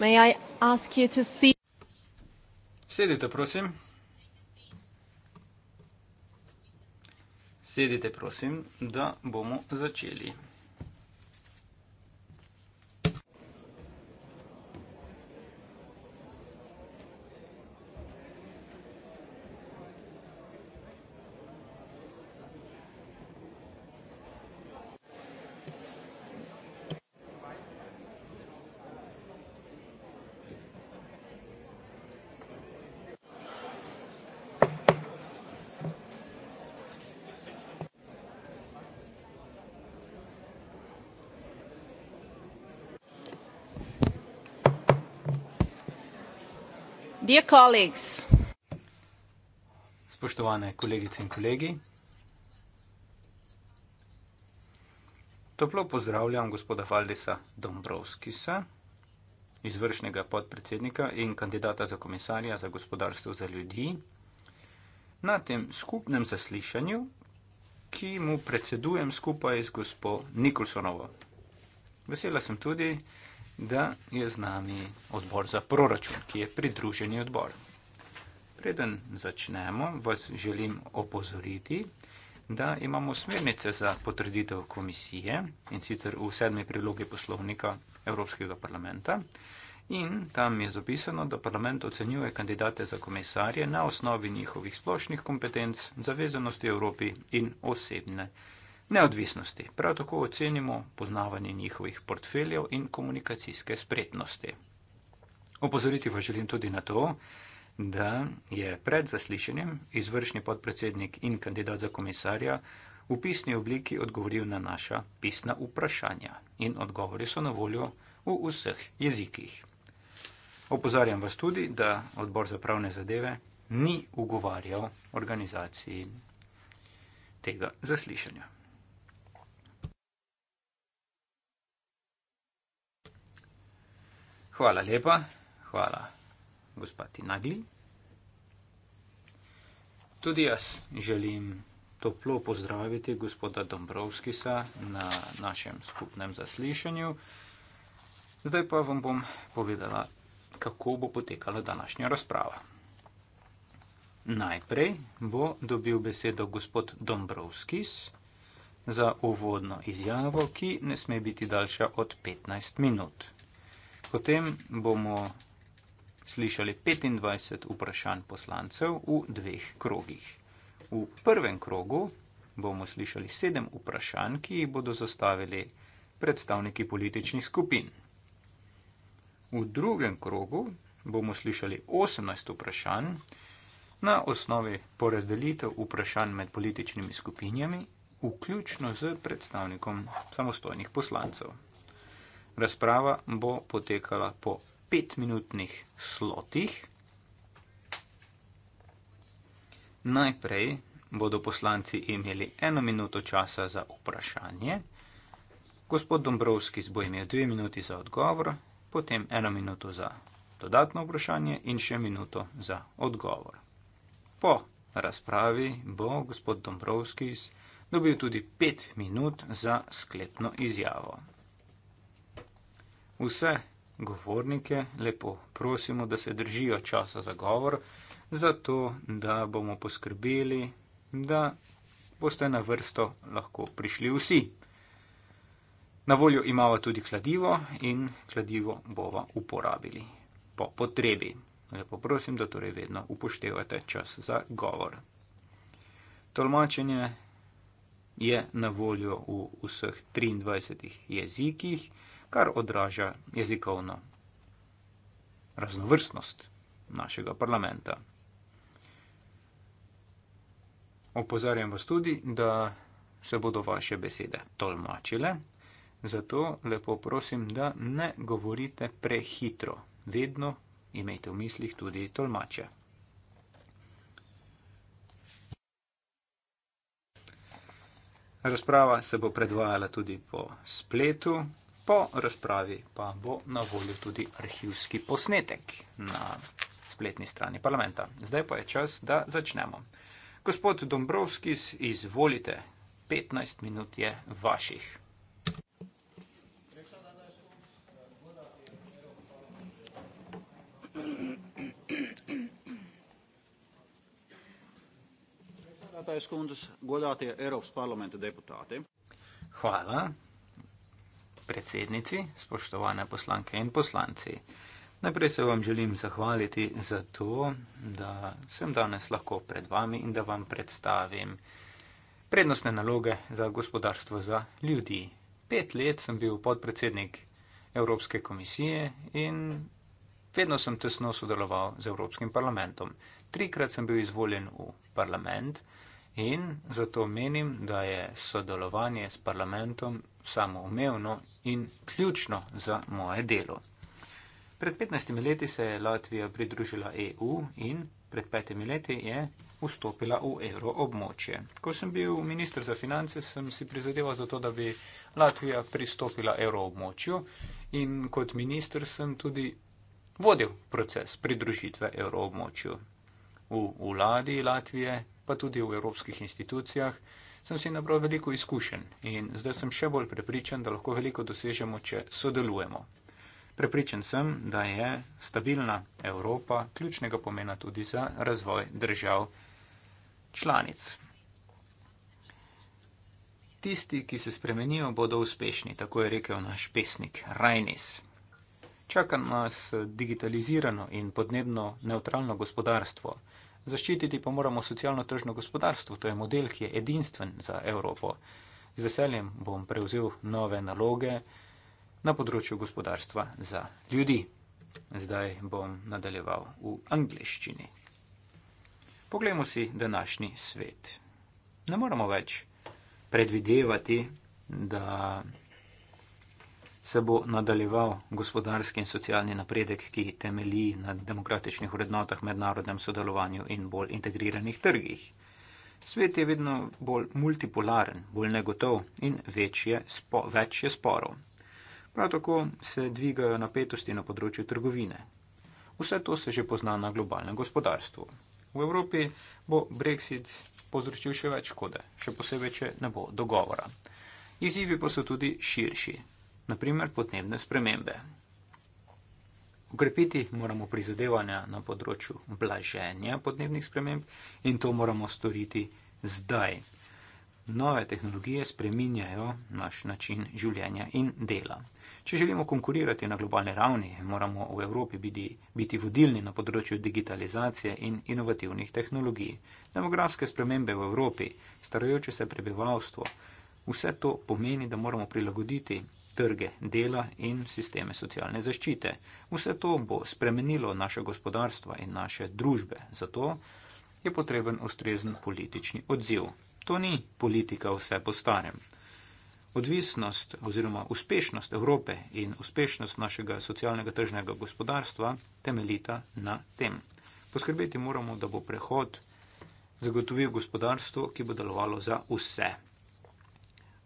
May I ask you to see? Sedite, prosim. Sedite, prosim, da bomo začeli. Spoštovane kolegice in kolegi, toplo pozdravljam gospoda Valdisa Dombrovskisa, izvršnega podpredsednika in kandidata za komisarja za gospodarstvo za ljudi, na tem skupnem zaslišanju, ki mu predsedujem skupaj z gospo Nikolsonovo. Vesela sem tudi, da da je z nami odbor za proračun, ki je pridruženi odbor. Preden začnemo, vas želim opozoriti, da imamo smernice za potreditev komisije in sicer v sedmi prilogi poslovnika Evropskega parlamenta. In tam je zapisano, da parlament ocenjuje kandidate za komisarje na osnovi njihovih splošnih kompetenc, zavezanosti Evropi in osebne kompetence neodvisnosti, prav tako ocenimo poznavanje njihovih portfeljev in komunikacijske spretnosti. Opozoriti vas želim tudi na to, da je pred zaslišanjem izvršni podpredsednik in kandidat za komisarja v pisni obliki odgovoril na naša pisna vprašanja in odgovori so na voljo v vseh jezikih. Opozarjam vas tudi, da odbor za pravne zadeve ni ugovarjal organizaciji tega zaslišanja. Hvala lepa, hvala gospod Nagli. Tudi jaz želim toplo pozdraviti gospoda Dombrovskisa na našem skupnem zaslišanju. Zdaj pa vam bom povedala, kako bo potekala današnja razprava. Najprej bo dobil besedo gospod Dombrovskis za uvodno izjavo, ki ne sme biti daljša od 15 minut. Potem bomo slišali 25 vprašanj poslancev v dveh krogih. V prvem krogu bomo slišali sedem vprašanj, ki jih bodo zastavili predstavniki političnih skupin. V drugem krogu bomo slišali 18 vprašanj na osnovi porazdelitev vprašanj med političnimi skupinjami, vključno z predstavnikom samostojnih poslancev. Razprava bo potekala po petminutnih slotih. Najprej bodo poslanci imeli eno minuto časa za vprašanje. Gospod Dombrovski bo imel dve minuti za odgovor, potem eno minuto za dodatno vprašanje in še minuto za odgovor. Po razpravi bo gospod Dombrovski dobil tudi pet minut za sklepno izjavo. Vse govornike lepo prosimo, da se držijo časa za govor, zato da bomo poskrbeli, da boste na vrsto lahko prišli vsi. Na voljo imamo tudi kladivo in kladivo bova uporabili po potrebi. Lepo prosim, da torej vedno upoštevate čas za govor. Tolmačenje je na voljo v vseh 23 jezikih kar odraža jezikovno raznovrstnost našega parlamenta. Opozarjam vas tudi, da se bodo vaše besede tolmačile, zato lepo prosim, da ne govorite prehitro. Vedno imejte v mislih tudi tolmače. Razprava se bo predvajala tudi po spletu. Po razpravi pa bo na voljo tudi arhivski posnetek na spletni strani parlamenta. Zdaj pa je čas, da začnemo. Gospod Dombrovski, izvolite, 15 minut je vaših. Hvala predsednici, spoštovane poslanke in poslanci. Najprej se vam želim zahvaliti za to, da sem danes lahko pred vami in da vam predstavim prednostne naloge za gospodarstvo za ljudi. Pet let sem bil podpredsednik Evropske komisije in vedno sem tesno sodeloval z Evropskim parlamentom. Trikrat sem bil izvoljen v parlament. In zato menim, da je sodelovanje s parlamentom samoumevno in ključno za moje delo. Pred 15 leti se je Latvija pridružila EU in pred 5 leti je vstopila v evroobmočje. Ko sem bil ministr za finance, sem si prizadeval za to, da bi Latvija pristopila evroobmočju in kot minister sem tudi vodil proces pridružitve evroobmočju. V vladi Latvije, pa tudi v evropskih institucijah, sem si nabral veliko izkušenj in zdaj sem še bolj prepričan, da lahko veliko dosežemo, če sodelujemo. Prepričan sem, da je stabilna Evropa ključnega pomena tudi za razvoj držav članic. Tisti, ki se spremenijo, bodo uspešni, tako je rekel naš pesnik Rajnis. Čaka nas digitalizirano in podnebno neutralno gospodarstvo. Zaščititi pa moramo socialno-tržno gospodarstvo, to je model, ki je edinstven za Evropo. Z veseljem bom prevzel nove naloge na področju gospodarstva za ljudi. Zdaj bom nadaljeval v angliščini. Poglejmo si današnji svet. Ne moramo več predvidevati, da se bo nadaljeval gospodarski in socialni napredek, ki temelji na demokratičnih vrednotah, mednarodnem sodelovanju in bolj integriranih trgih. Svet je vedno bolj multipolaren, bolj negotov in večje, spo, večje sporov. Prav tako se dvigajo napetosti na področju trgovine. Vse to se že pozna na globalnem gospodarstvu. V Evropi bo Brexit povzročil še več škode, še posebej, če ne bo dogovora. Izzivi pa so tudi širši naprimer podnebne spremembe. Ukrepiti moramo prizadevanja na področju blaženja podnebnih sprememb in to moramo storiti zdaj. Nove tehnologije spreminjajo naš način življenja in dela. Če želimo konkurirati na globalni ravni, moramo v Evropi biti, biti vodilni na področju digitalizacije in inovativnih tehnologij. Demografske spremembe v Evropi, starajoče se prebivalstvo, vse to pomeni, da moramo prilagoditi trge dela in sisteme socialne zaščite. Vse to bo spremenilo naše gospodarstva in naše družbe, zato je potreben ustrezen politični odziv. To ni politika vse po starem. Odvisnost oziroma uspešnost Evrope in uspešnost našega socialnega tržnega gospodarstva temeljita na tem. Poskrbeti moramo, da bo prehod zagotovil gospodarstvo, ki bo delovalo za vse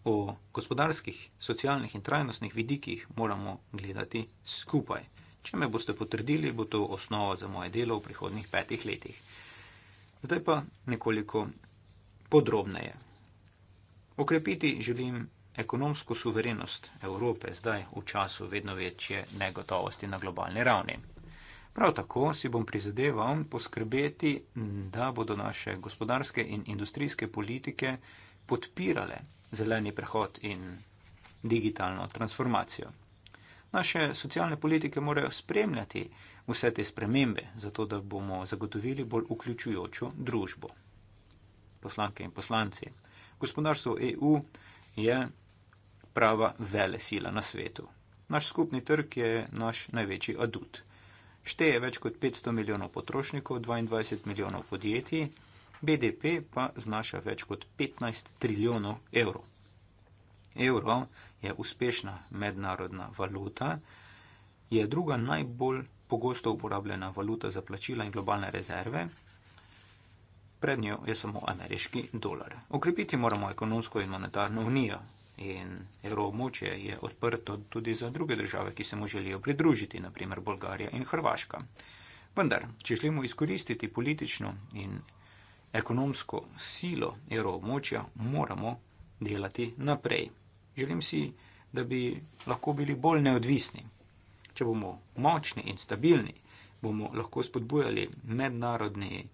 o gospodarskih, socialnih in trajnostnih vidikih moramo gledati skupaj. Če me boste potrdili, bo to osnova za moje delo v prihodnih petih letih. Zdaj pa nekoliko podrobneje. Okrepiti želim ekonomsko suverenost Evrope zdaj v času vedno večje negotovosti na globalni ravni. Prav tako si bom prizadeval poskrbeti, da bodo naše gospodarske in industrijske politike podpirale zeleni prehod in digitalno transformacijo. Naše socialne politike morajo spremljati vse te spremembe, zato da bomo zagotovili bolj vključujočo družbo. Poslanke in poslanci, gospodarstvo EU je prava vele sila na svetu. Naš skupni trg je naš največji adut. Šteje več kot 500 milijonov potrošnikov, 22 milijonov podjetij BDP pa znaša več kot 15 trilijonov evrov. Evro je uspešna mednarodna valuta, je druga najbolj pogosto uporabljena valuta za plačila in globalne rezerve, pred njo je samo ameriški dolar. Okrepiti moramo ekonomsko in monetarno unijo. In evroobmočje je odprto tudi za druge države, ki se mu želijo pridružiti, naprimer Bolgarija in Hrvaška. Vendar, če želimo izkoristiti politično in ekonomsko silo evroobmočja, moramo delati naprej. Želim si, da bi lahko bili bolj neodvisni. Če bomo močni in stabilni, bomo lahko spodbujali mednarodni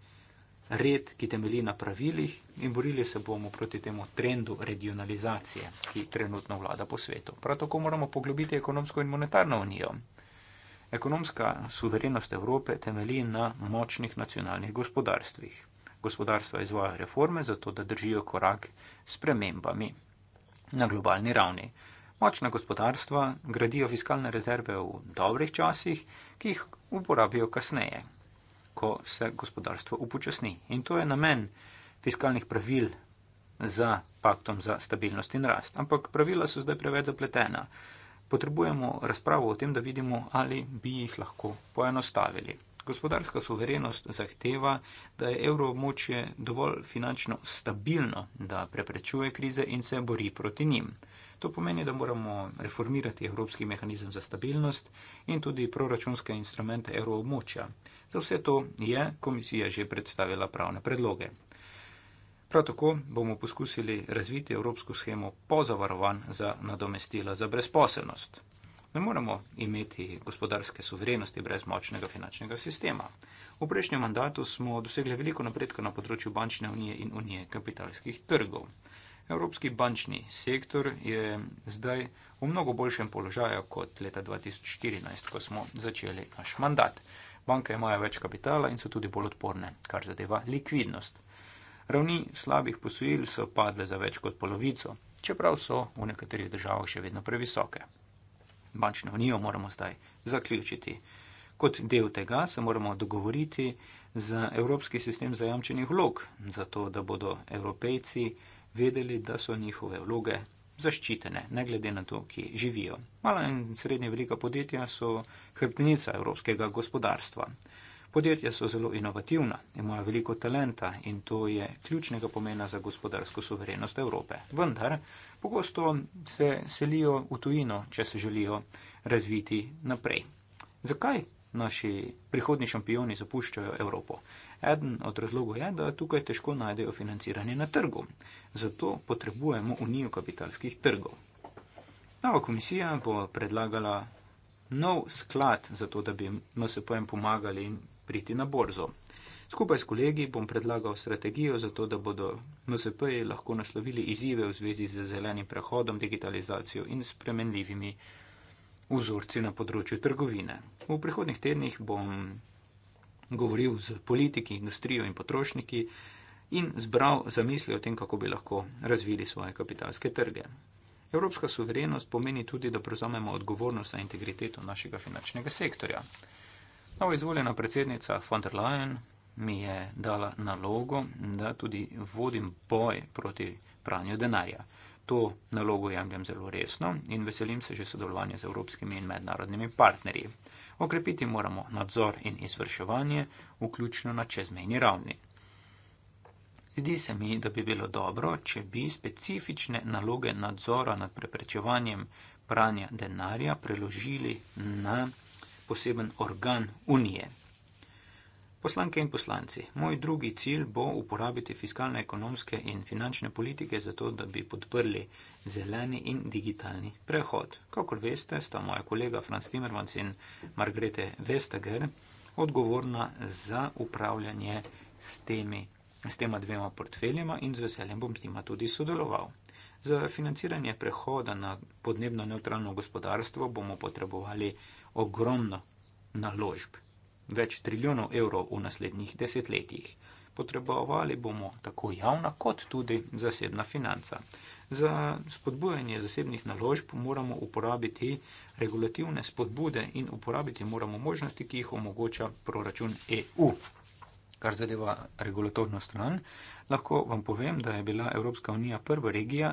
red, ki temelji na pravilih in borili se bomo proti temu trendu regionalizacije, ki trenutno vlada po svetu. Prav tako moramo poglobiti ekonomsko in monetarno unijo. Ekonomska suverenost Evrope temelji na močnih nacionalnih gospodarstvih gospodarstva izvaja reforme, zato da držijo korak s premembami na globalni ravni. Močna gospodarstva gradijo fiskalne rezerve v dobrih časih, ki jih uporabijo kasneje, ko se gospodarstvo upočasni. In to je namen fiskalnih pravil za paktom za stabilnost in rast. Ampak pravila so zdaj preveč zapletena. Potrebujemo razpravo o tem, da vidimo, ali bi jih lahko poenostavili. Gospodarska suverenost zahteva, da je evroobmočje dovolj finančno stabilno, da preprečuje krize in se bori proti njim. To pomeni, da moramo reformirati evropski mehanizem za stabilnost in tudi proračunske instrumente evroobmočja. Za vse to je komisija že predstavila pravne predloge. Prav tako bomo poskusili razviti evropsko schemo pozavarovan za nadomestila za brezposelnost. Ne moremo imeti gospodarske suverenosti brez močnega finančnega sistema. V prejšnjem mandatu smo dosegli veliko napredka na področju bančne unije in unije kapitalskih trgov. Evropski bančni sektor je zdaj v mnogo boljšem položaju kot leta 2014, ko smo začeli naš mandat. Banke imajo več kapitala in so tudi bolj odporne, kar zadeva likvidnost. Ravni slabih posojil so padle za več kot polovico, čeprav so v nekaterih državah še vedno previsoke bančno unijo moramo zdaj zaključiti. Kot del tega se moramo dogovoriti za evropski sistem zajamčenih vlog, zato da bodo evropejci vedeli, da so njihove vloge zaščitene, ne glede na to, ki živijo. Mala in srednje velika podjetja so hrbtenica evropskega gospodarstva. Podjetja so zelo inovativna, imajo veliko talenta in to je ključnega pomena za gospodarsko suverenost Evrope. Vendar pogosto se selijo v tujino, če se želijo razviti naprej. Zakaj naši prihodni šampioni zapuščajo Evropo? Eden od razlogov je, da tukaj težko najdejo financiranje na trgu. Zato potrebujemo unijo kapitalskih trgov. Nova komisija bo predlagala nov sklad za to, da bi MSP-jem pomagali priti na borzo. Skupaj s kolegi bom predlagal strategijo za to, da bodo MSP-ji lahko naslovili izzive v zvezi z zelenim prehodom, digitalizacijo in spremenljivimi vzorci na področju trgovine. V prihodnih tednih bom govoril z politiki, industrijo in potrošniki in zbral zamisli o tem, kako bi lahko razvili svoje kapitalske trge. Evropska suverenost pomeni tudi, da prevzamemo odgovornost za integriteto našega finančnega sektorja. Novo izvoljena predsednica von der Leyen mi je dala nalogo, da tudi vodim boj proti pranju denarja. To nalogo jemljem zelo resno in veselim se že sodelovanja z evropskimi in mednarodnimi partnerji. Okrepiti moramo nadzor in izvrševanje, vključno na čezmejni ravni. Zdi se mi, da bi bilo dobro, če bi specifične naloge nadzora nad preprečevanjem pranja denarja preložili na poseben organ Unije. Poslanke in poslanci, moj drugi cilj bo uporabiti fiskalne, ekonomske in finančne politike za to, da bi podprli zeleni in digitalni prehod. Kakor veste, sta moja kolega Franz Timmermans in Margrete Vestager odgovorna za upravljanje s, temi, s tema dvema portfeljema in z veseljem bom s njima tudi sodeloval. Za financiranje prehoda na podnebno neutralno gospodarstvo bomo potrebovali ogromno naložb več trilijonov evrov v naslednjih desetletjih. Potrebovali bomo tako javna kot tudi zasebna financa. Za spodbujanje zasebnih naložb moramo uporabiti regulativne spodbude in uporabiti moramo možnosti, ki jih omogoča proračun EU. Kar zadeva regulatorno stran, lahko vam povem, da je bila Evropska unija prva regija,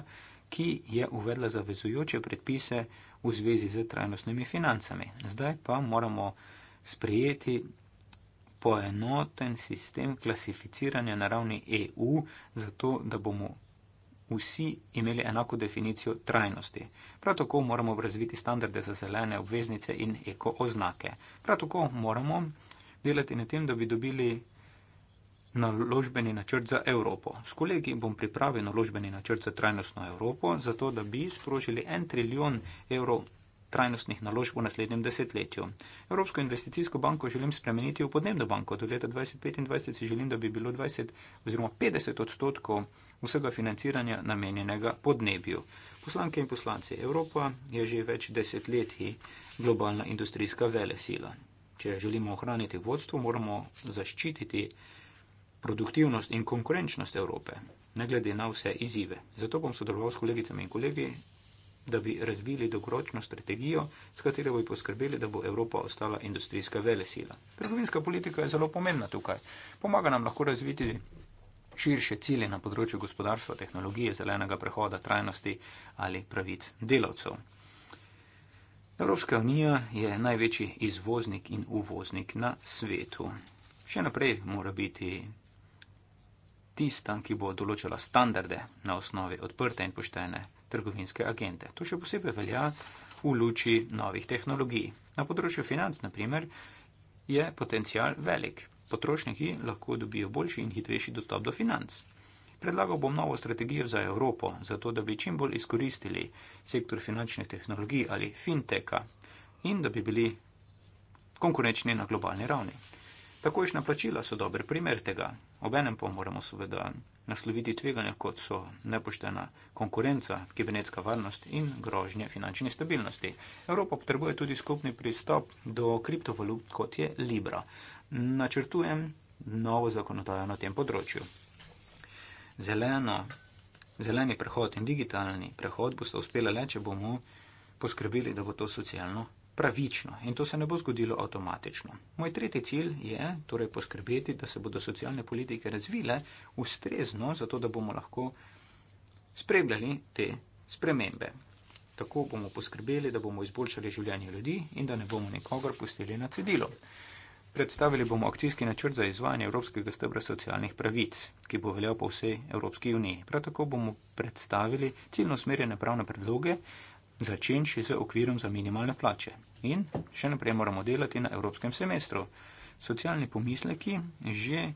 ki je uvedla zavezujoče predpise v zvezi z trajnostnimi financami. Zdaj pa moramo sprijeti poenoten sistem klasificiranja na ravni EU, zato da bomo vsi imeli enako definicijo trajnosti. Prav tako moramo razviti standarde za zelene obveznice in eko oznake. Prav tako moramo delati na tem, da bi dobili naložbeni načrt za Evropo. S kolegi bom pripravil naložbeni načrt za trajnostno Evropo, zato da bi sprožili en trilijon evrov trajnostnih naložb v naslednjem desetletju. Evropsko investicijsko banko želim spremeniti v podnebno banko. Do leta 2025 si želim, da bi bilo 20 oziroma 50 odstotkov vsega financiranja namenjenega podnebju. Poslanke in poslanci, Evropa je že več desetletji globalna industrijska velesila. Če želimo ohraniti vodstvo, moramo zaščititi produktivnost in konkurenčnost Evrope, ne glede na vse izzive. Zato bom sodeloval s kolegicami in kolegi da bi razvili dolgoročno strategijo, s katero bi poskrbeli, da bo Evropa ostala industrijska velesila. Trgovinska politika je zelo pomembna tukaj. Pomaga nam lahko razviti širše cilje na področju gospodarstva, tehnologije, zelenega prehoda, trajnosti ali pravic delavcev. Evropska unija je največji izvoznik in uvoznik na svetu. Še naprej mora biti tista, ki bo določala standarde na osnovi odprte in poštene trgovinske agente. To še posebej velja v luči novih tehnologij. Na področju financ, na primer, je potencial velik. Potrošniki lahko dobijo boljši in hitrejši dostop do financ. Predlagal bom novo strategijo za Evropo, zato da bi čim bolj izkoristili sektor finančnih tehnologij ali finteka in da bi bili konkurenčni na globalni ravni. Takojšnja plačila so dober primer tega. Obenem pa moramo seveda nasloviti tveganja, kot so nepoštena konkurenca, kibernetska varnost in grožnje finančne stabilnosti. Evropa potrebuje tudi skupni pristop do kriptovalut, kot je Libra. Načrtujem novo zakonodajo na tem področju. Zeleno, zeleni prehod in digitalni prehod bo sta uspela le, če bomo poskrbeli, da bo to socialno pravično in to se ne bo zgodilo avtomatično. Moj tretji cilj je torej poskrbeti, da se bodo socialne politike razvile ustrezno, zato da bomo lahko spremljali te spremembe. Tako bomo poskrbeli, da bomo izboljšali življenje ljudi in da ne bomo nikogar pustili na cedilo. Predstavili bomo akcijski načrt za izvajanje Evropskega stebra socialnih pravic, ki bo veljal po vsej Evropski uniji. Prav tako bomo predstavili ciljno smerjene pravne predloge začenši z okvirom za minimalne plače. In še naprej moramo delati na evropskem semestru. Socialni pomisleki že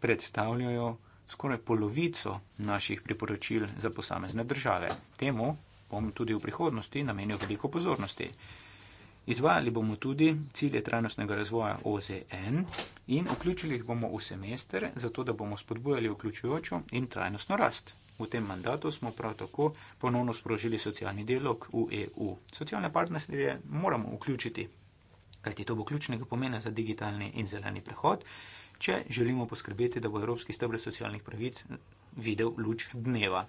predstavljajo skoraj polovico naših priporočil za posamezne države. Temu bom tudi v prihodnosti namenil veliko pozornosti. Izvajali bomo tudi cilje trajnostnega razvoja OZN in vključili jih bomo v semester, zato da bomo spodbujali vključujočo in trajnostno rast. V tem mandatu smo prav tako ponovno sprožili socialni dialog v EU. Socialne partnerstve moramo vključiti, kajti to bo ključnega pomena za digitalni in zeleni prehod, če želimo poskrbeti, da bo evropski stebr socialnih pravic videl luč dneva.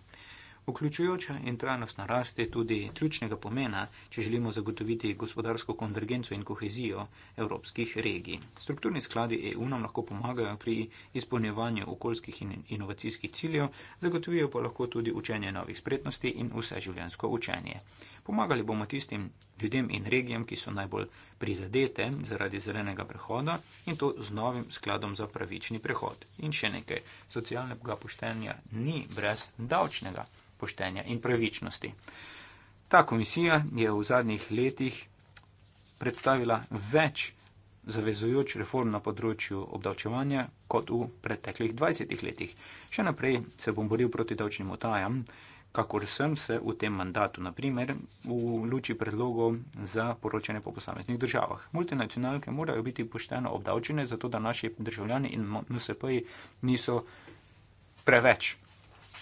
Vključujoča in trajnostna rast je tudi ključnega pomena, če želimo zagotoviti gospodarsko konvergenco in kohezijo evropskih regij. Strukturni skladi EU nam lahko pomagajo pri izpolnjevanju okoljskih in inovacijskih ciljev, zagotovijo pa lahko tudi učenje novih spretnosti in vseživljensko učenje. Pomagali bomo tistim ljudem in regijam, ki so najbolj prizadete zaradi zelenega prehoda in to z novim skladom za pravični prehod. In še nekaj, socialnega poštenja ni brez davčnega poštenja in pravičnosti. Ta komisija je v zadnjih letih predstavila več zavezujoč reform na področju obdavčevanja kot v preteklih 20 letih. Še naprej se bom boril proti davčnim otajam, kakor sem se v tem mandatu, naprimer, v luči predlogov za poročanje po posameznih državah. Multinacionalke morajo biti pošteno obdavčene, zato da naši državljani in MSP-ji niso preveč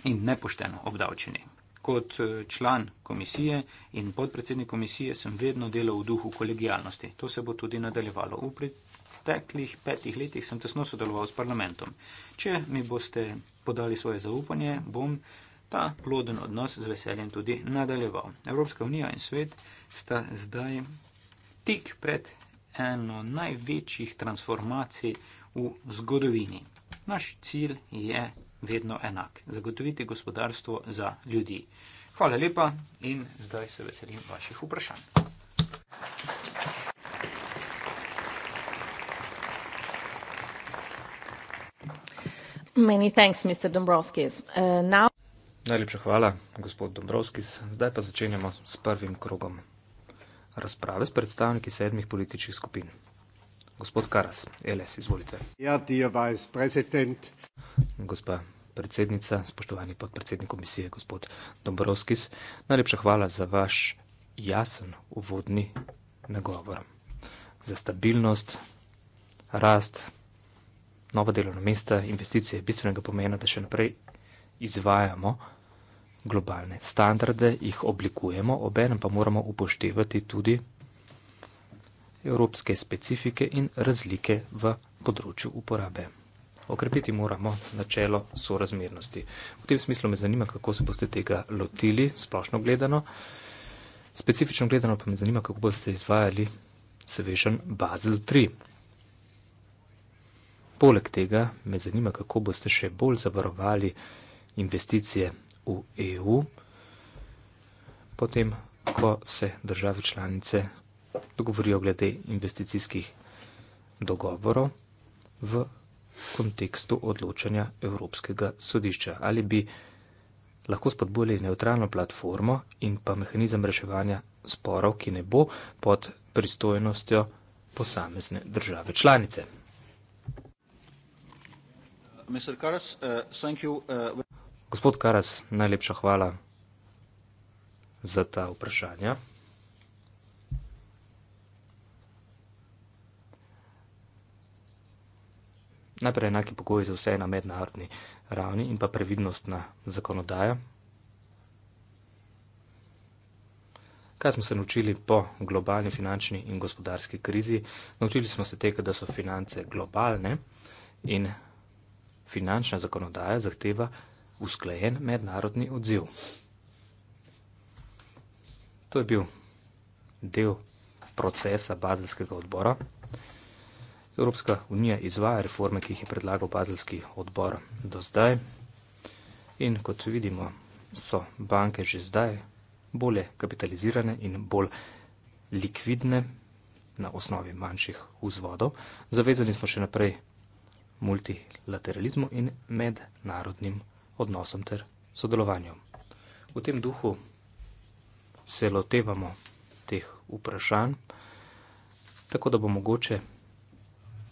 in nepošteno obdavčeni. Kot eh, član komisije in podpredsednik komisije sem vedno delal v duhu kolegijalnosti. To se bo tudi nadaljevalo. V preteklih petih letih sem tesno sodeloval s parlamentom. Če mi boste podali svoje zaupanje, bom ta ploden odnos z veseljem tudi nadaljeval. Evropska unija in svet sta zdaj tik pred eno največjih transformacij v zgodovini. Naš cilj je vedno enak. Zagotoviti gospodarstvo za ljudi. Hvala lepa in zdaj se veselim vaših vprašanj. Thanks, uh, now... Najlepša hvala, gospod Dombrovskis. Zdaj pa začenjamo s prvim krogom razprave s predstavniki sedmih političnih skupin. Gospod Karas, LS, izvolite. Ja, dear vice president, gospa predsednica, spoštovani podpredsednik komisije, gospod Dombrovskis. Najlepša hvala za vaš jasen uvodni nagovor. Za stabilnost, rast, nova delovna mesta, investicije je bistvenega pomena, da še naprej izvajamo globalne standarde, jih oblikujemo, obenem pa moramo upoštevati tudi evropske specifike in razlike v področju uporabe okrepiti moramo načelo sorazmernosti. V tem smislu me zanima, kako se boste tega lotili, splošno gledano. Specifično gledano pa me zanima, kako boste izvajali svežen Basel 3. Poleg tega me zanima, kako boste še bolj zavarovali investicije v EU, potem, ko se države članice dogovorijo glede investicijskih dogovorov v kontekstu odločanja Evropskega sodišča. Ali bi lahko spodbujali neutralno platformo in pa mehanizem reševanja sporov, ki ne bo pod pristojnostjo posamezne države članice. Karas, uh, you, uh... Gospod Karas, najlepša hvala za ta vprašanja. najprej enaki pogoji za vse na mednarodni ravni in pa previdnostna zakonodaja. Kaj smo se naučili po globalni finančni in gospodarski krizi? Naučili smo se tega, da so finance globalne in finančna zakonodaja zahteva usklajen mednarodni odziv. To je bil del procesa bazilskega odbora. Evropska unija izvaja reforme, ki jih je predlagal bazilski odbor do zdaj. In kot vidimo, so banke že zdaj bolje kapitalizirane in bolj likvidne na osnovi manjših vzvodov. Zavezani smo še naprej multilateralizmu in mednarodnim odnosom ter sodelovanju. V tem duhu se lotevamo teh vprašanj, tako da bo mogoče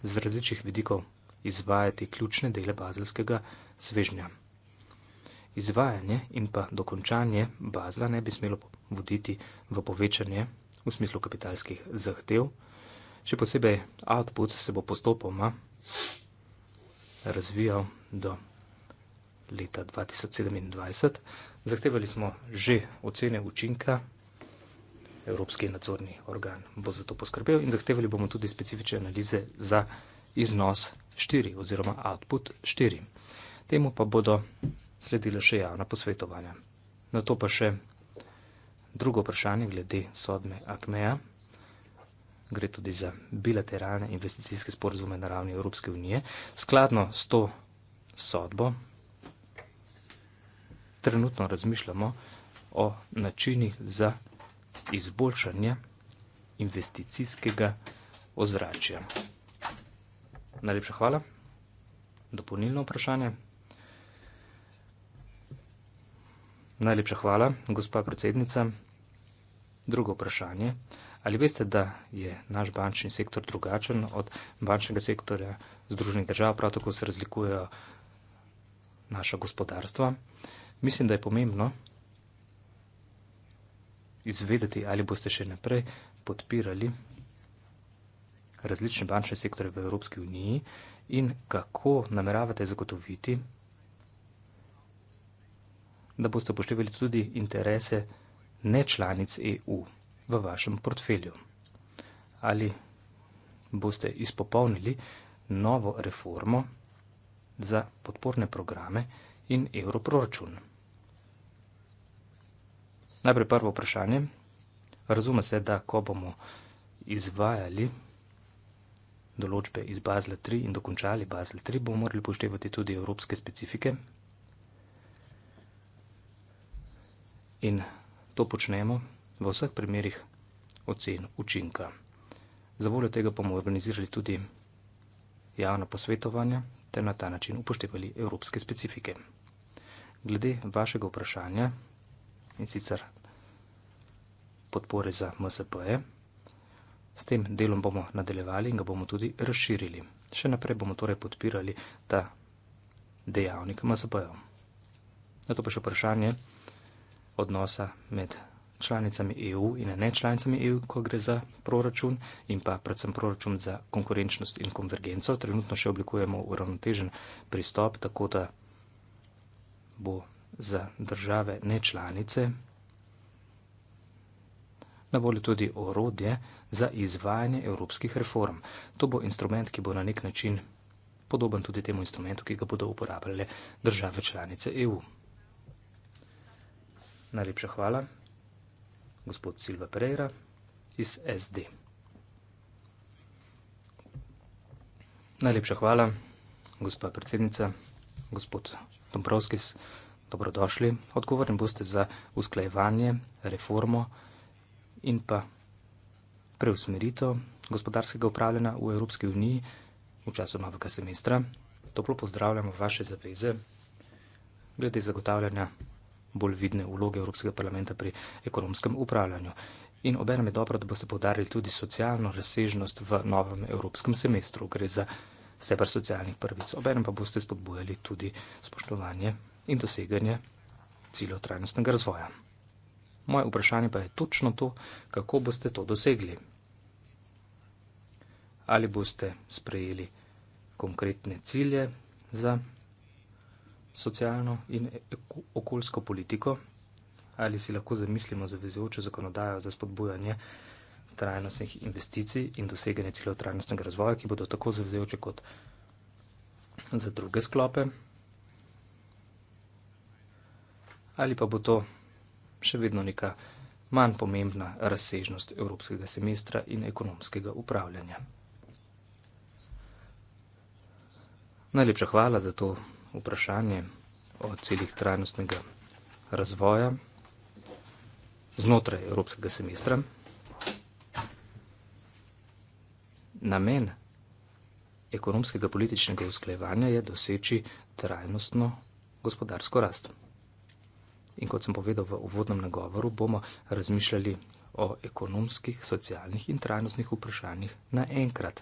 z različnih vidikov izvajati ključne dele bazilskega svežnja. Izvajanje in pa dokončanje bazla ne bi smelo voditi v povečanje v smislu kapitalskih zahtev, še posebej output se bo postopoma razvijal do leta 2027. Zahtevali smo že ocene učinka Evropski nadzorni organ bo za to poskrbel in zahtevali bomo tudi specifične analize za iznos 4 oziroma output 4. Temu pa bodo sledile še javna posvetovanja. Na to pa še drugo vprašanje glede sodme ACMEA. Gre tudi za bilateralne investicijske sporozume na ravni Evropske unije. Skladno s to sodbo trenutno razmišljamo o načinih za izboljšanje investicijskega ozračja. Najlepša hvala. Dopolnilno vprašanje. Najlepša hvala, gospa predsednica. Drugo vprašanje. Ali veste, da je naš bančni sektor drugačen od bančnega sektorja Združenih držav, prav tako se razlikujejo naša gospodarstva? Mislim, da je pomembno, izvedeti, ali boste še naprej podpirali različne bančne sektore v Evropski uniji in kako nameravate zagotoviti, da boste upoštevali tudi interese nečlanic EU v vašem portfelju. Ali boste izpopolnili novo reformo za podporne programe in evroproračune. Najprej prvo vprašanje. Razume se, da ko bomo izvajali določbe iz Basla 3 in dokončali Basel 3, bomo morali poštevati tudi evropske specifike. In to počnemo v vseh primerih ocen učinka. Za voljo tega bomo organizirali tudi javna posvetovanja ter na ta način upoštevali evropske specifike. Glede vašega vprašanja, in sicer podpore za MSP-je. S tem delom bomo nadaljevali in ga bomo tudi razširili. Še naprej bomo torej podpirali ta dejavnik MSP-jev. Na to pa še vprašanje odnosa med članicami EU in ne članicami EU, ko gre za proračun in pa predvsem proračun za konkurenčnost in konvergenco. Trenutno še oblikujemo uravnotežen pristop, tako da bo za države nečlanice. Na voljo tudi orodje za izvajanje evropskih reform. To bo instrument, ki bo na nek način podoben tudi temu instrumentu, ki ga bodo uporabljale države članice EU. Najlepša hvala, gospod Silva Pereira iz SD. Najlepša hvala, gospa predsednica, gospod Dombrovskis dobrodošli. Odgovorni boste za usklajevanje, reformo in pa preusmeritev gospodarskega upravljanja v Evropski uniji v času novega semestra. Toplo pozdravljamo vaše zaveze glede zagotavljanja bolj vidne vloge Evropskega parlamenta pri ekonomskem upravljanju. In obenem je dobro, da boste podarili tudi socialno razsežnost v novem evropskem semestru. Gre za sebr socialnih prvic. Obenem pa boste spodbujali tudi spoštovanje in doseganje ciljev trajnostnega razvoja. Moje vprašanje pa je točno to, kako boste to dosegli. Ali boste sprejeli konkretne cilje za socialno in okoljsko politiko, ali si lahko zamislimo zavezujočo zakonodajo za spodbujanje trajnostnih investicij in doseganje ciljev trajnostnega razvoja, ki bodo tako zavezujoče kot za druge sklope. ali pa bo to še vedno neka manj pomembna razsežnost evropskega semestra in ekonomskega upravljanja. Najlepša hvala za to vprašanje o celih trajnostnega razvoja znotraj evropskega semestra. Namen ekonomskega političnega usklajevanja je doseči trajnostno gospodarsko rast. In kot sem povedal v uvodnem nagovoru, bomo razmišljali o ekonomskih, socialnih in trajnostnih vprašanjih naenkrat.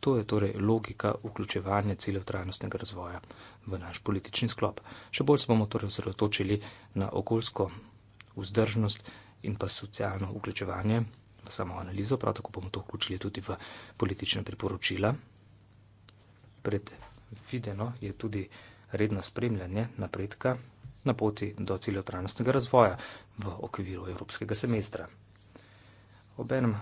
To je torej logika vključevanja ciljev trajnostnega razvoja v naš politični sklop. Še bolj se bomo torej osredotočili na okoljsko vzdržnost in pa socialno vključevanje v samo analizo, prav tako bomo to vključili tudi v politične priporočila. Predvideno je tudi redno spremljanje napredka na poti do ciljev trajnostnega razvoja v okviru evropskega semestra. Obenem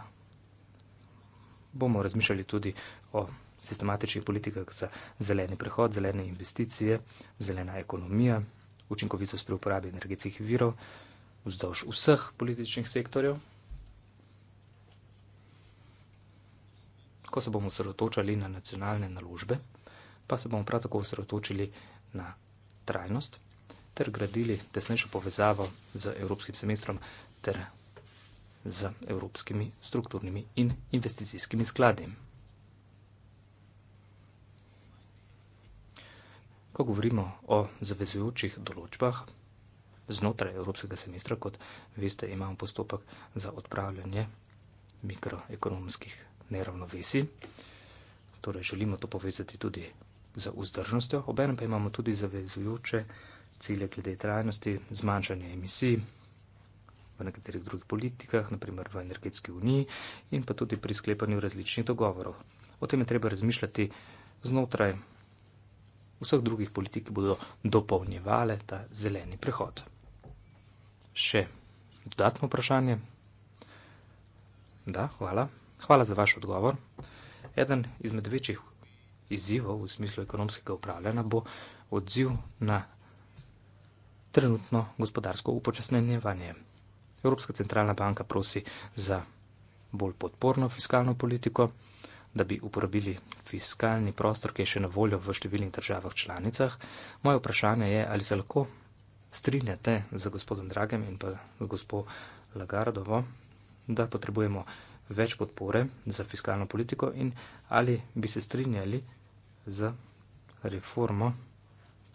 bomo razmišljali tudi o sistematičnih politikah za zeleni prehod, zelene investicije, zelena ekonomija, učinkovitost pri uporabi energetskih virov vzdolž vseh političnih sektorjev. Ko se bomo osredotočali na nacionalne naložbe, pa se bomo prav tako osredotočili na trajnost, ter gradili tesnejšo povezavo z evropskim semestrom ter z evropskimi strukturnimi in investicijskimi skladi. Ko govorimo o zavezujočih določbah znotraj evropskega semestra, kot veste, imamo postopek za odpravljanje mikroekonomskih neravnovesij, torej želimo to povezati tudi z vzdržnostjo, obenem pa imamo tudi zavezujoče določbe, cilje glede trajnosti, zmanjšanje emisij v nekaterih drugih politikah, naprimer v energetski uniji in pa tudi pri sklepanju različnih dogovorov. O tem je treba razmišljati znotraj vseh drugih politik, ki bodo dopolnjevale ta zeleni prehod. Še dodatno vprašanje? Da, hvala. Hvala za vaš odgovor. Eden izmed večjih izzivov v smislu ekonomskega upravljanja bo odziv na trenutno gospodarsko upočasnjevanje. Evropska centralna banka prosi za bolj podporno fiskalno politiko, da bi uporabili fiskalni prostor, ki je še na voljo v številnih državah članicah. Moje vprašanje je, ali se lahko strinjate z gospodom Dragem in pa gospod Lagardovo, da potrebujemo več podpore za fiskalno politiko in ali bi se strinjali z reformo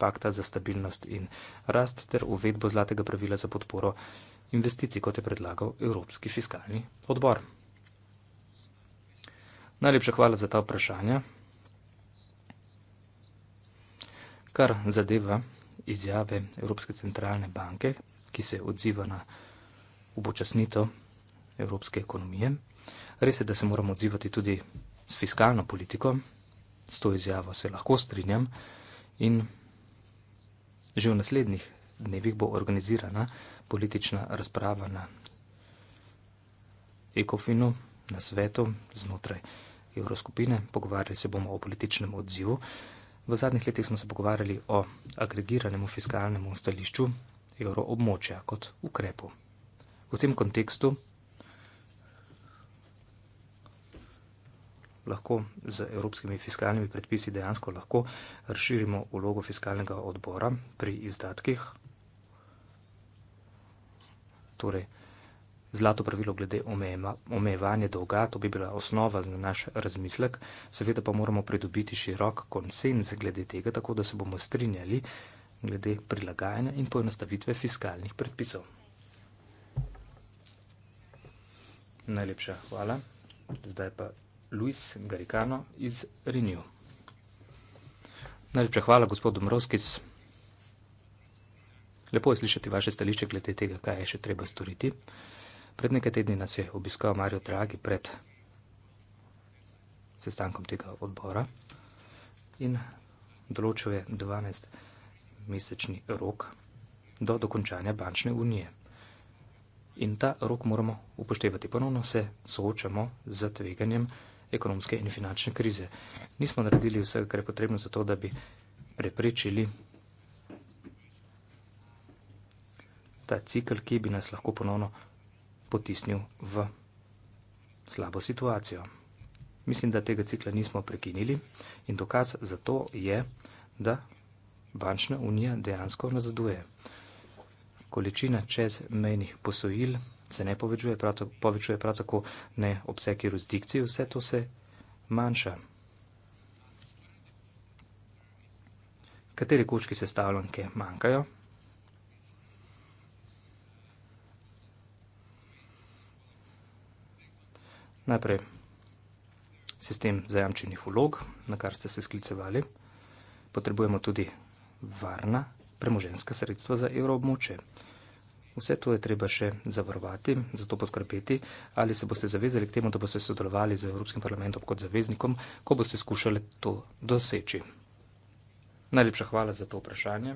pakta za stabilnost in rast ter uvedbo zlatega pravila za podporo investicij, kot je predlagal Evropski fiskalni odbor. Najlepša hvala za ta vprašanja. Kar zadeva izjave Evropske centralne banke, ki se odziva na upočasnitev evropske ekonomije, res je, da se moramo odzivati tudi s fiskalno politiko, s to izjavo se lahko strinjam in Že v naslednjih dnevih bo organizirana politična razprava na ECOFIN-u, na svetu, znotraj evroskupine. Pogovarjali se bomo o političnem odzivu. V zadnjih letih smo se pogovarjali o agregiranem fiskalnem stališču evroobmočja kot ukrepu. V tem kontekstu lahko z evropskimi fiskalnimi predpisi dejansko lahko razširimo ulogo fiskalnega odbora pri izdatkih. Torej, zlato pravilo glede omejevanja dolga, to bi bila osnova za naš razmislek, seveda pa moramo pridobiti širok konsens glede tega, tako da se bomo strinjali glede prilagajanja in poenostavitve fiskalnih predpisov. Najlepša hvala. Zdaj pa. Luis Garicano iz Renew. Najlepša hvala, gospod Domroskis. Lepo je slišati vaše stališče glede tega, kaj je še treba storiti. Pred nekaj tedni nas je obiskal Mario Draghi pred sestankom tega odbora in določil je 12-mesečni rok do dokončanja bančne unije. In ta rok moramo upoštevati. Ponovno se soočamo z tveganjem, da ekonomske in finančne krize. Nismo naredili vse, kar je potrebno za to, da bi preprečili ta cikl, ki bi nas lahko ponovno potisnil v slabo situacijo. Mislim, da tega cikla nismo prekinili in dokaz za to je, da bančna unija dejansko nazaduje. Količina čezmejnih posojil se ne povečuje, povečuje prav tako ne obseg jurisdikcije, vse to se manjša. Kateri kučki sestavljanke manjkajo? Najprej sistem zajamčenih vlog, na kar ste se sklicevali. Potrebujemo tudi varna premoženska sredstva za evroobmoče. območje. Vse to je treba še zavarovati, zato poskrbeti, ali se boste zavezali k temu, da boste sodelovali z Evropskim parlamentom kot zaveznikom, ko boste skušali to doseči. Najlepša hvala za to vprašanje.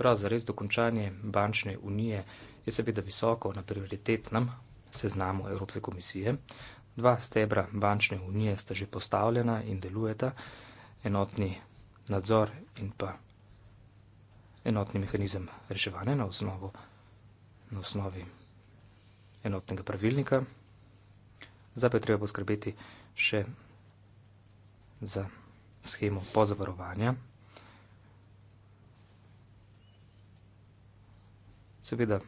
Prav za res dokončanje bančne unije je seveda visoko na prioritetnem seznamu Evropske komisije. Dva stebra bančne unije sta že postavljena in delujeta, enotni nadzor in pa enotni mehanizem reševanja na osnovu na osnovi enotnega pravilnika. Zdaj pa je treba poskrbeti še za schemo pozavarovanja. Seveda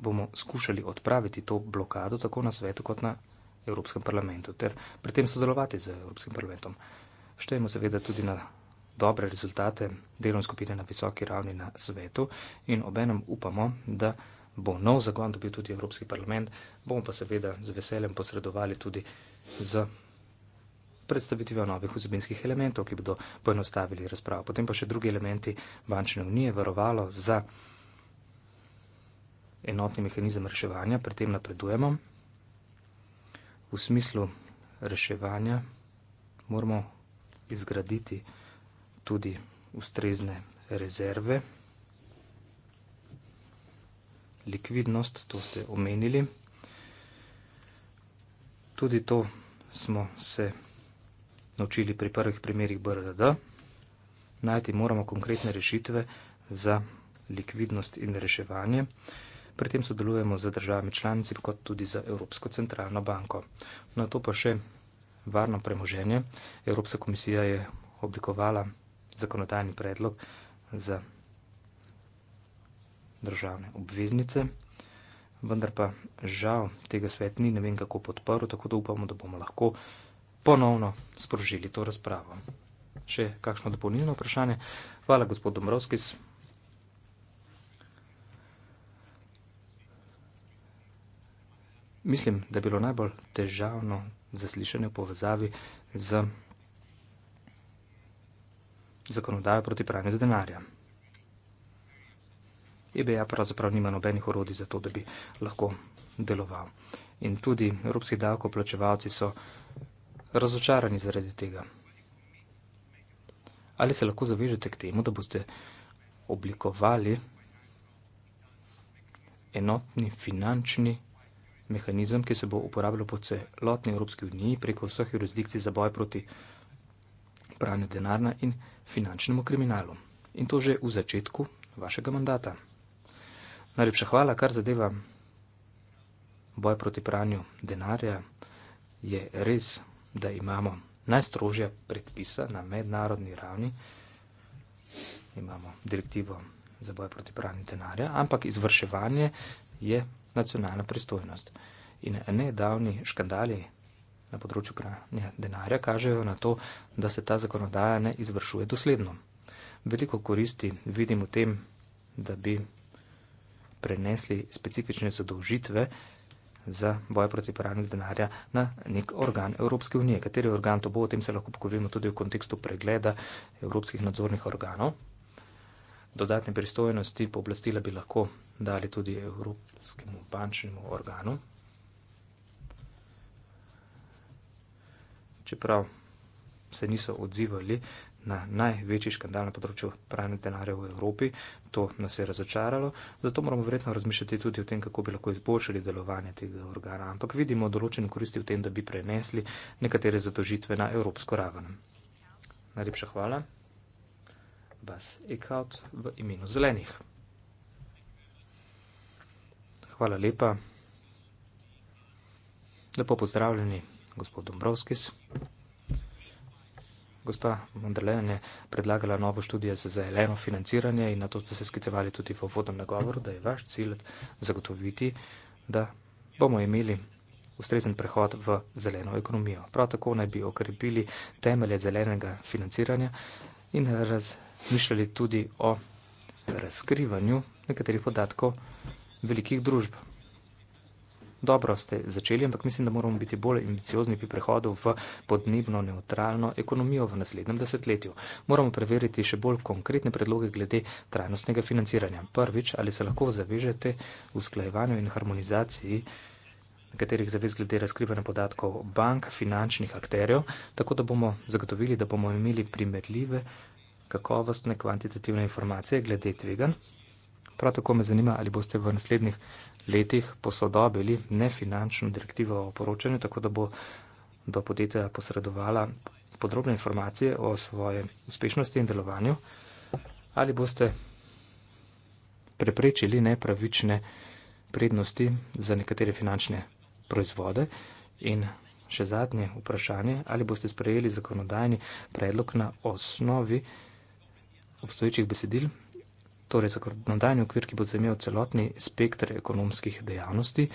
bomo skušali odpraviti to blokado tako na svetu kot na Evropskem parlamentu ter pri tem sodelovati z Evropskim parlamentom. Štejemo seveda tudi na dobre rezultate delovne skupine na visoki ravni na svetu in obenem upamo, da bo nov zagon dobil tudi Evropski parlament, bomo pa seveda z veseljem posredovali tudi z predstavitvijo novih vsebinskih elementov, ki bodo poenostavili razpravo. Potem pa še drugi elementi bančne unije varovalo za enotni mehanizem reševanja, pri tem napredujemo. V smislu reševanja moramo izgraditi tudi ustrezne rezerve. Likvidnost, to ste omenili. Tudi to smo se naučili pri prvih primerih BRDD. Najti moramo konkretne rešitve za likvidnost in reševanje. Pri tem sodelujemo za državami članici, kot tudi za Evropsko centralno banko. Na to pa še varno premoženje. Evropska komisija je oblikovala zakonodajni predlog za državne obveznice. Vendar pa žal tega svet ni ne vem kako podprl, tako da upamo, da bomo lahko ponovno sprožili to razpravo. Še kakšno dopolnilno vprašanje? Hvala, gospod Dombrovskis. Mislim, da je bilo najbolj težavno zaslišanje v povezavi z zakonodajo proti pranju denarja. EBA pravzaprav nima nobenih orodij za to, da bi lahko deloval. In tudi evropski davkoplačevalci so razočarani zaradi tega. Ali se lahko zavežete k temu, da boste oblikovali enotni finančni mehanizem, ki se bo uporabljal po celotni Evropski uniji preko vseh jurisdikcij za boj proti denarju? pranju denarna in finančnemu kriminalu. In to že v začetku vašega mandata. Najlepša hvala, kar zadeva boj proti pranju denarja, je res, da imamo najstrožja predpisa na mednarodni ravni. Imamo direktivo za boj proti pranju denarja, ampak izvrševanje je nacionalna pristojnost. In nedavni škandali na področju pranja denarja kažejo na to, da se ta zakonodaja ne izvršuje dosledno. Veliko koristi vidim v tem, da bi prenesli specifične zadolžitve za boj proti pranju denarja na nek organ Evropske unije. Kateri organ to bo, o tem se lahko pogovorimo tudi v kontekstu pregleda evropskih nadzornih organov. Dodatne pristojnosti, pooblastila bi lahko dali tudi Evropskemu bančnemu organu, čeprav se niso odzivali na največji škandal na področju pranja denarja v Evropi, to nas je razočaralo, zato moramo verjetno razmišljati tudi o tem, kako bi lahko izboljšali delovanje tega organa, ampak vidimo določene koristi v tem, da bi prenesli nekatere zatožitve na evropsko raven. Najlepša hvala. Bas Ekaut v imenu zelenih. Hvala lepa. Lepo pozdravljeni gospod Dombrovskis. Gospa Mondrelejan je predlagala novo študijo za zeleno financiranje in na to ste se skicevali tudi v vodnem nagovoru, da je vaš cilj zagotoviti, da bomo imeli ustrezen prehod v zeleno ekonomijo. Prav tako naj bi okrepili temelje zelenega financiranja in razmišljali tudi o razkrivanju nekaterih podatkov velikih družb dobro ste začeli, ampak mislim, da moramo biti bolj ambiciozni pri prehodu v podnebno neutralno ekonomijo v naslednjem desetletju. Moramo preveriti še bolj konkretne predloge glede trajnostnega financiranja. Prvič, ali se lahko zavežete v sklajevanju in harmonizaciji katerih zavez glede razkrivanja podatkov bank, finančnih akterjev, tako da bomo zagotovili, da bomo imeli primerljive, kakovostne, kvantitativne informacije glede tvegan. Prav tako me zanima, ali boste v naslednjih letih posodobili nefinančno direktivo o poročanju, tako da bo do podjetja posredovala podrobne informacije o svoje uspešnosti in delovanju, ali boste preprečili nepravične prednosti za nekatere finančne proizvode in še zadnje vprašanje, ali boste sprejeli zakonodajni predlog na osnovi obstoječih besedil torej zakonodajni okvir, ki bo zajemal celotni spektr ekonomskih dejavnosti,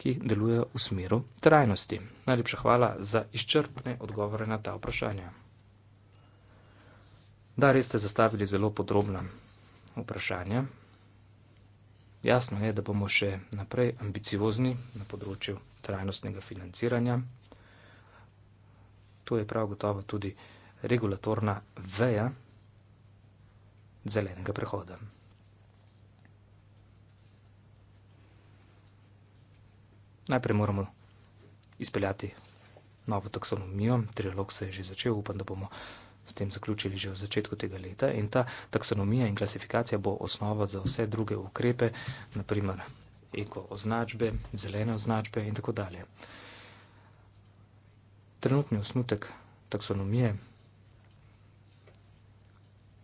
ki delujejo v smeru trajnosti. Najlepša hvala za izčrpne odgovore na ta vprašanja. Da, res ste zastavili zelo podrobna vprašanja. Jasno je, da bomo še naprej ambiciozni na področju trajnostnega financiranja. To je prav gotovo tudi regulatorna veja zelenega prehoda. Najprej moramo izpeljati novo taksonomijo, trilog se je že začel, upam, da bomo s tem zaključili že v začetku tega leta in ta taksonomija in klasifikacija bo osnova za vse druge ukrepe, naprimer ekooznačbe, zelene označbe in tako dalje. Trenutni osnutek taksonomije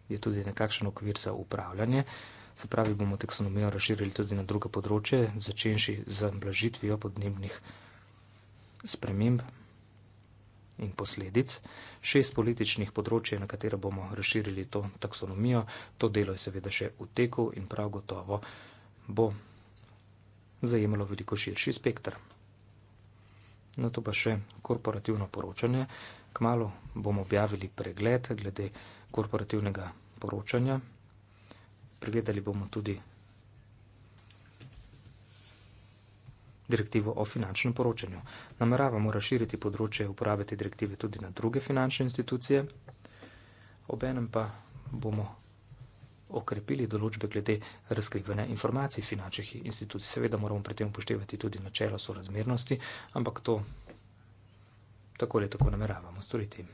je tudi nekakšen okvir za upravljanje. Se pravi, bomo taksonomijo razširili tudi na druga področja, začenši z blažitvijo podnebnih sprememb in posledic. Šest političnih področji, na katera bomo razširili to taksonomijo, to delo je seveda še v teku in prav gotovo bo zajemalo veliko širši spektr. Na to pa še korporativno poročanje. Kmalo bomo objavili pregled glede korporativnega poročanja. Pregledali bomo tudi direktivo o finančnem poročanju. Nameravamo razširiti področje uporabiti direktive tudi na druge finančne institucije, obenem pa bomo okrepili določbe glede razkrivanja informacij finančnih institucij. Seveda moramo pri tem upoštevati tudi načelo sorazmernosti, ampak to tako ali tako nameravamo storiti.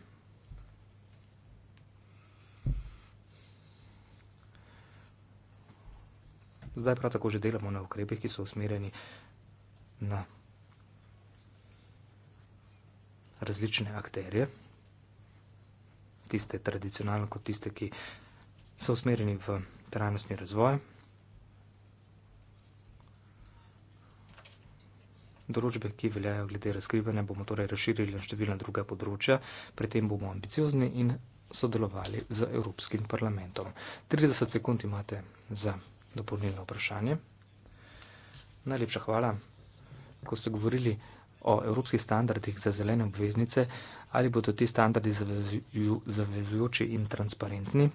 Zdaj prav tako že delamo na ukrepih, ki so usmerjeni na različne akterje, tiste tradicionalno kot tiste, ki so usmerjeni v trajnostni razvoj. Določbe, ki veljajo glede razkrivanja, bomo torej razširili na številna druga področja, pri tem bomo ambiciozni in sodelovali z Evropskim parlamentom. 30 sekund imate za dopolnilno vprašanje. Najlepša hvala. Ko ste govorili o evropskih standardih za zelene obveznice, ali bodo ti standardi zavezujoči in transparentni,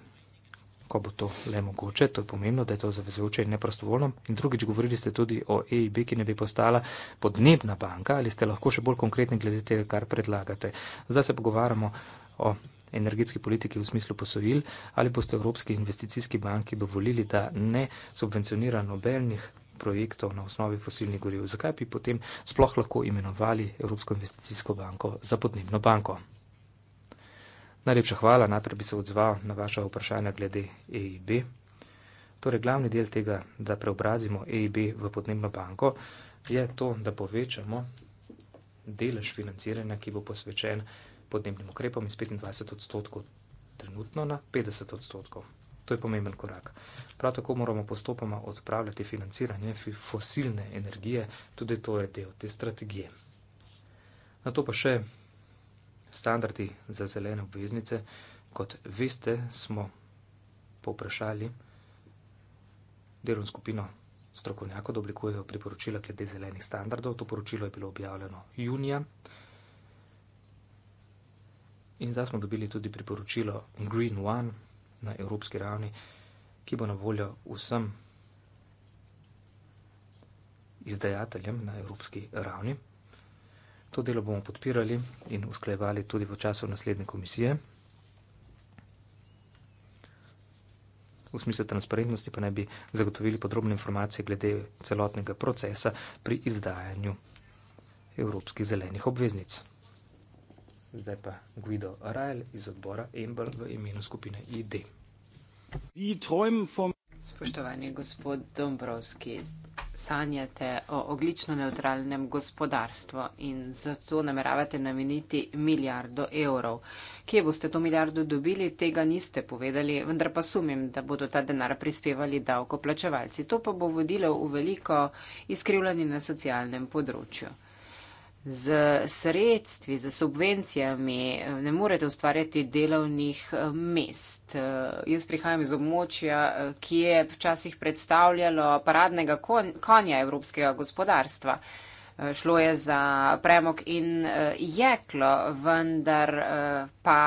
ko bo to le mogoče, to je pomembno, da je to zavezujoče in neprostovoljno. In drugič, govorili ste tudi o EIB, ki ne bi postala podnebna banka, ali ste lahko še bolj konkretni glede tega, kar predlagate. Zdaj se pogovarjamo o energetski politiki v smislu posojil, ali boste Evropski investicijski banki dovolili, da ne subvencionira nobenih projektov na osnovi fosilnih goriv. Zakaj bi potem sploh lahko imenovali Evropsko investicijsko banko za podnebno banko? Najlepša hvala, najprej bi se odzval na vaša vprašanja glede EIB. Torej, glavni del tega, da preobrazimo EIB v podnebno banko, je to, da povečamo delež financiranja, ki bo posvečen podnebnim ukrepom iz 25 odstotkov trenutno na 50 odstotkov. To je pomemben korak. Prav tako moramo postopoma odpravljati financiranje fosilne energije, tudi to je del te strategije. Na to pa še standardi za zelene obveznice. Kot veste, smo povprašali delovno skupino strokovnjakov, da oblikujejo priporočila glede zelenih standardov. To poročilo je bilo objavljeno junija. In zdaj smo dobili tudi priporočilo Green One na evropski ravni, ki bo na voljo vsem izdajateljem na evropski ravni. To delo bomo podpirali in usklajevali tudi v času naslednje komisije. V smislu transparentnosti pa naj bi zagotovili podrobne informacije glede celotnega procesa pri izdajanju evropskih zelenih obveznic. Zdaj pa Guido Rajl iz odbora Ember v imenu skupine ID. Spoštovani gospod Dombrovski, sanjate o oglično neutralnem gospodarstvu in zato nameravate nameniti milijardo evrov. Kje boste to milijardo dobili, tega niste povedali, vendar pa sumim, da bodo ta denar prispevali davkoplačevalci. To pa bo vodilo v veliko izkrivljanje na socialnem področju z sredstvi, z subvencijami ne morete ustvarjati delovnih eh, mest. Eh, jaz prihajam iz območja, eh, ki je včasih predstavljalo paradnega konja evropskega gospodarstva. Šlo je za premog in jeklo, vendar pa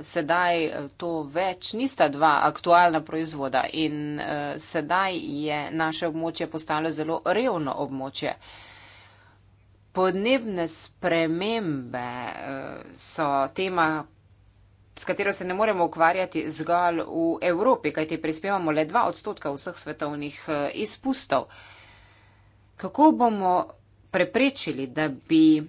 sedaj to več nista dva aktualna proizvoda in sedaj je naše območje postalo zelo revno območje. Podnebne spremembe eh, so tema, s katero se ne moremo ukvarjati zgolj v Evropi, kajti prispevamo le dva odstotka vseh svetovnih eh, izpustov. Kako bomo preprečili, da bi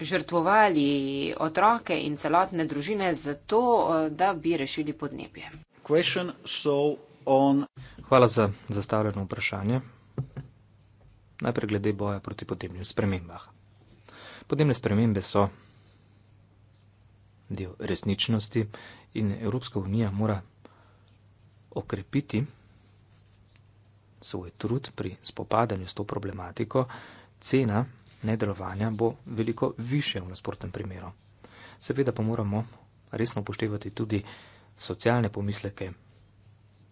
žrtvovali otroke in celotne družine za to, eh, da bi rešili podnebje? Hvala za zastavljeno vprašanje najprej glede boja proti podnebnim spremembah. Podnebne spremembe so del resničnosti in Evropska unija mora okrepiti svoj trud pri spopadanju s to problematiko, cena nedelovanja bo veliko više v nasprotnem primeru. Seveda pa moramo resno upoštevati tudi socialne pomisleke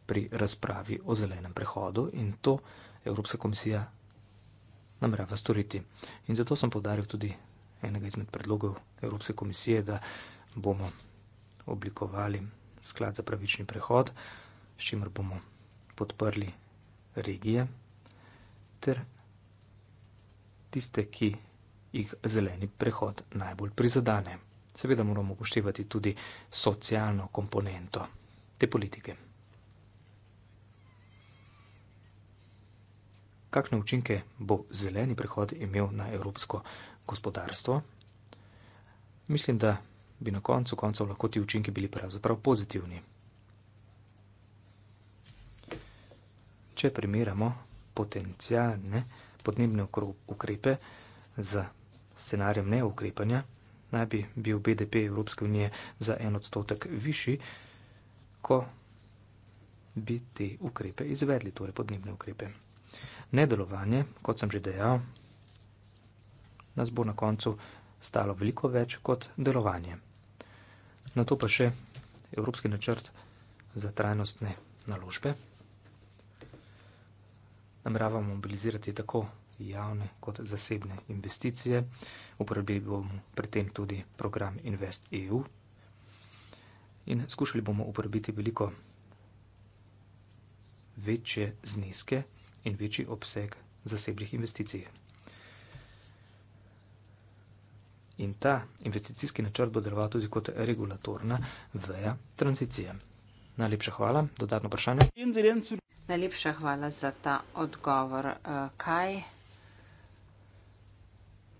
pri razpravi o zelenem prehodu in to Evropska komisija namerava storiti. In zato sem podaril tudi enega izmed predlogov Evropske komisije, da bomo oblikovali sklad za pravični prehod, s čimer bomo podprli regije ter tiste, ki jih zeleni prehod najbolj prizadane. Seveda moramo upoštevati tudi socialno komponento te politike. kakšne učinke bo zeleni prehod imel na evropsko gospodarstvo. Mislim, da bi na koncu koncev lahko ti učinki bili pravzaprav pozitivni. Če primerjamo potencijalne podnebne ukrepe z scenarijem neukrepanja, naj bi bil BDP Evropske unije za en odstotek višji, ko bi te ukrepe izvedli, torej podnebne ukrepe nedelovanje, kot sem že dejal, nas bo na koncu stalo veliko več kot delovanje. Na to pa še Evropski načrt za trajnostne naložbe. Nameravamo mobilizirati tako javne kot zasebne investicije, uporabili bomo pri tem tudi program Invest EU in skušali bomo uporabiti veliko večje zneske, in večji obseg zasebnih investicij. In ta investicijski načrt bo deloval tudi kot regulatorna veja tranzicije. Najlepša hvala, dodatno vprašanje. Najlepša hvala za ta odgovor. Eh, kaj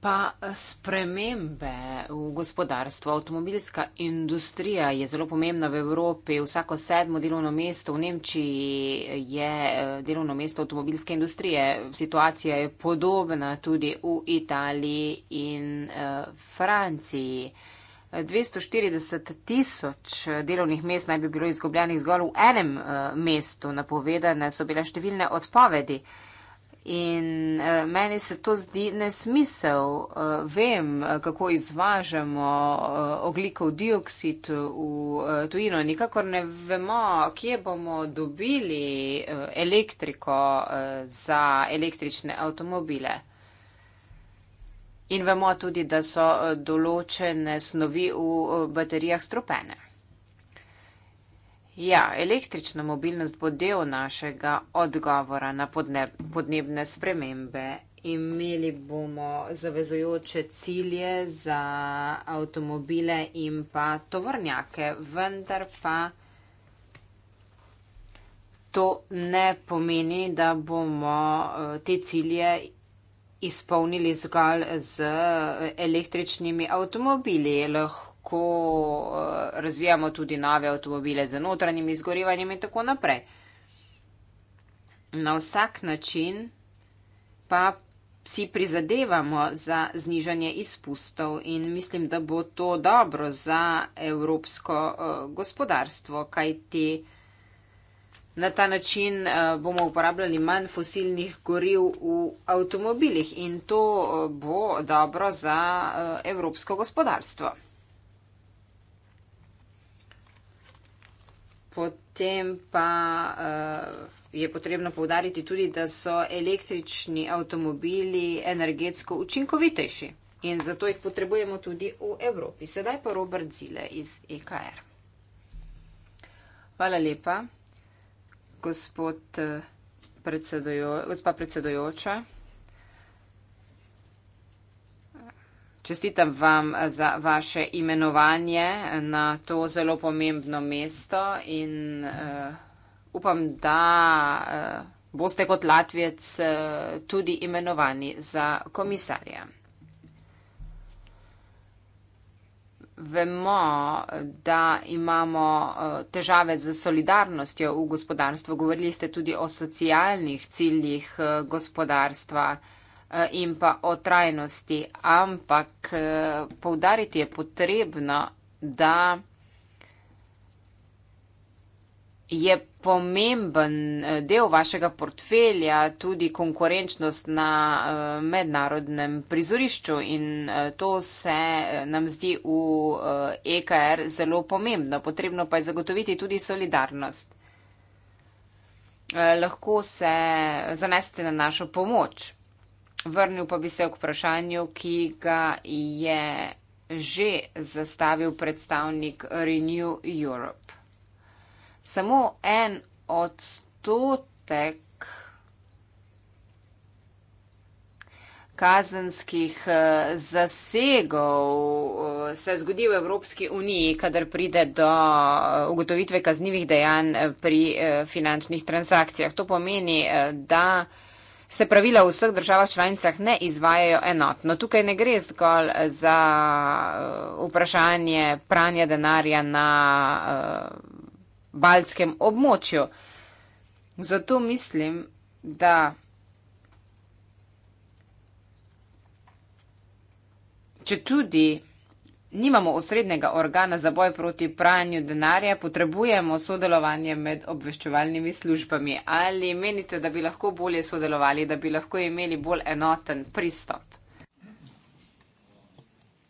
pa spremembe v gospodarstvu. Avtomobilska industrija je zelo pomembna v Evropi. Vsako sedmo delovno mesto v Nemčiji je eh, delovno mesto avtomobilske industrije. Situacija je podobna tudi v Italiji in eh, Franciji. 240 tisoč eh, delovnih mest naj bi bilo izgubljenih zgolj v enem mestu. Napovedane so bile številne odpovedi. In uh, meni se to zdi nesmisel. Uh, vem, eh, kako izvažamo uh, oglikov dioksid v uh, tujino. Nikakor ne vemo, kje bomo dobili uh, elektriko uh, za električne avtomobile. In vemo tudi, da so uh, določene snovi v uh, baterijah stropene. Ja, električna mobilnost bo del našega odgovora na podneb, podnebne spremembe. Imeli bomo zavezujoče cilje za avtomobile in pa tovornjake, vendar pa to ne pomeni, da bomo eh, te cilje izpolnili zgolj z eh, električnimi avtomobili. Lahko lahko eh, razvijamo tudi nove avtomobile z notranjim izgorevanjem in tako naprej. Na vsak način pa si prizadevamo za znižanje izpustov in mislim, da bo to dobro za evropsko eh, gospodarstvo, kaj ti na ta način eh, bomo uporabljali manj fosilnih goriv v avtomobilih in to bo dobro za evropsko gospodarstvo. Potem pa uh, je potrebno povdariti tudi, da so električni avtomobili energetsko učinkovitejši in zato jih potrebujemo tudi v Evropi. Sedaj pa Robert Zile iz EKR. Hvala lepa, gospod eh, predsedojo, gospa predsedojoča. Čestitam vam za vaše imenovanje na to zelo pomembno mesto in uh, upam, da uh, boste kot Latvijec uh, tudi imenovani za komisarja. Vemo, da imamo težave z solidarnostjo v gospodarstvu. Govorili ste tudi o socialnih ciljih gospodarstva. Eh, in pa o trajnosti, ampak eh, poudariti je potrebno, da je pomemben eh, del vašega portfelja tudi konkurenčnost na mednarodnem prizorišču in to se nam zdi v EKR e zelo pomembno. Potrebno pa je zagotoviti tudi solidarnost. Lahko se zaneste na našo pomoč. Vrnil pa bi se k vprašanju, ki ga je že zastavil predstavnik Renew Europe. Samo en odstotek kazenskih eh, zasegov eh, se zgodi v Evropski uniji, kadar pride do eh, ugotovitve kaznjivih dejanj pri finančnih transakcijah. To pomeni, da se pravila v vseh državah članicah ne izvajajo enotno. Tukaj ne gre zgolj za eh, vprašanje pranja denarja na eh, baltskem območju. Zato mislim, da če tudi nimamo osrednjega organa za boj proti pranju denarja, potrebujemo sodelovanje med obveščevalnimi službami. Ali menite, da bi lahko bolje sodelovali, da bi lahko imeli bolj enoten pristop?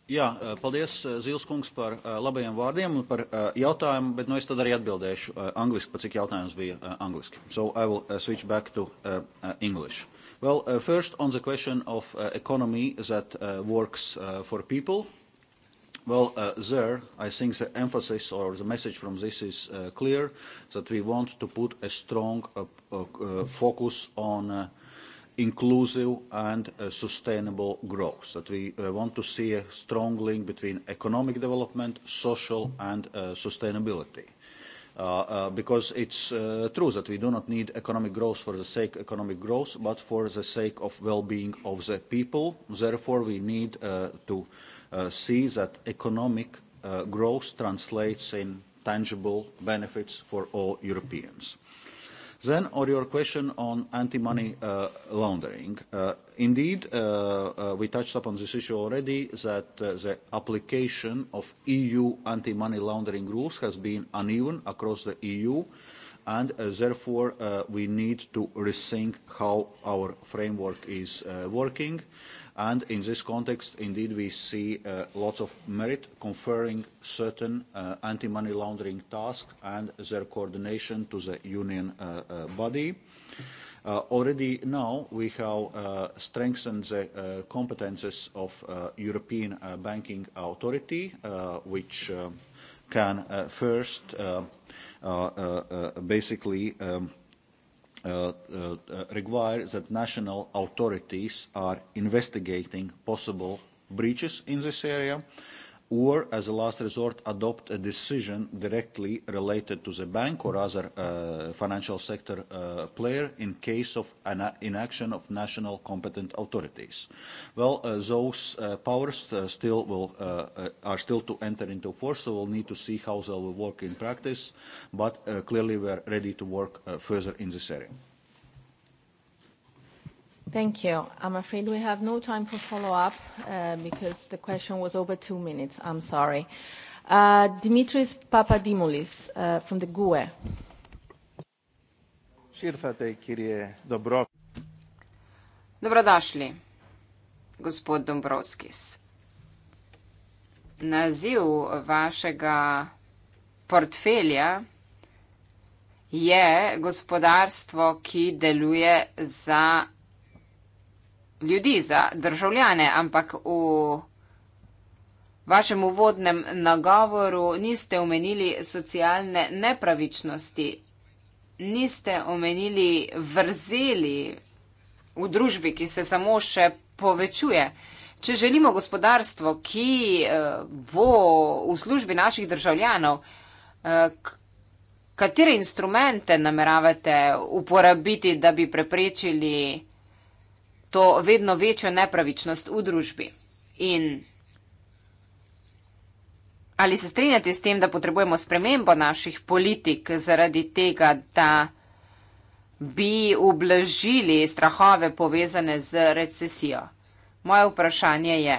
Jā, ja, eh, paldies eh, Zilskungs par eh, labajiem vārdiem un par jautājumu, bet nu es tad arī atbildēšu angliski, pat cik jautājums bija angliski. So I will switch back to uh, English. Well, uh, first on the question of uh, economy that uh, works uh, for people. Well, uh, there, I think the emphasis or the message from this is uh, clear that we want to put a strong uh, uh, uh, focus on uh, inclusive and uh, sustainable growth, that we uh, want to see a strong link between economic development, social and uh, sustainability. Uh, uh, because it's uh, true that we do not need economic growth for the sake of economic growth, but for the sake of well-being of the people. Therefore, we need uh, to uh, uh, see that economic uh, growth translates in tangible benefits for all Europeans. Then, on your question on anti-money uh, laundering, uh, indeed, uh, uh, we touched upon this issue already that uh, the application of EU anti-money laundering rules has been uneven across the EU, and uh, therefore uh, we need to rethink how our framework is uh, working. Uh, And in this context, indeed, we see uh, lots of merit conferring certain uh, anti-money laundering tasks and their coordination to the union uh, uh, body. Uh, already now, we have uh, strengthened the uh, competences of uh, European uh, Banking Authority, uh, which uh, can uh, first uh, uh, uh, basically um, Uh, uh, require that national authorities are investigating possible breaches in this area or as a last resort adopt a decision directly related to the bank or other uh, financial sector uh, player in case of an inaction of national competent authorities well uh, those uh, powers uh, still will uh, uh, are still to enter into force so we'll need to see how they will work in practice but uh, clearly we are ready to work uh, further in this area Thank you. I'm afraid we have no time for follow-up, uh, because the question was over two minutes. I'm sorry. Uh, Dimitris Papadimoulis, uh, from the GUE. Dobrodošli, gospod Dombrovskis. Naziv vašega portfelja je gospodarstvo, ki deluje za ljudi, za državljane, ampak v vašem uvodnem nagovoru niste omenili socialne nepravičnosti, niste omenili vrzeli v družbi, ki se samo še povečuje. Če želimo gospodarstvo, ki eh, bo v službi naših državljanov, eh, katere instrumente nameravate uporabiti, da bi preprečili to vedno večjo nepravičnost v družbi. In ali se strinjate s tem, da potrebujemo spremembo naših politik zaradi tega, da bi ublažili strahove povezane z recesijo? Moje vprašanje je,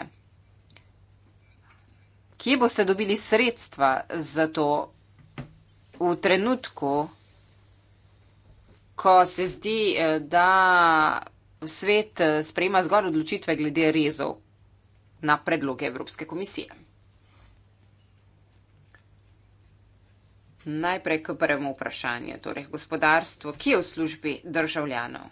kje boste dobili sredstva za to v trenutku, ko se zdi, eh, da svet eh, sprejema zgolj odločitve glede rezov na predloge Evropske komisije. Najprej k prvemu vprašanju, torej gospodarstvo, ki je v službi državljanov.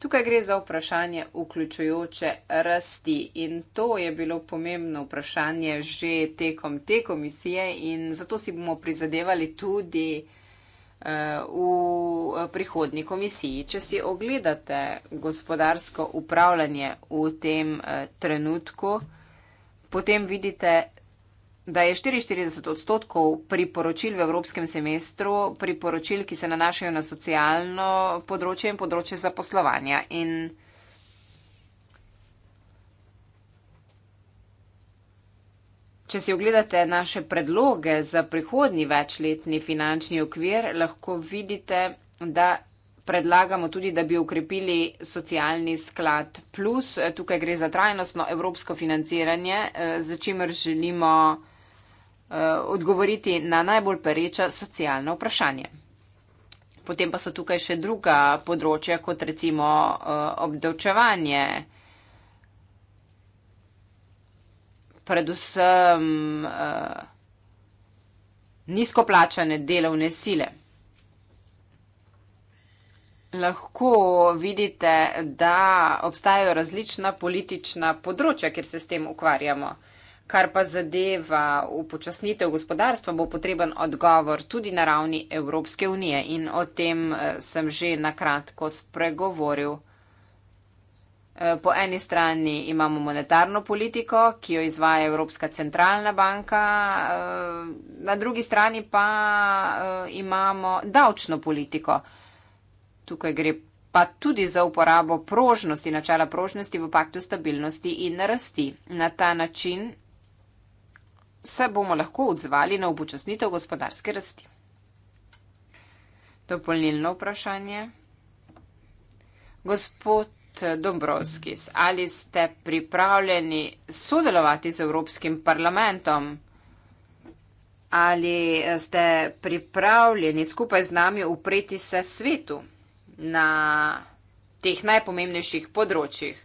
Tukaj gre za vprašanje vključujoče rasti in to je bilo pomembno vprašanje že tekom te komisije in zato si bomo prizadevali tudi uh, v eh, prihodni komisiji. Če si ogledate gospodarsko upravljanje v tem eh, trenutku, potem vidite, da je 44 odstotkov priporočil v evropskem semestru, priporočil, ki se nanašajo na socialno področje in področje zaposlovanja. In Če si ogledate naše predloge za prihodnji večletni finančni okvir, lahko vidite, da predlagamo tudi, da bi ukrepili socialni sklad plus. Tukaj gre za trajnostno evropsko financiranje, eh, za čimer želimo eh, odgovoriti na najbolj pereča socialna vprašanja. Potem pa so tukaj še druga področja, kot recimo eh, obdavčevanje. predvsem uh, nizkoplačane delovne sile. Lahko vidite, da obstajajo različna politična področja, kjer se s tem ukvarjamo. Kar pa zadeva upočasnitev gospodarstva, bo potreben odgovor tudi na ravni Evropske unije in o tem eh, sem že nakratko spregovoril. Eh, po eni strani imamo monetarno politiko, ki jo izvaja Evropska centralna banka, eh, na drugi strani pa eh, imamo davčno politiko. Tukaj gre pa tudi za uporabo prožnosti, načela prožnosti v paktu stabilnosti in rasti. Na ta način se bomo lahko odzvali na upočasnitev gospodarske rasti. Dopolnilno vprašanje. Gospod Dombrovskis, ali ste pripravljeni sodelovati z Evropskim parlamentom? Ali ste pripravljeni skupaj z nami upreti se svetu na teh najpomembnejših področjih?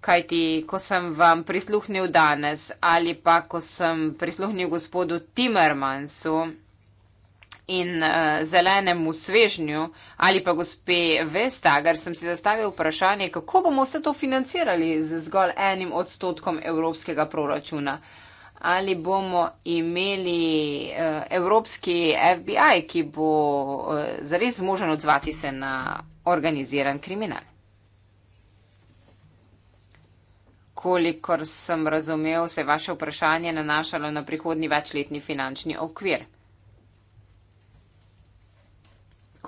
Kajti, ko sem vam prisluhnil danes ali pa ko sem prisluhnil gospodu Timmermansu, in uh, zelenemu svežnju ali pa gospe Vestager sem si zastavil vprašanje, kako bomo vse to financirali z zgolj enim odstotkom evropskega proračuna. Ali bomo imeli uh, evropski FBI, ki bo uh, zares zmožen odzvati se na organiziran kriminal? Kolikor sem razumel, se je vaše vprašanje nanašalo na prihodni večletni finančni okvir.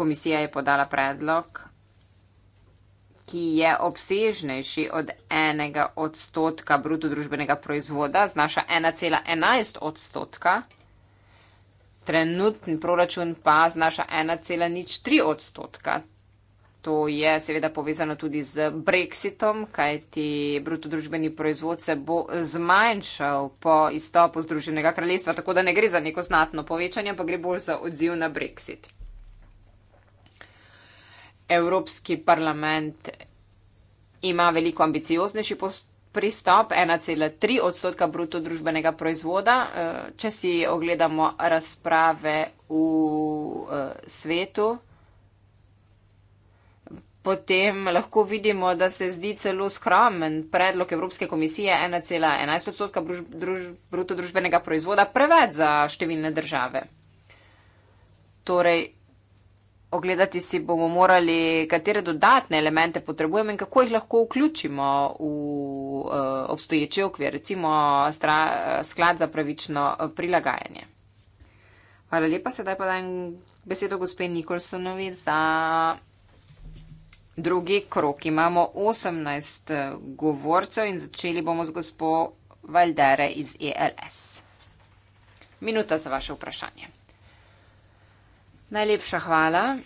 komisija je podala predlog, ki je obsežnejši od enega odstotka brutodružbenega proizvoda, znaša 1,11 odstotka, trenutni proračun pa znaša 1,03 odstotka. To je seveda povezano tudi z Brexitom, kajti brutodružbeni proizvod se bo zmanjšal po izstopu Združenega kraljestva, tako da ne gre za neko znatno povečanje, pa gre bolj za odziv na Brexit. Evropski parlament ima veliko ambicioznejši pristop, 1,3 odstotka bruto družbenega proizvoda. Eh, če si ogledamo razprave v eh, svetu, potem lahko vidimo, da se zdi celo skromen predlog Evropske komisije 1,11 odstotka bruto družbenega proizvoda preveč za številne države. Torej, ogledati si bomo morali, katere dodatne elemente potrebujemo in kako jih lahko vključimo v uh, obstoječi okvir, recimo stra, sklad za pravično eh, prilagajanje. Hvala lepa, sedaj pa dajem besedo gospe Nikolsonovi za drugi krok. Imamo 18 eh, govorcev in začeli bomo z gospo Valdere iz ELS. Minuta za vaše vprašanje. Najlepša hvala.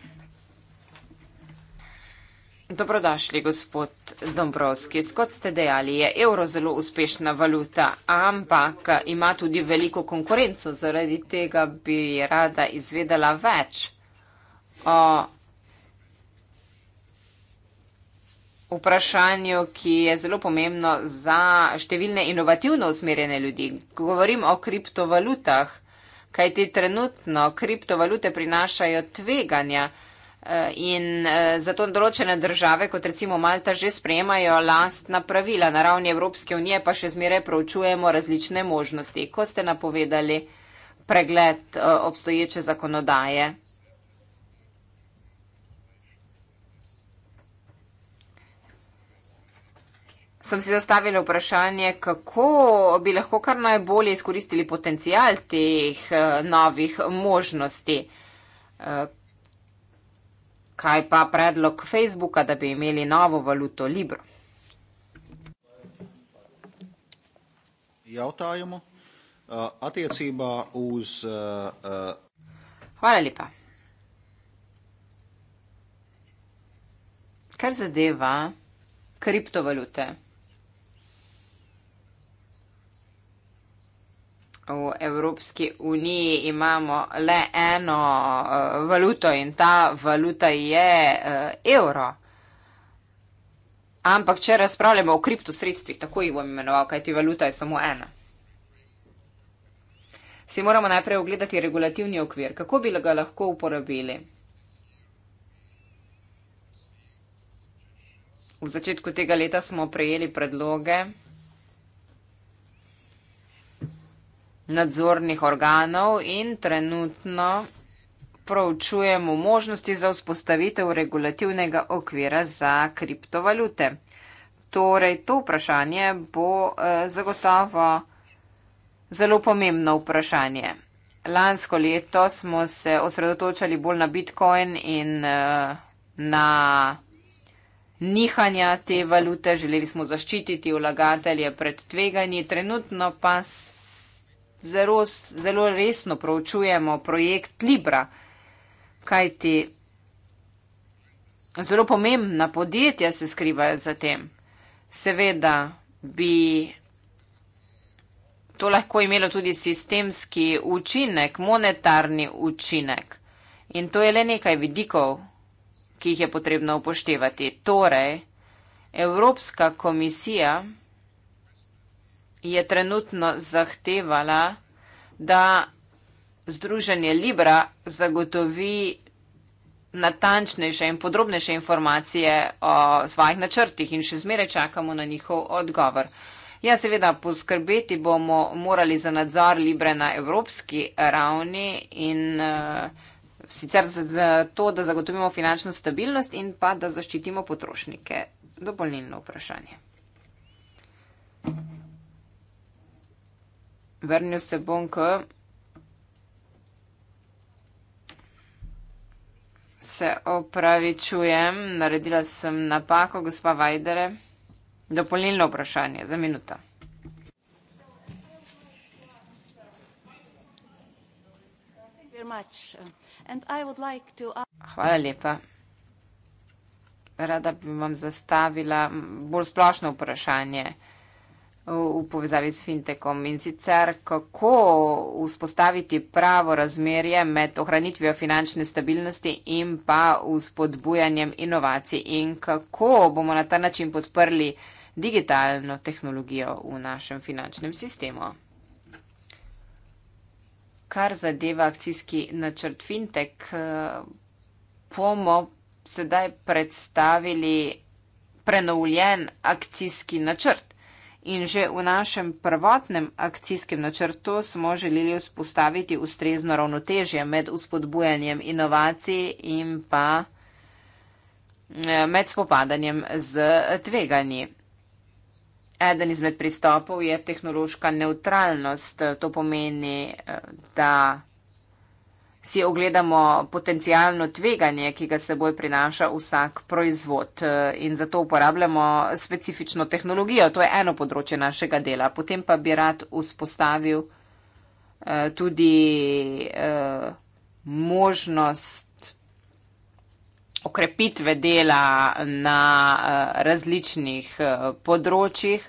Dobrodošli, gospod Dombrovski. Skot ste dejali, je evro zelo uspešna valuta, ampak ima tudi veliko konkurenco. Zaradi tega bi rada izvedela več o vprašanju, ki je zelo pomembno za številne inovativno usmerjene ljudi. Govorim o kriptovalutah kaj ti trenutno kriptovalute prinašajo tveganja eh, in eh, zato določene države, kot recimo Malta, že sprejemajo lastna pravila. Na ravni Evropske unije pa še zmeraj proučujemo različne možnosti, kot ste napovedali pregled eh, obstoječe zakonodaje. sem si zastavila vprašanje, kako bi lahko kar najbolje izkoristili potencial teh eh, novih možnosti. Eh, kaj pa predlog Facebooka, da bi imeli novo valuto Libro? Jautājumu. Eh, attiecībā uz. Hvala lepa. Kar zadeva kriptovalute? v Evropski uniji imamo le eno uh, valuto in ta valuta je uh, evro. Ampak, če razpravljamo o kriptosredstvih, tako jih bom imenoval, kajti valuta je samo ena. Si moramo najprej ogledati regulativni okvir, kako bi ga lahko uporabili. V začetku tega leta smo prejeli predloge. nadzornih organov in trenutno proučujemo možnosti za vzpostavitev regulativnega okvira za kriptovalute. Torej, to vprašanje bo eh, zagotovo zelo pomembno vprašanje. Lansko leto smo se osredotočali bolj na bitcoin in eh, na nihanja te valute. Želeli smo zaščititi vlagatelje pred tveganji, trenutno pa se zelo, zelo resno proučujemo projekt Libra, kajti zelo pomembna podjetja se skrivajo za tem. Seveda bi to lahko imelo tudi sistemski učinek, monetarni učinek. In to je le nekaj vidikov, ki jih je potrebno upoštevati. Torej, Evropska komisija je trenutno zahtevala, da Združenje Libra zagotovi natančnejše in podrobnejše informacije o svojih načrtih in še zmeraj čakamo na njihov odgovor. Ja, seveda, poskrbeti bomo morali za nadzor Libre na evropski ravni in uh, sicer za, za to, da zagotovimo finančno stabilnost in pa da zaščitimo potrošnike. Dopolnilno vprašanje. Vrnil se bom k se opravičujem, naredila sem napako, gospa Vajdere. Dopolnilno vprašanje, za minuto. Hvala lepa. Rada bi vam zastavila bolj splošno vprašanje. Hvala lepa v povezavi s fintekom in sicer kako vzpostaviti pravo razmerje med ohranitvijo finančne stabilnosti in pa vzpodbujanjem inovacij in kako bomo na ta način podprli digitalno tehnologijo v našem finančnem sistemu. Kar zadeva akcijski načrt fintek, eh, bomo sedaj predstavili prenovljen akcijski načrt. In že v našem prvotnem akcijskem načrtu smo želeli vzpostaviti ustrezno ravnotežje med uspodbujanjem inovacij in pa eh, med spopadanjem z tveganji. Eden izmed pristopov je tehnološka neutralnost. To pomeni, eh, da si ogledamo potencijalno tveganje, ki ga seboj prinaša vsak proizvod eh, in zato uporabljamo specifično tehnologijo. To je eno področje našega dela. Potem pa bi rad vzpostavil eh, tudi eh, možnost okrepitve dela na različnih področjih,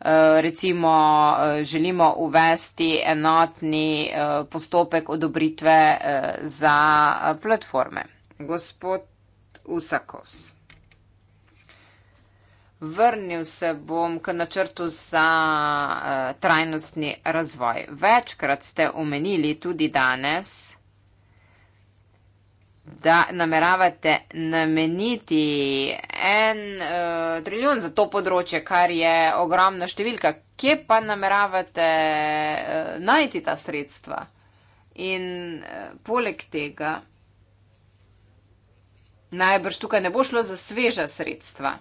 Eh, recimo eh, želimo uvesti enotni eh, postopek odobritve za platforme. Gospod Usakovs. Vrnil se bom k načrtu za trajnostni razvoj. Večkrat ste omenili tudi danes, da nameravate nameniti en uh, trilijon za to področje, kar je ogromna številka. Kje pa nameravate uh, najti ta sredstva? In uh, poleg tega, najbrž tukaj ne bo šlo za sveža sredstva.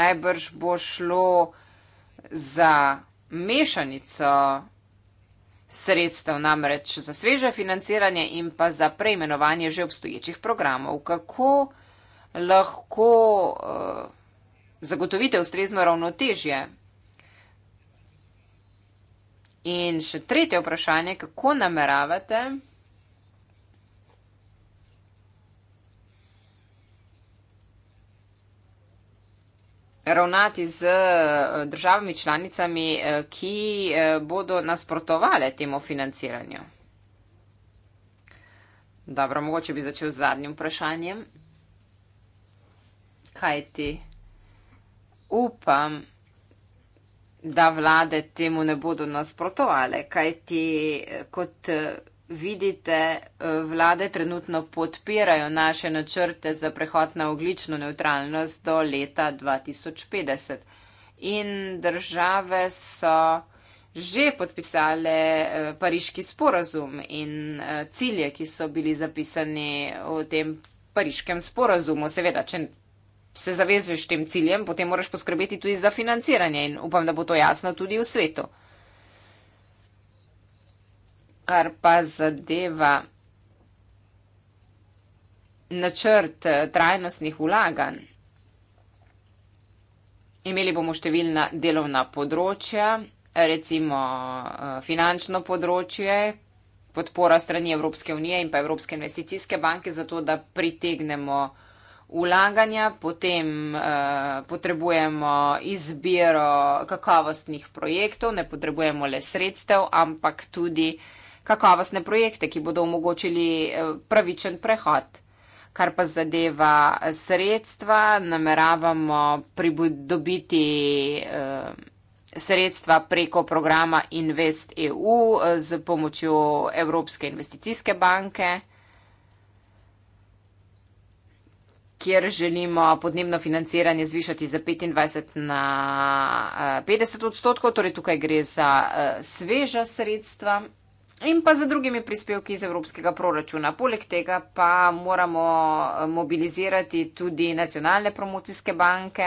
Najbrž bo šlo za mešanico sredstev, namreč za sveže financiranje in pa za preimenovanje že obstoječih programov. Kako lahko eh, zagotovite ustrezno ravnotežje? In še tretje vprašanje, kako nameravate ravnati z eh, državami članicami, eh, ki eh, bodo nasprotovale temu financiranju? Dobro, mogoče bi začel z zadnjim vprašanjem. Kaj ti? Upam, da vlade temu ne bodo nasprotovale, kaj ti kot vidite, eh, vlade trenutno podpirajo naše načrte za prehod na oglično neutralnost do leta 2050. In države so že podpisale eh, pariški sporazum in eh, cilje, ki so bili zapisani v tem pariškem sporazumu. Seveda, če se zavezuješ tem ciljem, potem moraš poskrbeti tudi za financiranje in upam, da bo to jasno tudi v svetu kar pa zadeva načrt eh, trajnostnih vlaganj. Imeli bomo številna delovna področja, recimo eh, finančno področje, podpora strani Evropske unije in pa Evropske investicijske banke, zato da pritegnemo vlaganja, potem eh, potrebujemo izbiro kakovostnih projektov, ne potrebujemo le sredstev, ampak tudi eh, kakovostne projekte, ki bodo omogočili eh, pravičen prehod. Kar pa zadeva eh, sredstva, nameravamo pridobiti eh, sredstva preko programa Invest EU z pomočjo Evropske investicijske banke, kjer želimo podnebno financiranje zvišati za 25 na 50 odstotkov, torej tukaj gre za sveža sredstva in pa z drugimi prispevki iz evropskega proračuna. Poleg tega pa moramo eh, mobilizirati tudi nacionalne promocijske banke,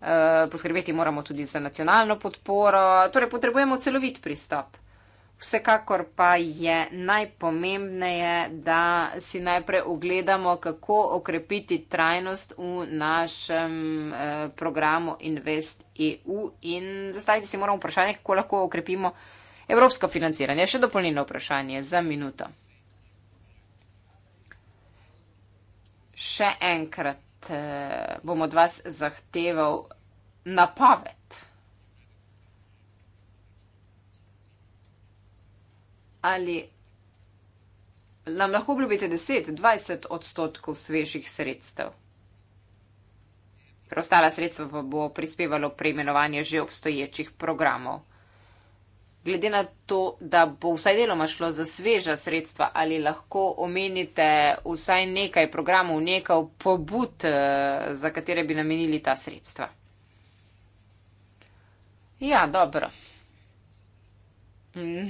eh, poskrbeti moramo tudi za nacionalno podporo, torej potrebujemo celovit pristop. Vsekakor pa je najpomembneje, da si najprej ogledamo, kako okrepiti trajnost v našem eh, programu InvestEU in zastaviti si moramo vprašanje, kako lahko okrepimo trajnost. Evropsko financiranje, še dopolnilno vprašanje za minuto. Še enkrat eh, bom od vas zahteval napoved. Ali nam lahko obljubite 10-20 odstotkov svežih sredstev? Preostala sredstva pa bo prispevalo preimenovanje že obstoječih programov glede na to, da bo vsaj deloma šlo za sveža sredstva, ali lahko omenite vsaj nekaj programov, nekaj pobud, eh, za katere bi namenili ta sredstva? Ja, dobro.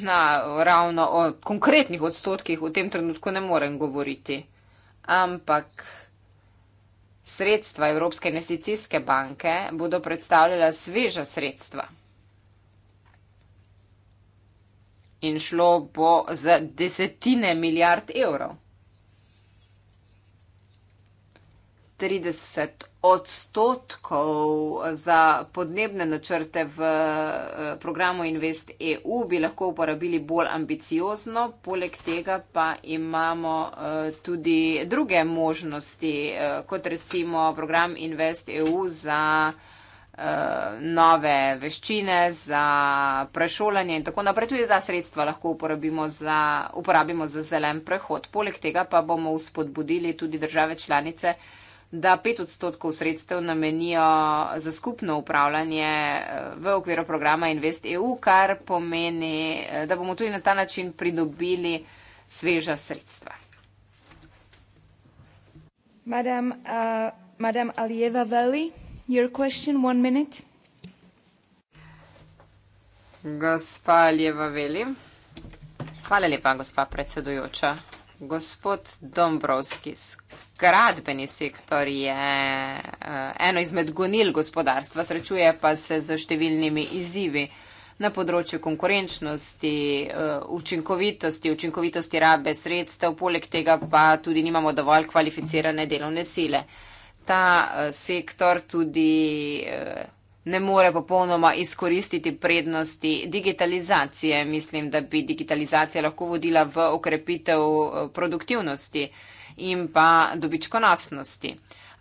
Na ravno o konkretnih odstotkih v tem trenutku ne morem govoriti, ampak sredstva Evropske investicijske banke bodo predstavljala sveža sredstva. in šlo bo za desetine milijard evrov. 30 odstotkov za podnebne načrte v eh, programu Invest EU bi lahko uporabili bolj ambiciozno, poleg tega pa imamo eh, tudi druge možnosti, eh, kot recimo program Invest EU za nove veščine, za prešolanje in tako naprej. Tudi ta sredstva lahko uporabimo za, uporabimo za zelen prehod. Poleg tega pa bomo uspodbudili tudi države članice, da pet odstotkov sredstev namenijo za skupno upravljanje eh, v okviru programa Invest EU, kar pomeni, eh, da bomo tudi na ta način pridobili sveža sredstva. Madame, uh, Madame Alieva Veli. Your question, one minute. Gospa Ljeva Veli. Hvala lepa, gospa predsedujoča. Gospod Dombrovski, skradbeni sektor je eh, eno izmed gonil gospodarstva, srečuje pa se z številnimi izzivi na področju konkurenčnosti, eh, učinkovitosti, učinkovitosti rabe sredstev, poleg tega pa tudi nimamo dovolj kvalificirane delovne sile ta eh, sektor tudi eh, ne more popolnoma izkoristiti prednosti digitalizacije. Mislim, da bi digitalizacija lahko vodila v okrepitev eh, produktivnosti in pa dobičkonosnosti.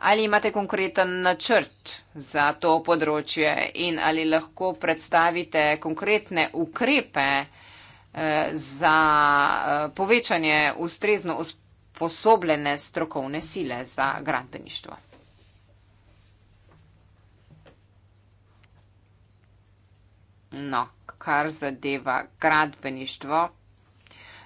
Ali imate konkreten načrt za to področje in ali lahko predstavite konkretne ukrepe za povečanje ustrezno usposobljene strokovne sile za gradbeništvo? No, kar zadeva gradbeništvo.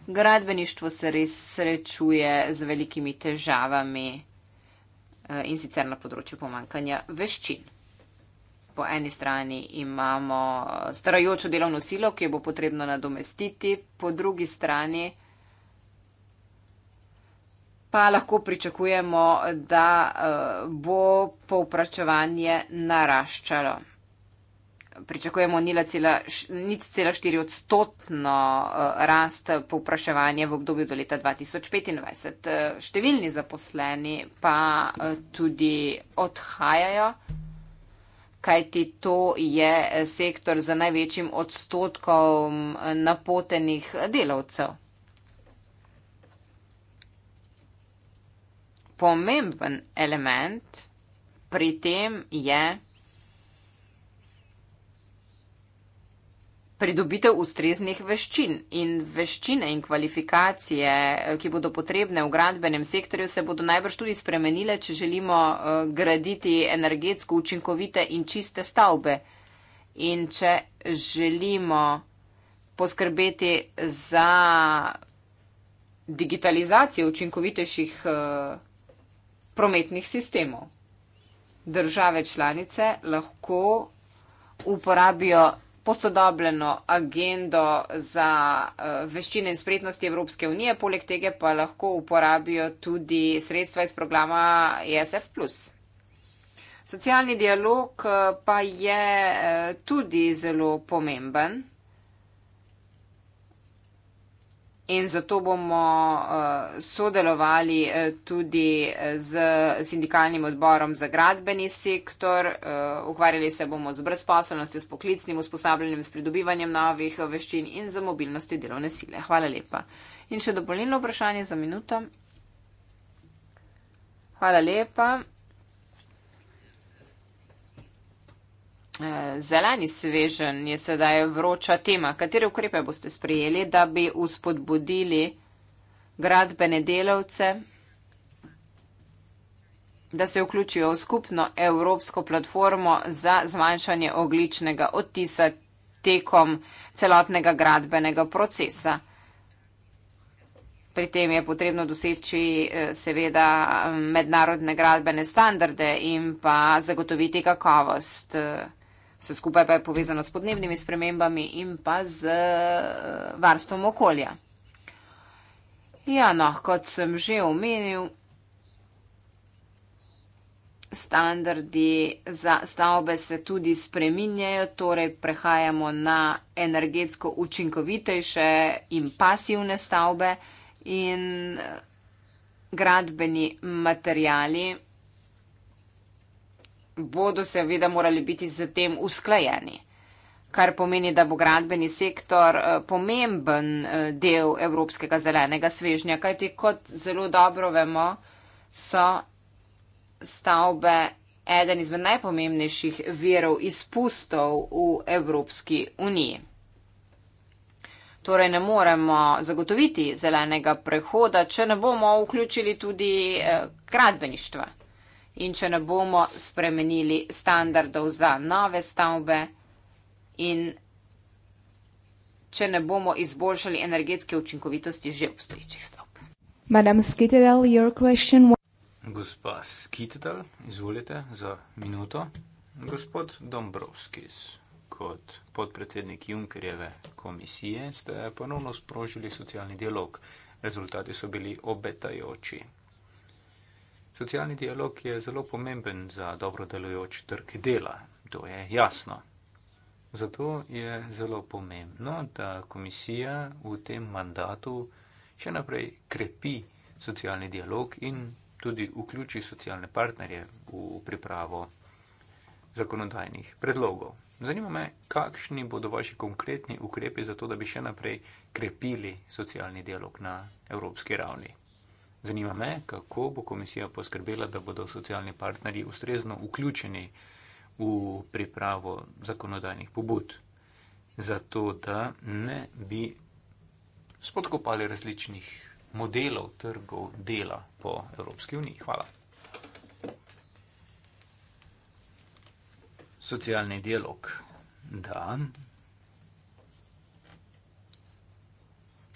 Gradbeništvo se res srečuje z velikimi težavami eh, in sicer na področju pomankanja veščin. Po eni strani imamo eh, starajočo delovno silo, ki jo bo potrebno nadomestiti, po drugi strani pa lahko pričakujemo, da eh, bo povpračevanje naraščalo pričakujemo cela, nič cela 4-odstotno eh, rast povpraševanja v obdobju do leta 2025. Eh, številni zaposleni pa eh, tudi odhajajo, kajti to je sektor z največjim odstotkom napotenih delavcev. Pomemben element pri tem je, pridobitev ustreznih veščin in veščine in kvalifikacije, eh, ki bodo potrebne v gradbenem sektorju, se bodo najbrž tudi spremenile, če želimo eh, graditi energetsko učinkovite in čiste stavbe. In če želimo poskrbeti za digitalizacijo učinkovitejših eh, prometnih sistemov, države članice lahko uporabijo posodobljeno agendo za uh, veščine in spretnosti Evropske unije, poleg tega pa lahko uporabijo tudi sredstva iz programa ESF. Socialni dialog eh, pa je eh, tudi zelo pomemben. in zato bomo eh, sodelovali eh, tudi eh, z sindikalnim odborom za gradbeni sektor. Ukvarjali se bomo z brezposelnostjo, s poklicnim usposabljanjem, s pridobivanjem novih veščin in z mobilnostjo delovne sile. Hvala lepa. In še dopolnilno vprašanje za minuto. Hvala lepa. Zeleni svežen je sedaj vroča tema. Katere ukrepe boste sprejeli, da bi uspodbudili gradbene delavce, da se vključijo v skupno evropsko platformo za zmanjšanje ogličnega odtisa tekom celotnega gradbenega procesa? Pri tem je potrebno doseči eh, seveda mednarodne gradbene standarde in pa zagotoviti kakovost eh, Vse skupaj pa je povezano s podnebnimi spremembami in pa z eh, varstvom okolja. Ja, no, kot sem že omenil, standardi za stavbe se tudi spreminjajo, torej prehajamo na energetsko učinkovitejše in pasivne stavbe in eh, gradbeni materijali bodo seveda morali biti z tem usklajeni, kar pomeni, da bo gradbeni sektor eh, pomemben eh, del evropskega zelenega svežnja, kajti kot zelo dobro vemo, so stavbe eden izmed najpomembnejših verov izpustov v Evropski uniji. Torej ne moremo zagotoviti zelenega prehoda, če ne bomo vključili tudi eh, gradbeništva. Eh, in če ne bomo spremenili standardov za nove stavbe in če ne bomo izboljšali energetske učinkovitosti že obstoječih stavb. Madam Skitedal, your question. Gospa Skitedal, izvolite za minuto. Gospod Dombrovskis, kot podpredsednik Junkerjeve komisije ste ponovno sprožili socialni dialog. Rezultati so bili obetajoči. Socialni dialog je zelo pomemben za dobro delujoč trg dela, to je jasno. Zato je zelo pomembno, da komisija v tem mandatu še naprej krepi socialni dialog in tudi vključi socialne partnerje v pripravo zakonodajnih predlogov. Zanima me, kakšni bodo vaši konkretni ukrepi za to, da bi še naprej krepili socialni dialog na evropski ravni. Zanima me, kako bo komisija poskrbela, da bodo socialni partnerji ustrezno vključeni v pripravo zakonodajnih pobud, zato da ne bi spodkopali različnih modelov trgov dela po Evropski uniji. Hvala. Socialni dialog. Da,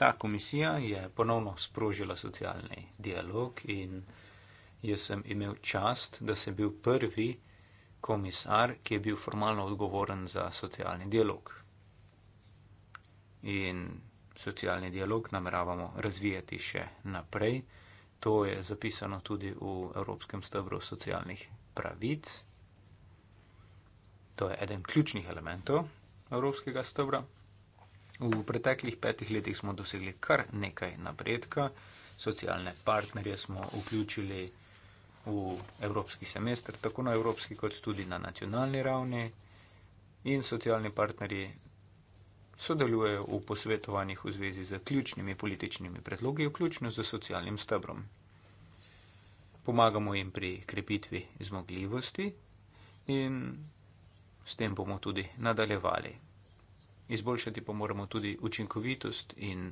ta komisija je ponovno sprožila socialni dialog in jaz sem imel čast, da sem bil prvi komisar, ki je bil formalno odgovoren za socialni dialog. In socialni dialog nameravamo razvijati še naprej. To je zapisano tudi v Evropskem stebru socialnih pravic. To je eden ključnih elementov Evropskega stebra. V preteklih petih letih smo dosegli kar nekaj napredka. Socialne partnerje smo vključili v evropski semester, tako na evropski kot tudi na nacionalni ravni. In socialni partnerji sodelujejo v posvetovanjih v zvezi z ključnimi političnimi predlogi, vključno z socialnim stebrom. Pomagamo jim pri krepitvi zmogljivosti in s tem bomo tudi nadaljevali izboljšati pa moramo tudi učinkovitost in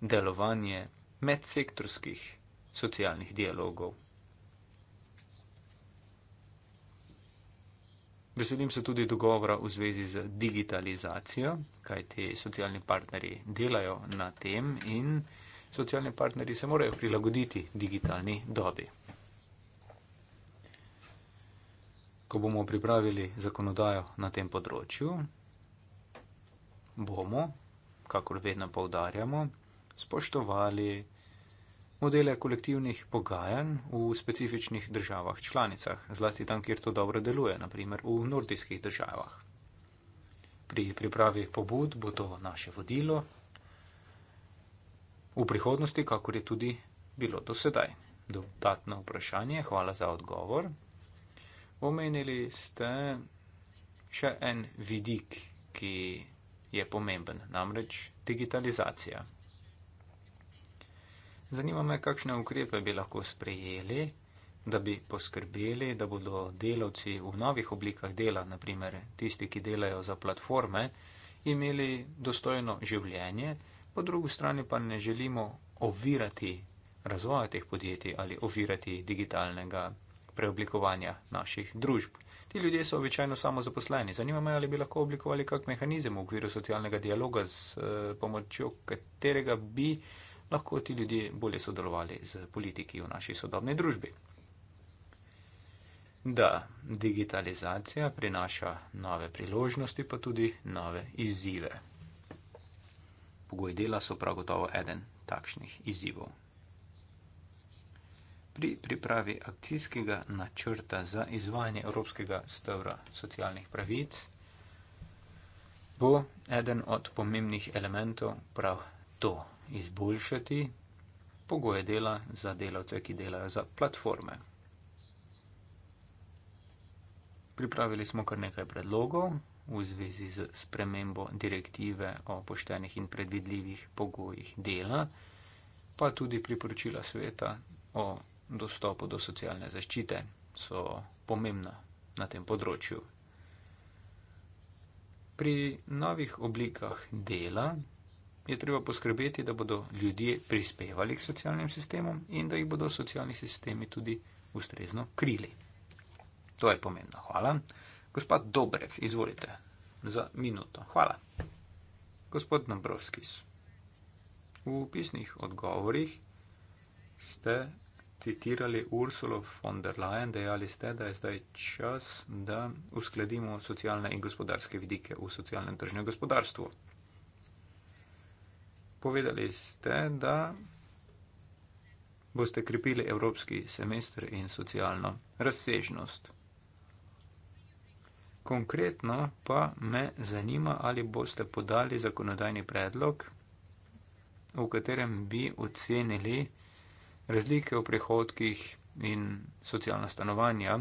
delovanje medsektorskih socialnih dialogov. Veselim se tudi dogovora v zvezi z digitalizacijo, kaj ti socialni partnerji delajo na tem in socialni partnerji se morajo prilagoditi digitalni dobi. Ko bomo pripravili zakonodajo na tem področju, bomo, kakor vedno povdarjamo, spoštovali modele kolektivnih pogajanj v specifičnih državah članicah, zlasti tam, kjer to dobro deluje, naprimer v nordijskih državah. Pri pripravi pobud bo to naše vodilo v prihodnosti, kakor je tudi bilo do sedaj. Dodatno vprašanje, hvala za odgovor. Omenili ste še en vidik, ki je pomemben, namreč digitalizacija. Zanima me, kakšne ukrepe bi lahko sprejeli, da bi poskrbeli, da bodo delavci v novih oblikah dela, naprimer tisti, ki delajo za platforme, imeli dostojno življenje, po drugi strani pa ne želimo ovirati razvoja teh podjetij ali ovirati digitalnega preoblikovanja naših družb. Ti ljudje so običajno samozaposleni. Zanima me, ali bi lahko oblikovali kak mehanizem v okviru socialnega dialoga, s eh, pomočjo katerega bi lahko ti ljudje bolje sodelovali z politiki v naši sodobni družbi. Da, digitalizacija prinaša nove priložnosti, pa tudi nove izzive. Pogoj dela so prav gotovo eden takšnih izzivov pri pripravi akcijskega načrta za izvajanje Evropskega stebra socialnih pravic, bo eden od pomembnih elementov prav to izboljšati pogoje dela za delavce, ki delajo za platforme. Pripravili smo kar nekaj predlogov v zvezi z spremembo direktive o poštenih in predvidljivih pogojih dela, pa tudi priporočila sveta o dostopu do socialne zaščite, so pomembna na tem področju. Pri novih oblikah dela je treba poskrbeti, da bodo ljudje prispevali k socialnim sistemom in da jih bodo socialni sistemi tudi ustrezno krili. To je pomembno. Hvala. Gospod Dobrev, izvolite za minuto. Hvala. Gospod Nabrovskis, v pisnih odgovorih ste citirali Ursula von der Leyen, dejali ste, da je zdaj čas, da uskladimo socialne in gospodarske vidike v socialnem tržnem gospodarstvu. Povedali ste, da boste krepili evropski semester in socialno razsežnost. Konkretno pa me zanima, ali boste podali zakonodajni predlog, v katerem bi ocenili, razlike v prihodkih in socialna stanovanja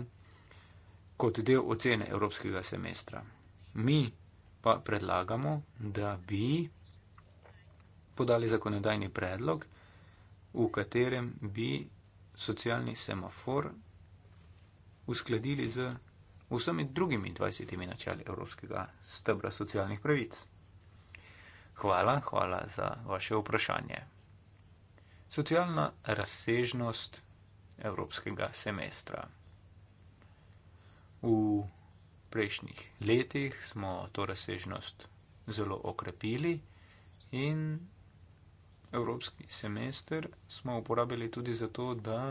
kot del ocene evropskega semestra. Mi pa predlagamo, da bi podali zakonodajni predlog, v katerem bi socialni semafor uskladili z vsemi drugimi 20 načali evropskega stebra socialnih pravic. Hvala, hvala za vaše vprašanje socialna razsežnost evropskega semestra. V prejšnjih letih smo to razsežnost zelo okrepili in evropski semester smo uporabili tudi zato, da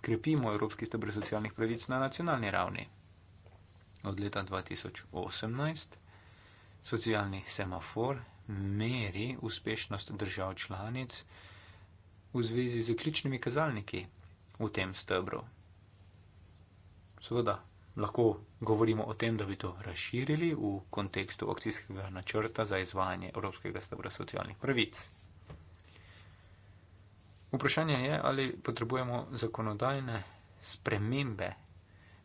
krepimo evropski stebr socialnih pravic na nacionalni ravni. Od leta 2018 socialni semafor meri uspešnost držav članic, v zvezi z ključnimi kazalniki v tem stebru? Seveda, lahko govorimo o tem, da bi to razširili v kontekstu akcijskega načrta za izvajanje Evropskega stebra socialnih pravic. Vprašanje je, ali potrebujemo zakonodajne spremembe,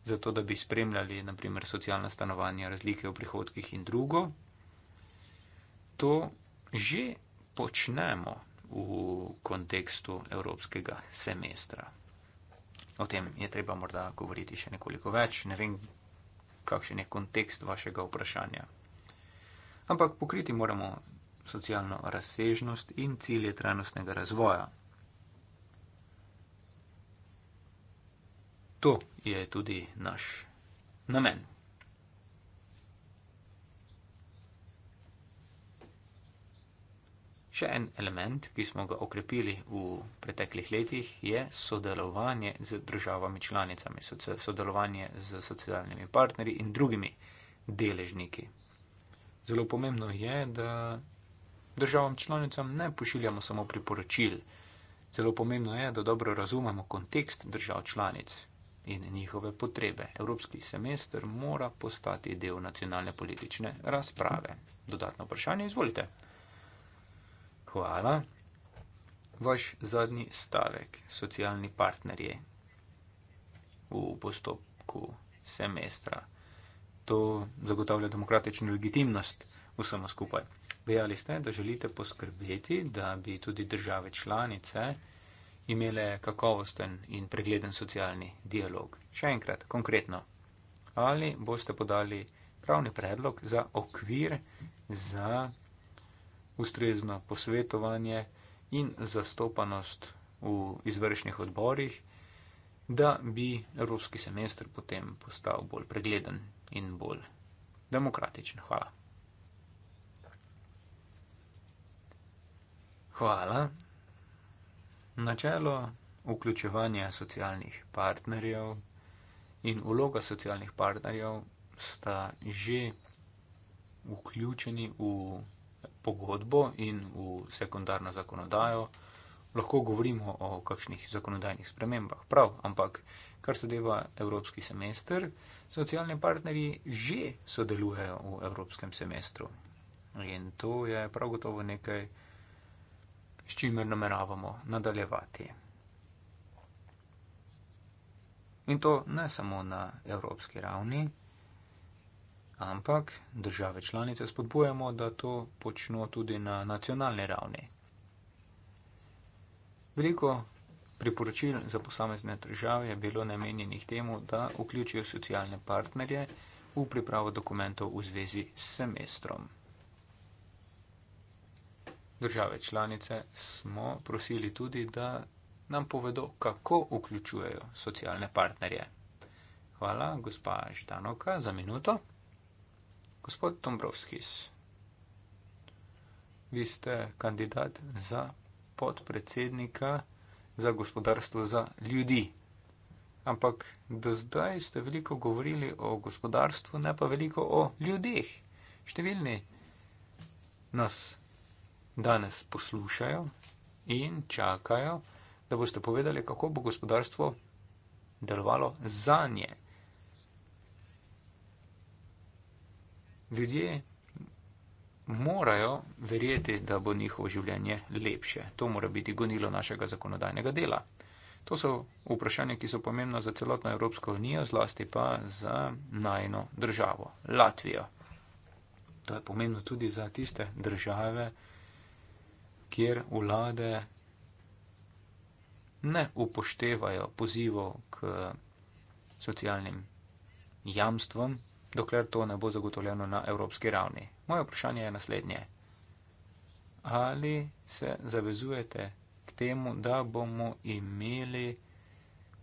zato da bi spremljali, naprimer, socialna stanovanja, razlike v prihodkih in drugo. To že počnemo, v kontekstu evropskega semestra. O tem je treba morda govoriti še nekoliko več, ne vem, kakšen je kontekst vašega vprašanja. Ampak pokriti moramo socialno razsežnost in cilje trajnostnega razvoja. To je tudi naš namen. Še en element, ki smo ga okrepili v preteklih letih, je sodelovanje z državami članicami, sodelovanje z socialnimi partnerji in drugimi deležniki. Zelo pomembno je, da državam članicam ne pošiljamo samo priporočil. Zelo pomembno je, da dobro razumemo kontekst držav članic in njihove potrebe. Evropski semester mora postati del nacionalne politične razprave. Dodatno vprašanje, izvolite. Hvala. Vaš zadnji stavek, socialni partnerje v postopku semestra. To zagotavlja demokratično legitimnost vsemu skupaj. Dejali ste, da želite poskrbeti, da bi tudi države članice imele kakovosten in pregleden socialni dialog. Še enkrat, konkretno, ali boste podali pravni predlog za okvir za ustrezno posvetovanje in zastopanost v izvršnih odborih, da bi evropski semester potem postal bolj pregleden in bolj demokratičen. Hvala. Hvala. Načelo vključevanja socialnih partnerjev in vloga socialnih partnerjev sta že vključeni v pogodbo in v sekundarno zakonodajo, lahko govorimo o kakšnih zakonodajnih spremembah. Prav, ampak kar se deva evropski semester, socialni partnerji že sodelujejo v evropskem semestru. In to je prav gotovo nekaj, s čimer nameravamo nadaljevati. In to ne samo na evropski ravni, ampak države članice spodbujamo, da to počno tudi na nacionalni ravni. Veliko priporočil za posamezne države je bilo namenjenih temu, da vključijo socialne partnerje v pripravo dokumentov v zvezi s semestrom. Države članice smo prosili tudi, da nam povedo, kako vključujejo socialne partnerje. Hvala, gospa Ždanoka, za minuto. Gospod Dombrovskis, vi ste kandidat za podpredsednika za gospodarstvo za ljudi. Ampak do zdaj ste veliko govorili o gospodarstvu, ne pa veliko o ljudeh. Številni nas danes poslušajo in čakajo, da boste povedali, kako bo gospodarstvo delovalo za njih. ljudje morajo verjeti, da bo njihovo življenje lepše. To mora biti gonilo našega zakonodajnega dela. To so vprašanja, ki so pomembna za celotno Evropsko unijo, zlasti pa za najno državo, Latvijo. To je pomembno tudi za tiste države, kjer vlade ne upoštevajo pozivov k socialnim jamstvom, dokler to ne bo zagotovljeno na evropski ravni. Moje vprašanje je naslednje. Ali se zavezujete k temu, da bomo imeli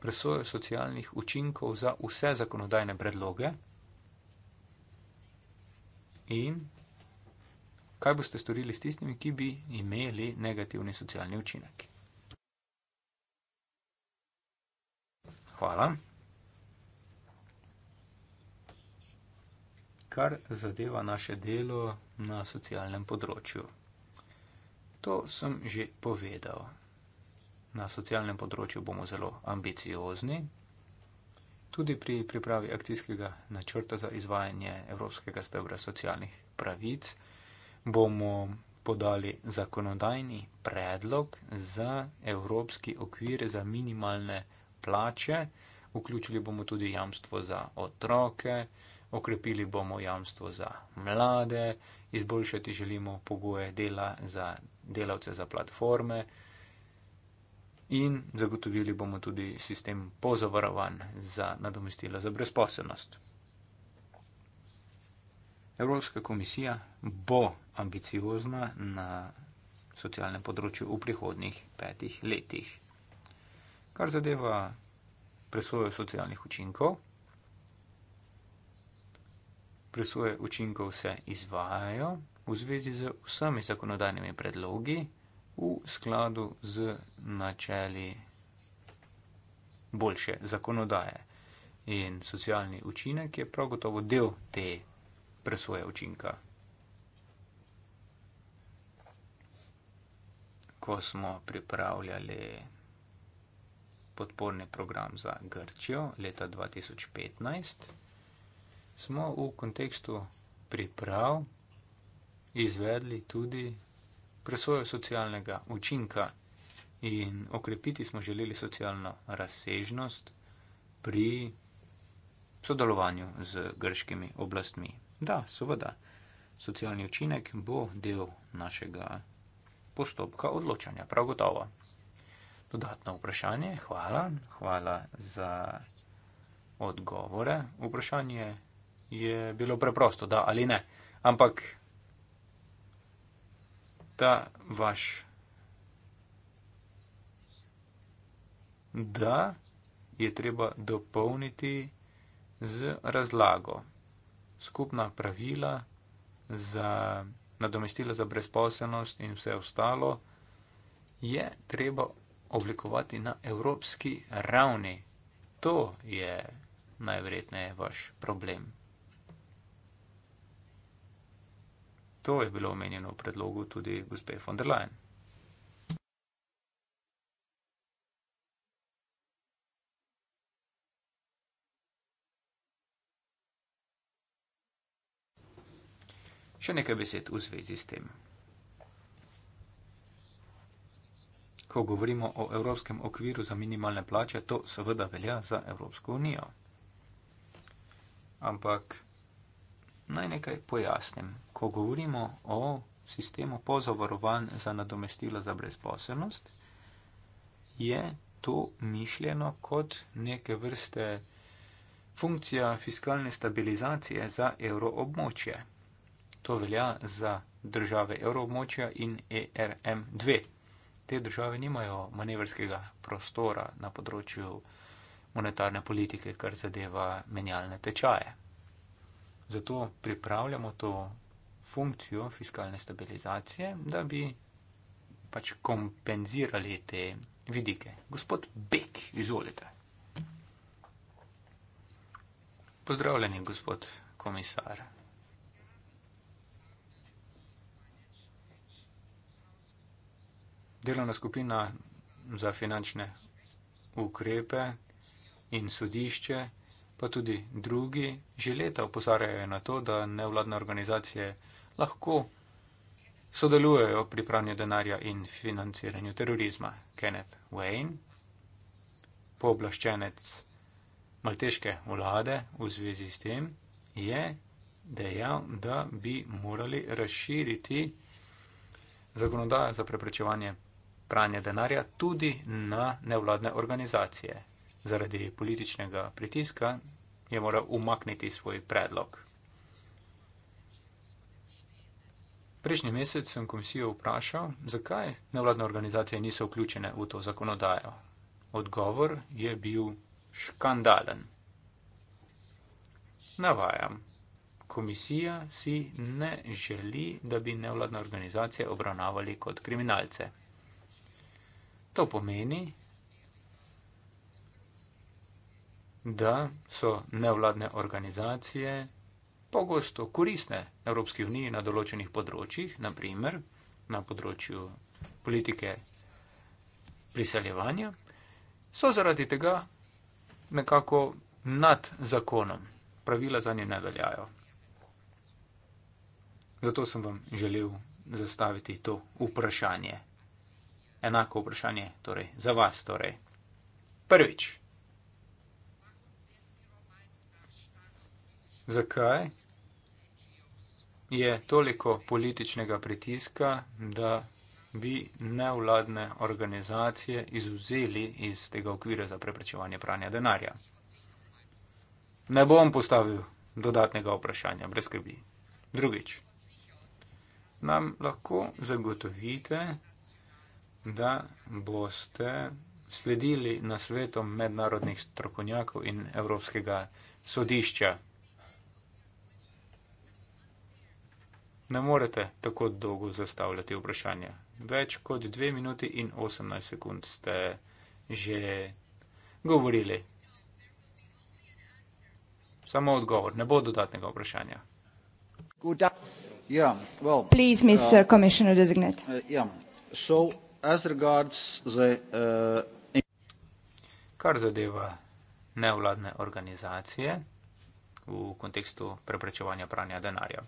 presojo socialnih učinkov za vse zakonodajne predloge? In kaj boste storili s tistimi, ki bi imeli negativni socialni učinek? Hvala. kar zadeva naše delo na socialnem področju. To sem že povedal. Na socialnem področju bomo zelo ambiciozni, tudi pri pripravi akcijskega načrta za izvajanje Evropskega stebra socialnih pravic bomo podali zakonodajni predlog za evropski okvir za minimalne plače, vključili bomo tudi jamstvo za otroke, okrepili bomo jamstvo za mlade, izboljšati želimo pogoje dela za delavce za platforme in zagotovili bomo tudi sistem pozavarovan za nadomestilo za brezposobnost. Evropska komisija bo ambiciozna na socialnem področju v prihodnih petih letih. Kar zadeva presojo socialnih učinkov, presoje učinkov se izvajajo v zvezi z vsemi zakonodajnimi predlogi v skladu z načeli boljše zakonodaje. In socialni učinek je prav gotovo del te presoje učinka. Ko smo pripravljali podporni program za Grčijo leta 2015, smo v kontekstu priprav izvedli tudi presojo socialnega učinka in okrepiti smo želeli socialno razsežnost pri sodelovanju z grškimi oblastmi. Da, seveda, socialni učinek bo del našega postopka odločanja, prav gotovo. Dodatno vprašanje, hvala, hvala za odgovore. Vprašanje je bilo preprosto, da ali ne. Ampak ta vaš da je treba dopolniti z razlago. Skupna pravila za nadomestila za brezposelnost in vse ostalo je treba oblikovati na evropski ravni. To je najverjetneje vaš problem. To je bilo omenjeno v predlogu tudi gospe von der Leyen. Še nekaj besed v zvezi s tem. Ko govorimo o evropskem okviru za minimalne plače, to seveda velja za Evropsko unijo. Ampak Naj nekaj pojasnim. Ko govorimo o sistemu pozavarovanj za nadomestilo za brezposelnost, je to mišljeno kot neke vrste funkcija fiskalne stabilizacije za evroobmočje. To velja za države evroobmočja in ERM2. Te države nimajo manevrskega prostora na področju monetarne politike, kar zadeva menjalne tečaje. Zato pripravljamo to funkcijo fiskalne stabilizacije, da bi pač kompenzirali te vidike. Gospod Bek, izvolite. Pozdravljeni, gospod komisar. Delovna skupina za finančne ukrepe in sodišče pa tudi drugi že leta upozarjajo na to, da nevladne organizacije lahko sodelujejo pri pranju denarja in financiranju terorizma. Kenneth Wayne, pooblaščenec malteške vlade v zvezi s tem, je dejal, da bi morali razširiti zakonodajo za preprečevanje pranja denarja tudi na nevladne organizacije zaradi političnega pritiska je moral umakniti svoj predlog. Prejšnji mesec sem komisijo vprašal, zakaj nevladne organizacije niso vključene v to zakonodajo. Odgovor je bil škandalen. Navajam. Komisija si ne želi, da bi nevladne organizacije obravnavali kot kriminalce. To pomeni, da so nevladne organizacije pogosto koristne Evropski uniji na določenih področjih, naprimer na področju politike priseljevanja, so zaradi tega nekako nad zakonom. Pravila za nje ne veljajo. Zato sem vam želel zastaviti to vprašanje. Enako vprašanje torej, za vas. Torej. Prvič. Zakaj je toliko političnega pritiska, da bi nevladne organizacije izuzeli iz tega okvira za preprečevanje pranja denarja? Ne bom postavil dodatnega vprašanja, brez skrbi. Drugič, nam lahko zagotovite, da boste sledili na svetom mednarodnih strokovnjakov in Evropskega sodišča ne morete tako dolgo zastavljati vprašanja. Več kot dve minuti in 18 sekund ste že govorili. Samo odgovor, ne bo dodatnega vprašanja. Kar zadeva nevladne organizacije v kontekstu preprečevanja pranja denarja.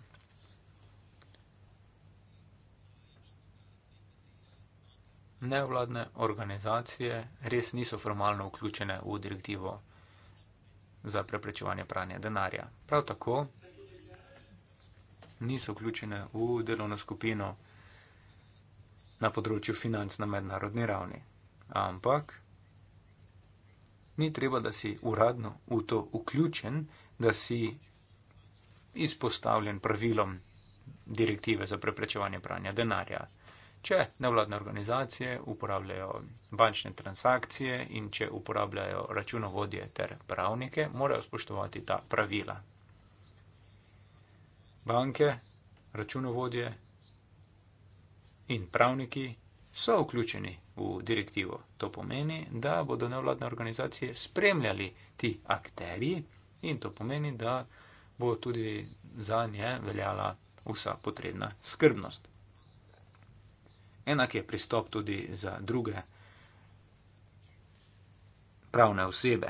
nevladne organizacije res niso formalno vključene v direktivo za preprečevanje pranja denarja. Prav tako niso vključene v delovno skupino na področju financ na mednarodni ravni. Ampak ni treba, da si uradno v to vključen, da si izpostavljen pravilom direktive za preprečevanje pranja denarja če nevladne organizacije uporabljajo bančne transakcije in če uporabljajo računovodje ter pravnike, morajo spoštovati ta pravila. Banke, računovodje in pravniki so vključeni v direktivo. To pomeni, da bodo nevladne organizacije spremljali ti akteri in to pomeni, da bo tudi za nje veljala vsa potrebna skrbnost. Enak je pristop tudi za druge pravne osebe.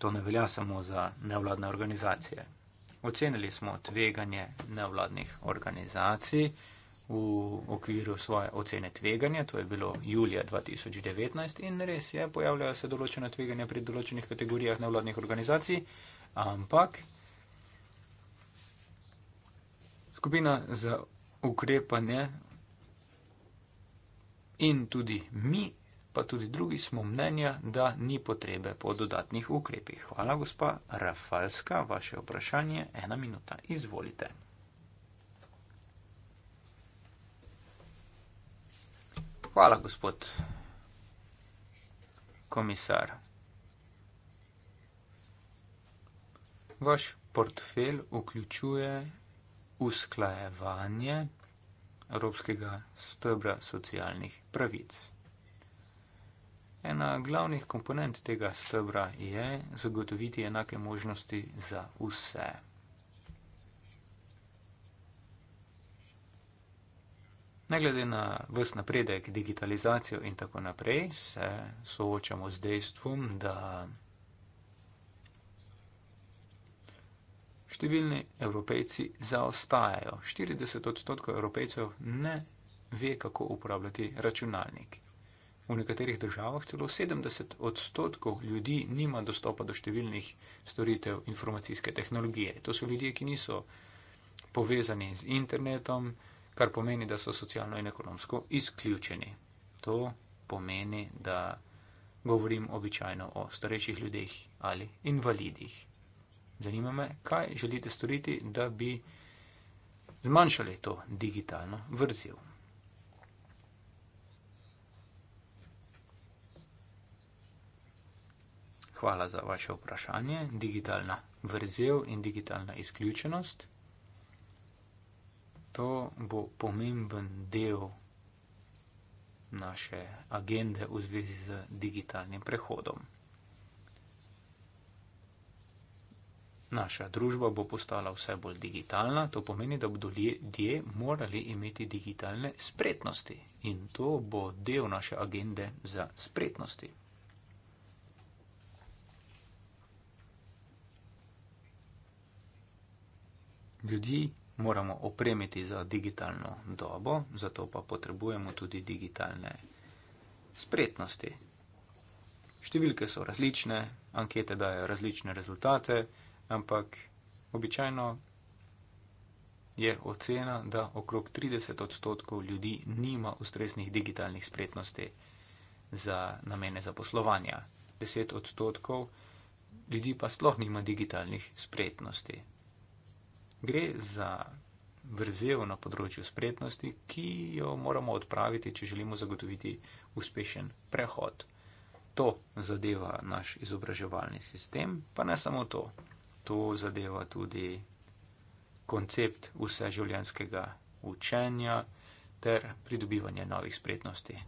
To ne velja samo za nevladne organizacije. Ocenili smo tveganje nevladnih organizacij v okviru svoje ocene tveganja, to je bilo julija 2019 in res je, pojavljajo se določena tveganja pri določenih kategorijah nevladnih organizacij, ampak skupina za ukrepanje in tudi mi, pa tudi drugi smo mnenja, da ni potrebe po dodatnih ukrepih. Hvala, gospa Rafalska, vaše vprašanje, ena minuta, izvolite. Hvala, gospod komisar. Vaš portfel vključuje usklajevanje evropskega stebra socialnih pravic. Ena glavnih komponent tega stebra je zagotoviti enake možnosti za vse. Ne glede na vse napredek, digitalizacijo in tako naprej, se soočamo z dejstvom, da. številni evropejci zaostajajo. 40 odstotkov evropejcev ne ve, kako uporabljati računalnik. V nekaterih državah celo 70 odstotkov ljudi nima dostopa do številnih storitev informacijske tehnologije. To so ljudje, ki niso povezani z internetom, kar pomeni, da so socialno in ekonomsko izključeni. To pomeni, da govorim običajno o starejših ljudeh ali invalidih. Zanima me, kaj želite storiti, da bi zmanjšali to digitalno vrzel. Hvala za vaše vprašanje. Digitalna vrzel in digitalna izključenost. To bo pomemben del naše agende v zvezi z digitalnim prehodom. Naša družba bo postala vse bolj digitalna, to pomeni, da bodo ljudje morali imeti digitalne spretnosti in to bo del naše agende za spretnosti. Ljudi moramo opremiti za digitalno dobo, zato pa potrebujemo tudi digitalne spretnosti. Številke so različne, ankete dajo različne rezultate ampak običajno je ocena, da okrog 30 odstotkov ljudi nima ustreznih digitalnih spretnosti za namene zaposlovanja. 10 odstotkov ljudi pa sploh nima digitalnih spretnosti. Gre za vrzel na področju spretnosti, ki jo moramo odpraviti, če želimo zagotoviti uspešen prehod. To zadeva naš izobraževalni sistem, pa ne samo to to zadeva tudi koncept vseživljenskega učenja ter pridobivanje novih spretnosti.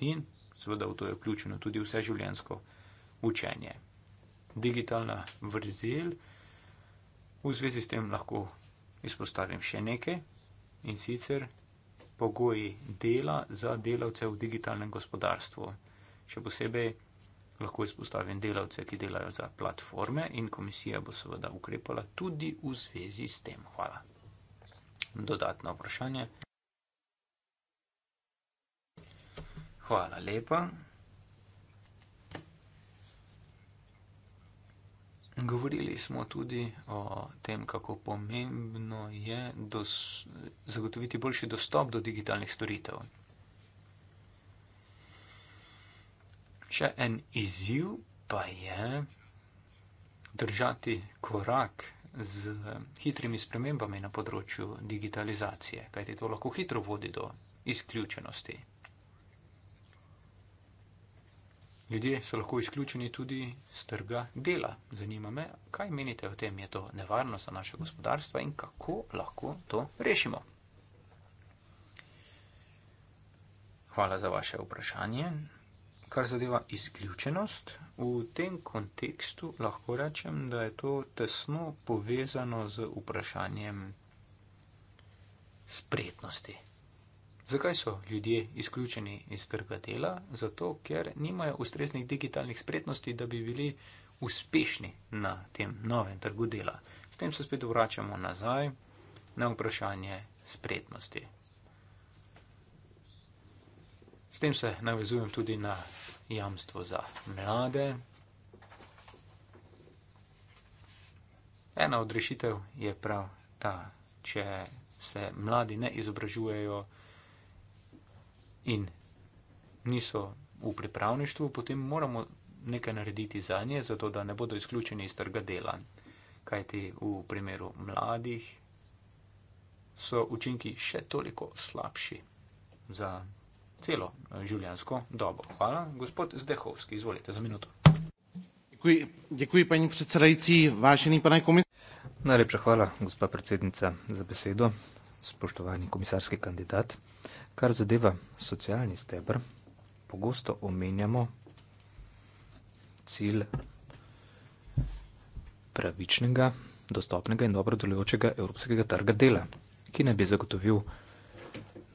In seveda v to je vključeno tudi vseživljensko učenje. Digitalna vrzel v zvezi s tem lahko izpostavim še nekaj in sicer pogoji dela za delavce v digitalnem gospodarstvu. Še posebej lahko izpostavim delavce, ki delajo za platforme in komisija bo seveda ukrepala tudi v zvezi s tem. Hvala. Dodatno vprašanje. Hvala lepa. Govorili smo tudi o tem, kako pomembno je dos zagotoviti boljši dostop do digitalnih storitev. Še en izziv pa je držati korak z hitrimi spremembami na področju digitalizacije, kajti to lahko hitro vodi do izključenosti. Ljudje so lahko izključeni tudi z trga dela. Zanima me, kaj menite o tem, je to nevarno za naše gospodarstvo in kako lahko to rešimo? Hvala za vaše vprašanje kar zadeva izključenost, v tem kontekstu lahko rečem, da je to tesno povezano z vprašanjem spretnosti. Zakaj so ljudje izključeni iz trga dela? Zato, ker nimajo ustreznih digitalnih spretnosti, da bi bili uspešni na tem novem trgu dela. S tem se spet vračamo nazaj na vprašanje spretnosti. S tem se navezujem tudi na jamstvo za mlade. Ena od rešitev je prav ta, če se mladi ne izobražujejo in niso v pripravništvu, potem moramo nekaj narediti za nje, zato da ne bodo izključeni iz trga dela. Kajti v primeru mladih so učinki še toliko slabši za mlade celo eh, življenjsko dobo. Hvala. Gospod Zdehovski, izvolite za minuto. Děkuji, děkuji paní předsedající, vážený pane komisar. Najlepša hvala, gospa predsednica, za besedo. Spoštovani komisarski kandidat, kar zadeva socialni stebr, pogosto omenjamo cilj pravičnega, dostopnega in dobro delujočega evropskega trga dela, ki naj bi zagotovil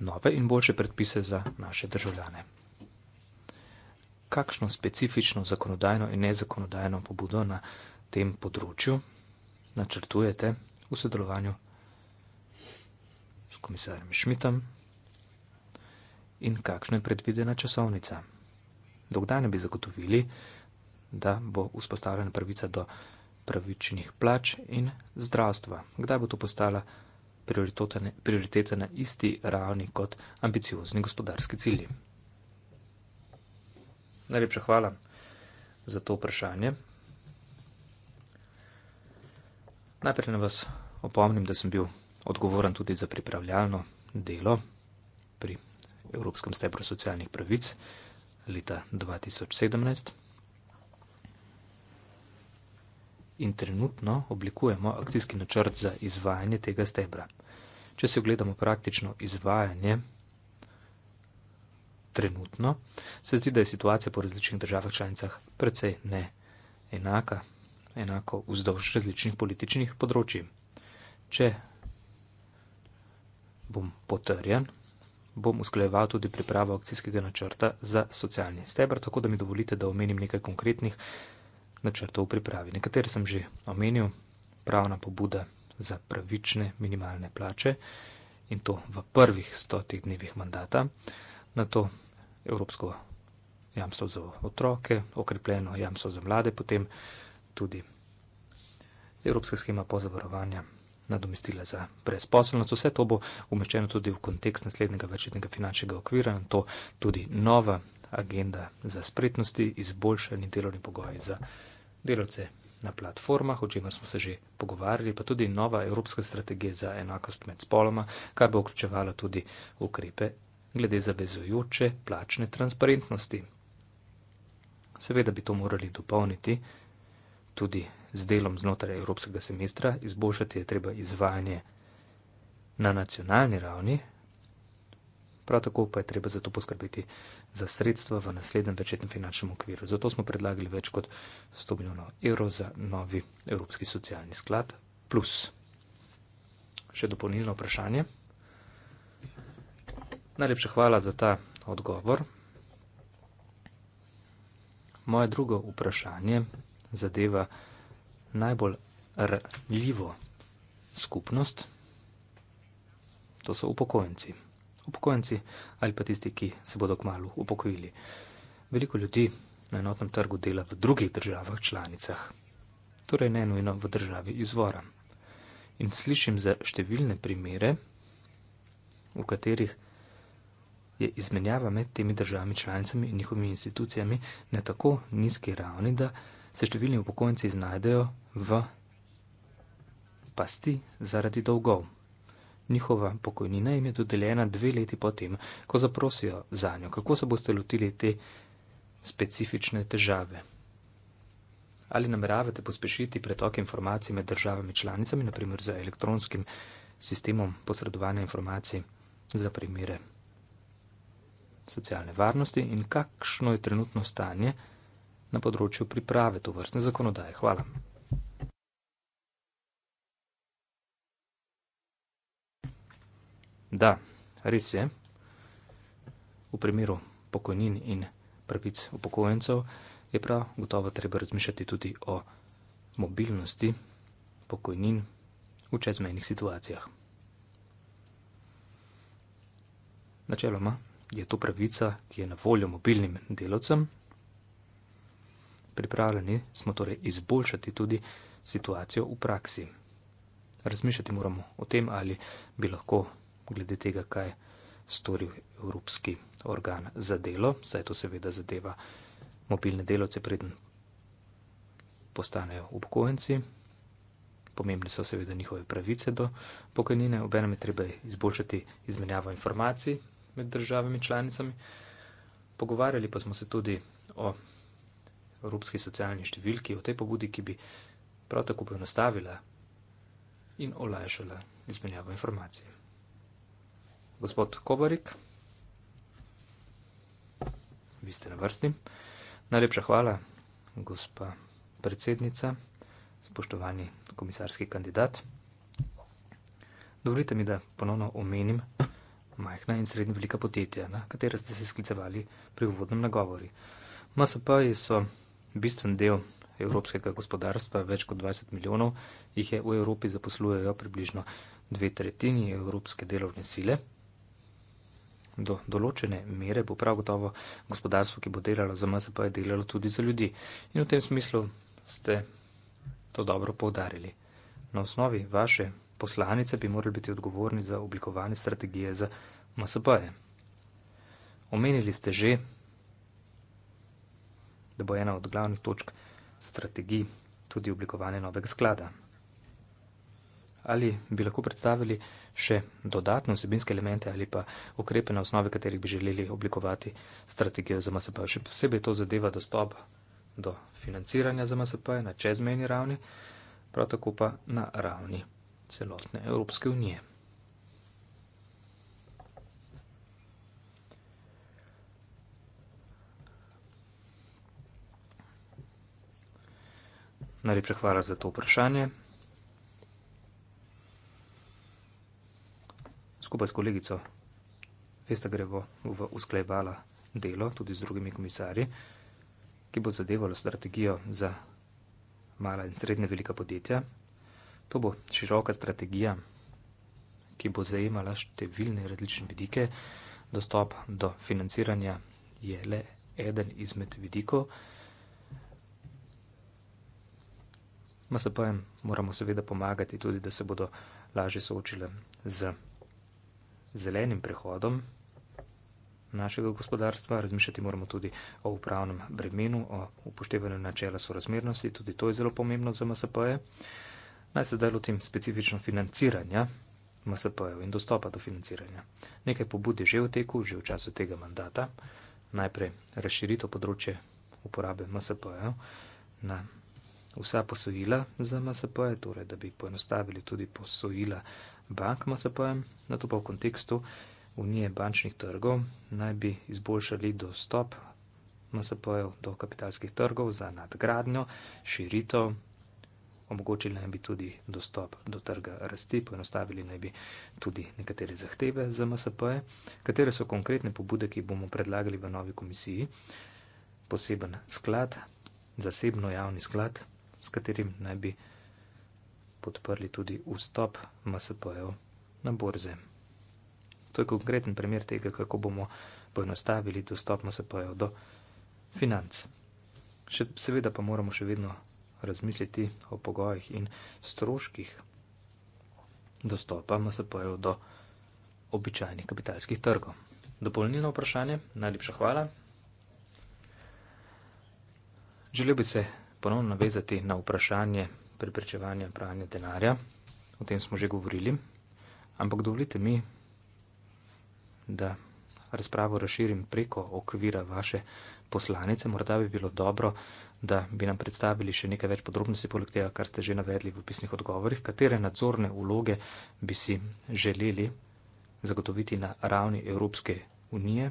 nove in boljše predpise za naše državljane. Kakšno specifično zakonodajno in nezakonodajno pobudo na tem področju načrtujete v sodelovanju s komisarjem Šmitom in kakšna je predvidena časovnica? Dokdaj ne bi zagotovili, da bo vzpostavljena pravica do pravičnih plač in zdravstva? Kdaj bo to postala pravica? prioritete na isti ravni kot ambiciozni gospodarski cilji. Najlepša hvala za to vprašanje. Najprej na vas opomnim, da sem bil odgovoren tudi za pripravljalno delo pri Evropskem stebru socialnih pravic leta 2017. in trenutno oblikujemo akcijski načrt za izvajanje tega stebra. Če se ogledamo praktično izvajanje trenutno, se zdi, da je situacija po različnih državah članicah precej neenaka, enako vzdolž različnih političnih področji. Če bom potrjen, bom usklejeval tudi pripravo akcijskega načrta za socialni stebr, tako da mi dovolite, da omenim nekaj konkretnih načrtov v pripravi. Nekatere sem že omenil, pravna pobuda za pravične minimalne plače in to v prvih stotih dnevih mandata, na to Evropsko jamstvo za otroke, okrepljeno jamstvo za mlade, potem tudi Evropska schema pozavarovanja nadomestila za brezposelnost. Vse to bo umeščeno tudi v kontekst naslednjega večetnega finančnega okvira, na to tudi nova agenda za spretnosti, izboljšanje delovnih pogojev za brezposelnost delavce na platformah, o čemer smo se že pogovarjali, pa tudi nova evropska strategija za enakost med spoloma, kar bo vključevala tudi ukrepe glede zavezujoče plačne transparentnosti. Seveda bi to morali dopolniti tudi z delom znotraj evropskega semestra, izboljšati je treba izvajanje na nacionalni ravni, prav tako pa je treba za to poskrbeti za sredstva v naslednjem večetnem finančnem okviru. Zato smo predlagali več kot 100 milijonov evrov za novi Evropski socialni sklad. Plus. Še dopolnilno vprašanje. Najlepša hvala za ta odgovor. Moje drugo vprašanje zadeva najbolj rljivo skupnost, to so upokojenci upokojenci ali pa tisti, ki se bodo kmalo upokojili. Veliko ljudi na enotnem trgu dela v drugih državah članicah, torej ne nujno v državi izvora. In slišim za številne primere, v katerih je izmenjava med temi državami članicami in njihovimi institucijami na tako nizki ravni, da se številni upokojenci znajdejo v pasti zaradi dolgov. Njihova pokojnina jim je dodeljena dve leti potem, ko zaprosijo za njo. Kako se boste lotili te specifične težave? Ali nameravate pospešiti pretok informacij med državami članicami, naprimer z elektronskim sistemom posredovanja informacij za primere socialne varnosti in kakšno je trenutno stanje na področju priprave to vrstne zakonodaje? Hvala. Da, res je. V primeru pokojnin in pravic upokojencev je prav gotovo treba razmišljati tudi o mobilnosti pokojnin v čezmejnih situacijah. Načeloma je to pravica, ki je na voljo mobilnim delavcem. Pripravljeni smo torej izboljšati tudi situacijo v praksi. Razmišljati moramo o tem, ali bi lahko glede tega, kaj je storil Evropski organ za delo. Zdaj to seveda zadeva mobilne delovce, preden postanejo upokojenci. Pomembne so seveda njihove pravice do pokojnine, obenem je treba izboljšati izmenjavo informacij med državami članicami. Pogovarjali pa smo se tudi o Evropski socialni številki, o tej pobudi, ki bi prav tako poenostavila in olajšala izmenjavo informacij gospod Kobarik. Vi ste na vrsti. Najlepša hvala, gospa predsednica, spoštovani komisarski kandidat. Dovolite mi, da ponovno omenim majhna in srednja velika podjetja, na katera ste se sklicevali pri uvodnem nagovori. MSP-ji so bistven del evropskega gospodarstva, več kot 20 milijonov jih je v Evropi zaposlujejo približno dve tretjini evropske delovne sile do določene mere bo prav gotovo gospodarstvo, ki bo delalo za MSP, delalo tudi za ljudi. In v tem smislu ste to dobro povdarili. Na osnovi vaše poslanice bi morali biti odgovorni za oblikovanje strategije za MSP. -je. Omenili ste že, da bo ena od glavnih točk strategij tudi oblikovanje novega sklada ali bi lahko predstavili še dodatne vsebinske elemente ali pa ukrepe na osnovi katerih bi želeli oblikovati strategijo za MSP. Še posebej to zadeva dostop do financiranja za MSP na čezmejni ravni, prav tako pa na ravni celotne Evropske unije. Najlepša hvala za to vprašanje. skupaj s kolegico Vesta Grevo v usklajevala delo tudi z drugimi komisarji, ki bo zadevalo strategijo za mala in srednje velika podjetja. To bo široka strategija, ki bo zajemala številne različne vidike. Dostop do financiranja je le eden izmed vidikov. MSP-jem moramo seveda pomagati tudi, da se bodo lažje soočile z zelenim prehodom našega gospodarstva, razmišljati moramo tudi o upravnem bremenu, o upoštevanju načela sorazmernosti, tudi to je zelo pomembno za MSP-je. Naj se zdaj lotim specifično financiranja MSP-jev in dostopa do financiranja. Nekaj pobud je že v teku, že v času tega mandata. Najprej razširito področje uporabe MSP-jev na vsa posojila za MSP-je, torej da bi poenostavili tudi posojila MSP-jev bankama, se pravi, na to pa v kontekstu unije bančnih trgov naj bi izboljšali dostop MSP-jev do kapitalskih trgov za nadgradnjo, širitev, omogočili naj bi tudi dostop do trga rasti, poenostavili naj bi tudi nekatere zahteve za MSP-je. Katere so konkretne pobude, ki bomo predlagali v novi komisiji? Poseben sklad, zasebno javni sklad, s katerim naj bi podprli tudi vstop MSP-jev na borze. To je konkreten primer tega, kako bomo poenostavili dostop MSP-jev do financ. Še, seveda pa moramo še vedno razmisliti o pogojih in stroških dostopa MSP-jev do običajnih kapitalskih trgov. Dopolnilno vprašanje, najlepša hvala. Želel bi se ponovno navezati na vprašanje preprečevanja pranja denarja, o tem smo že govorili, ampak dovolite mi, da razpravo razširim preko okvira vaše poslanice. Morda bi bilo dobro, da bi nam predstavili še nekaj več podrobnosti, poleg tega, kar ste že navedli v pisnih odgovorih, katere nadzorne vloge bi si želeli zagotoviti na ravni Evropske unije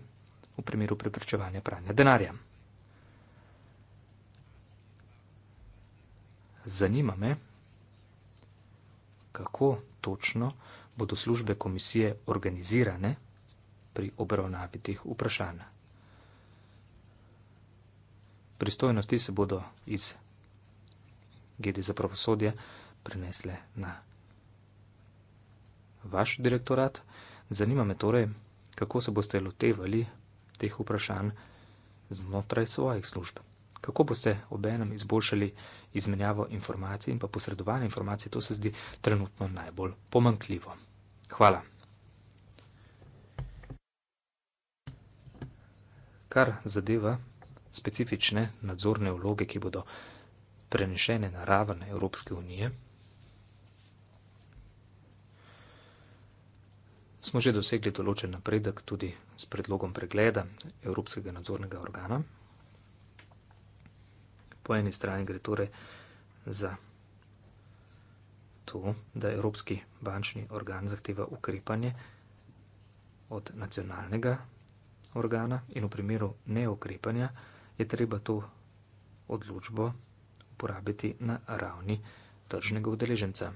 v primeru preprečevanja pranja denarja. Zanima me, kako točno bodo službe komisije organizirane pri obravnavi teh vprašanj. Pristojnosti se bodo iz GD za pravosodje prenesle na vaš direktorat. Zanima me torej, kako se boste lotevali teh vprašanj znotraj svojih služb. Kako boste obenem izboljšali izmenjavo informacij in pa posredovanje informacij, to se zdi trenutno najbolj pomankljivo. Hvala. Kar zadeva specifične nadzorne vloge, ki bodo prenešene na raven Evropske unije, smo že dosegli določen napredek tudi s predlogom pregleda Evropskega nadzornega organa. Po eni strani gre torej za to, da Evropski bančni organ zahteva ukrepanje od nacionalnega organa in v primeru neokrepanja je treba to odločbo uporabiti na ravni tržnega udeleženca.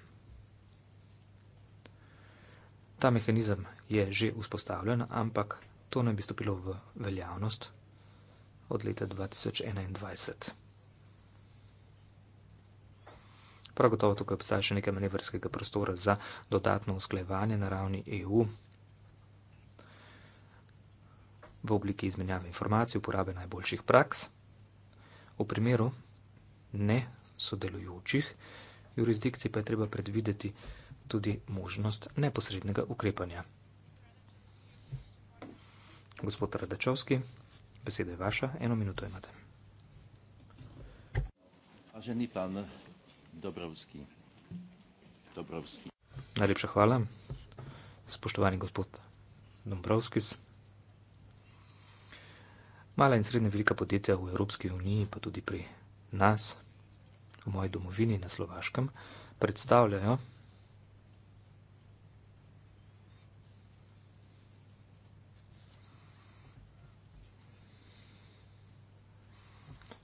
Ta mehanizem je že vzpostavljen, ampak to naj bi stopilo v veljavnost od leta 2021. Prav gotovo tukaj obstaja še nekaj manevrskega prostora za dodatno usklejevanje na ravni EU v obliki izmenjave informacij, uporabe najboljših praks. V primeru ne sodelujočih jurisdikcij pa je treba predvideti tudi možnost neposrednega ukrepanja. Gospod Radačovski, beseda je vaša, eno minuto imate. Vážený pán Dobrovski. Dobrovski. Najlepša hvala, spoštovani gospod Dombrovski. Mala in srednja velika podjetja v Evropski uniji, pa tudi pri nas, v moji domovini na Slovaškem, predstavljajo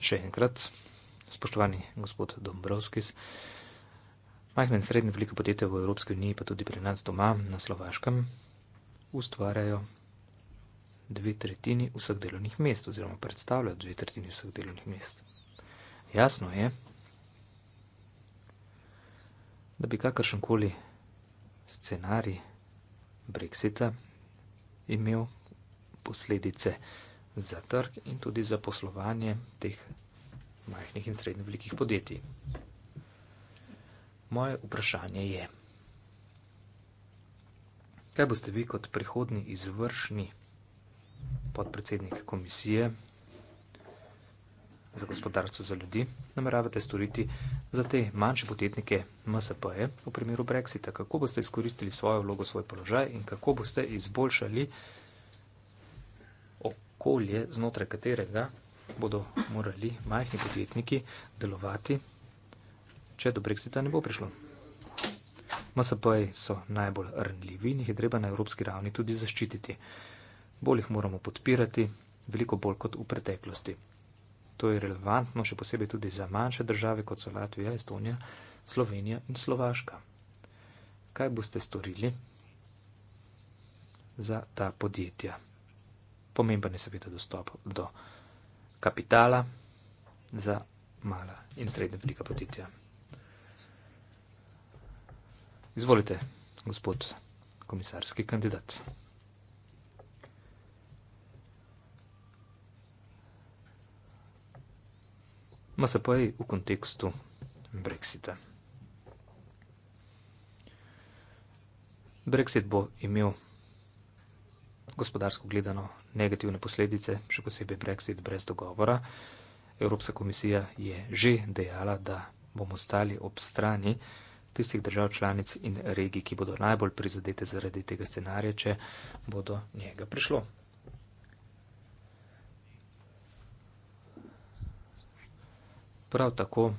še enkrat spoštovani gospod Dombrovskis. Majhne in srednje velike podjetja v Evropski uniji, pa tudi pri nas doma na Slovaškem, ustvarjajo dve tretjini vseh delovnih mest oziroma predstavljajo dve tretjini vseh delovnih mest. Jasno je, da bi kakršenkoli scenarij Brexita imel posledice za trg in tudi za poslovanje teh majhnih in srednjih velikih podjetij. Moje vprašanje je, kaj boste vi kot prihodni izvršni podpredsednik komisije za gospodarstvo za ljudi nameravate storiti za te manjše podjetnike MSP-je v primeru Brexita? Kako boste izkoristili svojo vlogo, svoj položaj in kako boste izboljšali okolje, znotraj katerega bodo morali majhni podjetniki delovati, če do brexita ne bo prišlo. MSP-ji so najbolj rnljivi in jih je treba na evropski ravni tudi zaščititi. Bolj jih moramo podpirati, veliko bolj kot v preteklosti. To je relevantno še posebej tudi za manjše države, kot so Latvija, Estonija, Slovenija in Slovaška. Kaj boste storili za ta podjetja? Pomemben je seveda dostop do kapitala za mala in srednja velika podjetja. Izvolite, gospod komisarski kandidat. MSP-je v kontekstu Brexita. Brexit bo imel gospodarsko gledano negativne posledice, še posebej Brexit brez dogovora. Evropska komisija je že dejala, da bomo stali ob strani tistih držav članic in regij, ki bodo najbolj prizadete zaradi tega scenarija, če bodo njega prišlo. Prav tako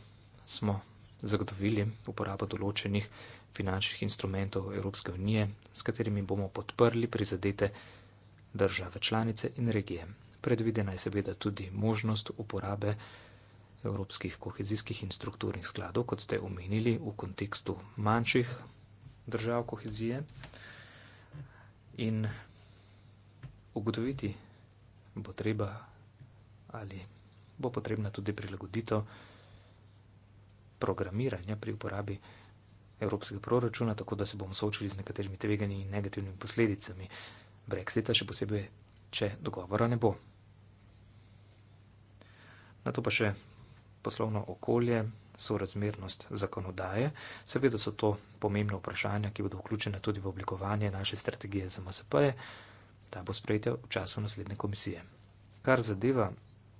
smo zagotovili uporabo določenih finančnih instrumentov Evropske unije, s katerimi bomo podprli prizadete države članice in regije. Predvidena je seveda tudi možnost uporabe evropskih kohezijskih in strukturnih skladov, kot ste omenili, v kontekstu manjših držav kohezije in ugotoviti bo treba ali bo potrebna tudi prilagoditev programiranja pri uporabi evropskega proračuna, tako da se bomo soočili z nekaterimi tveganji in negativnimi posledicami. Brexita, še posebej, če dogovora ne bo. Na to pa še poslovno okolje, sorazmernost zakonodaje. Seveda so to pomembna vprašanja, ki bodo vključene tudi v oblikovanje naše strategije za MSP-je. Ta bo sprejeta v času naslednje komisije. Kar zadeva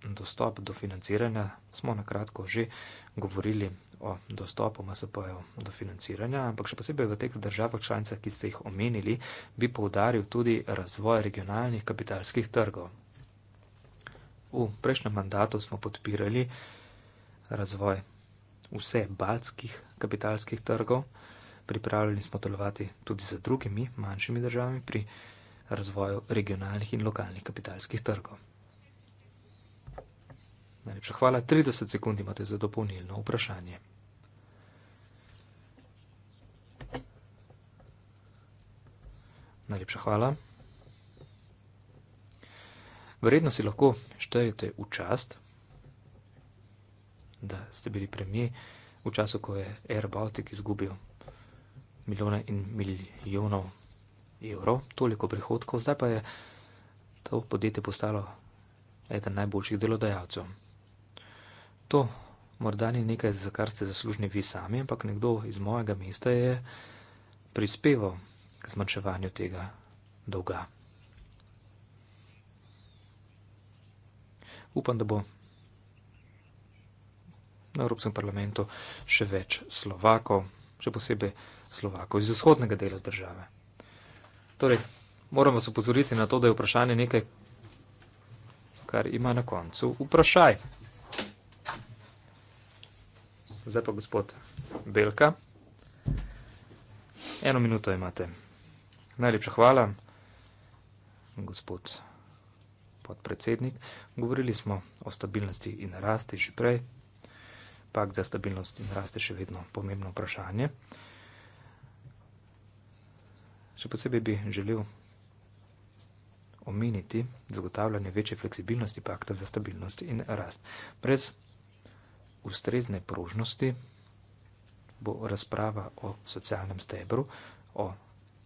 dostop do financiranja, smo na kratko že govorili o dostopu MSP-jev do financiranja, ampak še posebej v teh državah članicah, ki ste jih omenili, bi povdaril tudi razvoj regionalnih kapitalskih trgov. V prejšnjem mandatu smo podpirali razvoj vse balskih kapitalskih trgov, pripravljeni smo delovati tudi za drugimi manjšimi državami pri razvoju regionalnih in lokalnih kapitalskih trgov. Najlepša hvala, 30 sekund imate za dopolnilno vprašanje. Najlepša hvala. Verjetno si lahko štejete v čast, da ste bili premije v času, ko je Air Baltic izgubil milijone in milijonov evrov, toliko prihodkov, zdaj pa je to podjetje postalo eden najboljših delodajalcev. To morda ni nekaj, za kar ste zaslužni vi sami, ampak nekdo iz mojega mesta je prispeval k zmrčevanju tega dolga. Upam, da bo na Evropskem parlamentu še več Slovakov, še posebej Slovakov iz vzhodnega dela države. Torej, moram vas upozoriti na to, da je vprašanje nekaj, kar ima na koncu vprašaj. Zdaj pa gospod Belka. Eno minuto imate. Najlepša hvala, gospod podpredsednik. Govorili smo o stabilnosti in rasti že prej, pak za stabilnost in rasti še vedno pomembno vprašanje. Še posebej bi želel omeniti zagotavljanje večje fleksibilnosti pakta za stabilnost in rast. Brez ustrezne prožnosti bo razprava o socialnem stebru, o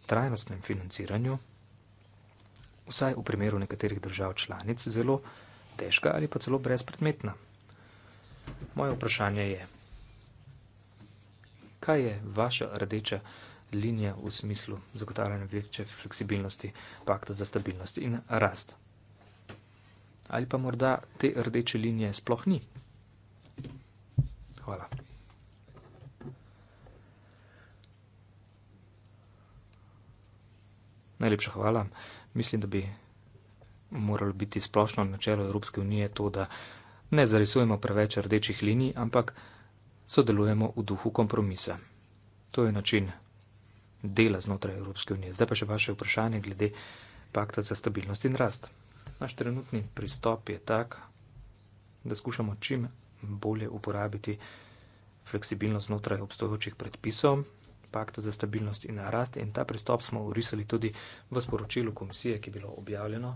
trajnostnem financiranju, vsaj v primeru nekaterih držav članic, zelo težka ali pa celo brezpredmetna. Moje vprašanje je, kaj je vaša rdeča linija v smislu zagotavljanja večje fleksibilnosti pakta za stabilnost in rast? Ali pa morda te rdeče linije sploh ni? Hvala. Najlepša hvala. Mislim, da bi moralo biti splošno načelo Evropske unije to, da ne zarisujemo preveč rdečih linij, ampak sodelujemo v duhu kompromisa. To je način dela znotraj Evropske unije. Zdaj pa še vaše vprašanje glede pakta za stabilnost in rast. Naš trenutni pristop je tak, da skušamo čim bolje uporabiti fleksibilnost znotraj obstoječih predpisov, pakta za stabilnost in narast in ta pristop smo urisali tudi v sporočilu komisije, ki je bilo objavljeno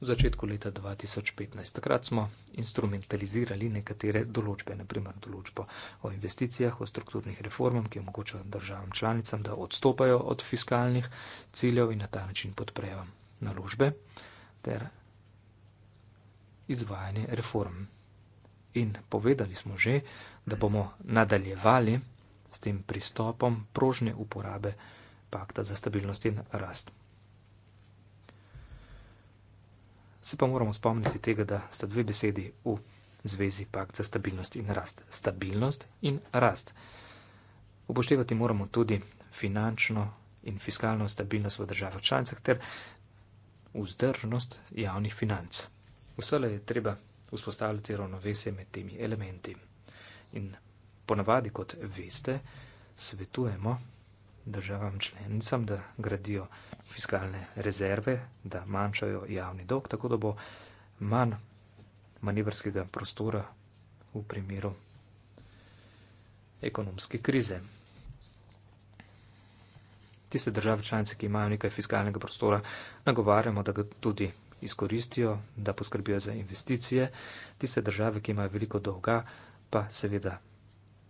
v začetku leta 2015. Takrat smo instrumentalizirali nekatere določbe, naprimer določbo o investicijah, o strukturnih reformah, ki omogočajo državam članicam, da odstopajo od fiskalnih ciljev in na ta način podprejo naložbe ter izvajanje reform. In povedali smo že, da bomo nadaljevali s tem pristopom prožne uporabe pakta za stabilnost in rast. Se pa moramo spomniti tega, da sta dve besedi v zvezi pakt za stabilnost in rast. Stabilnost in rast. Upoštevati moramo tudi finančno in fiskalno stabilnost v državah članicah ter vzdržnost javnih financ. Vse le je treba vzpostavljati ravnovesje med temi elementi. In ponavadi, kot veste, svetujemo državam članicam, da gradijo fiskalne rezerve, da manjšajo javni dolg, tako da bo manj manevrskega prostora v primeru ekonomske krize. Tiste države članice, ki imajo nekaj fiskalnega prostora, nagovarjamo, da ga tudi izkoristijo, da poskrbijo za investicije. Tiste države, ki imajo veliko dolga, pa seveda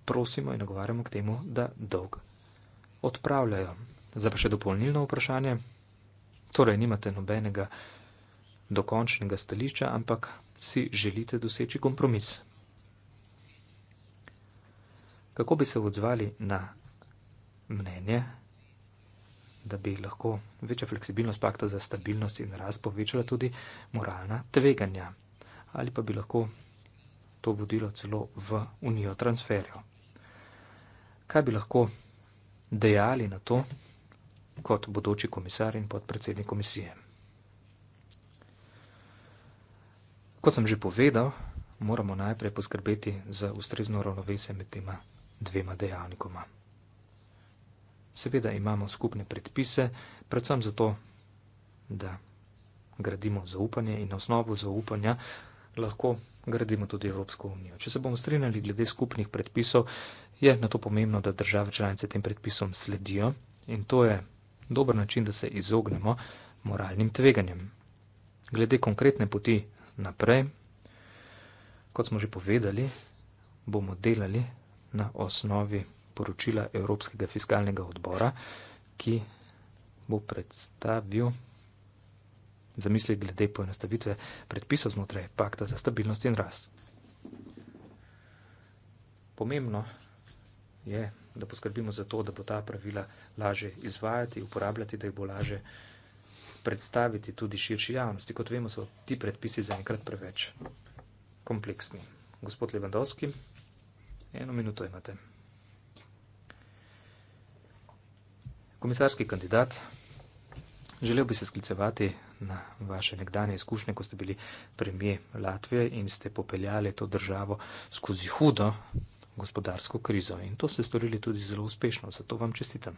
prosimo in nagovarjamo k temu, da dolg odpravljajo. Zdaj pa še dopolnilno vprašanje. Torej, nimate nobenega dokončnega stališča, ampak si želite doseči kompromis. Kako bi se odzvali na mnenje, da bi lahko večja fleksibilnost pakta za stabilnost in rast povečala tudi moralna tveganja? Ali pa bi lahko to vodilo celo v unijo transferjev? Kaj bi lahko dejali na to kot bodoči komisar in podpredsednik komisije? Kot sem že povedal, moramo najprej poskrbeti za ustrezno ravnovesje med tema dvema dejavnikoma. Seveda imamo skupne predpise, predvsem zato, da gradimo zaupanje in na osnovu zaupanja lahko gradimo tudi Evropsko unijo. Če se bomo strinjali glede skupnih predpisov, je na to pomembno, da države članice tem predpisom sledijo in to je dober način, da se izognemo moralnim tveganjem. Glede konkretne poti naprej, kot smo že povedali, bomo delali na osnovi poročila Evropskega fiskalnega odbora, ki bo predstavil zamisli glede poenostavitve predpisov znotraj pakta za stabilnost in rast. Pomembno je, da poskrbimo za to, da bo ta pravila laže izvajati, uporabljati, da jih bo laže predstaviti tudi širši javnosti. Kot vemo, so ti predpisi zaenkrat preveč kompleksni. Gospod Levandovski, eno minuto imate. Komisarski kandidat, želel bi se sklicevati na vaše nekdanje izkušnje, ko ste bili premijer Latvije in ste popeljali to državo skozi hudo gospodarsko krizo. In to ste storili tudi zelo uspešno, zato vam čestitam.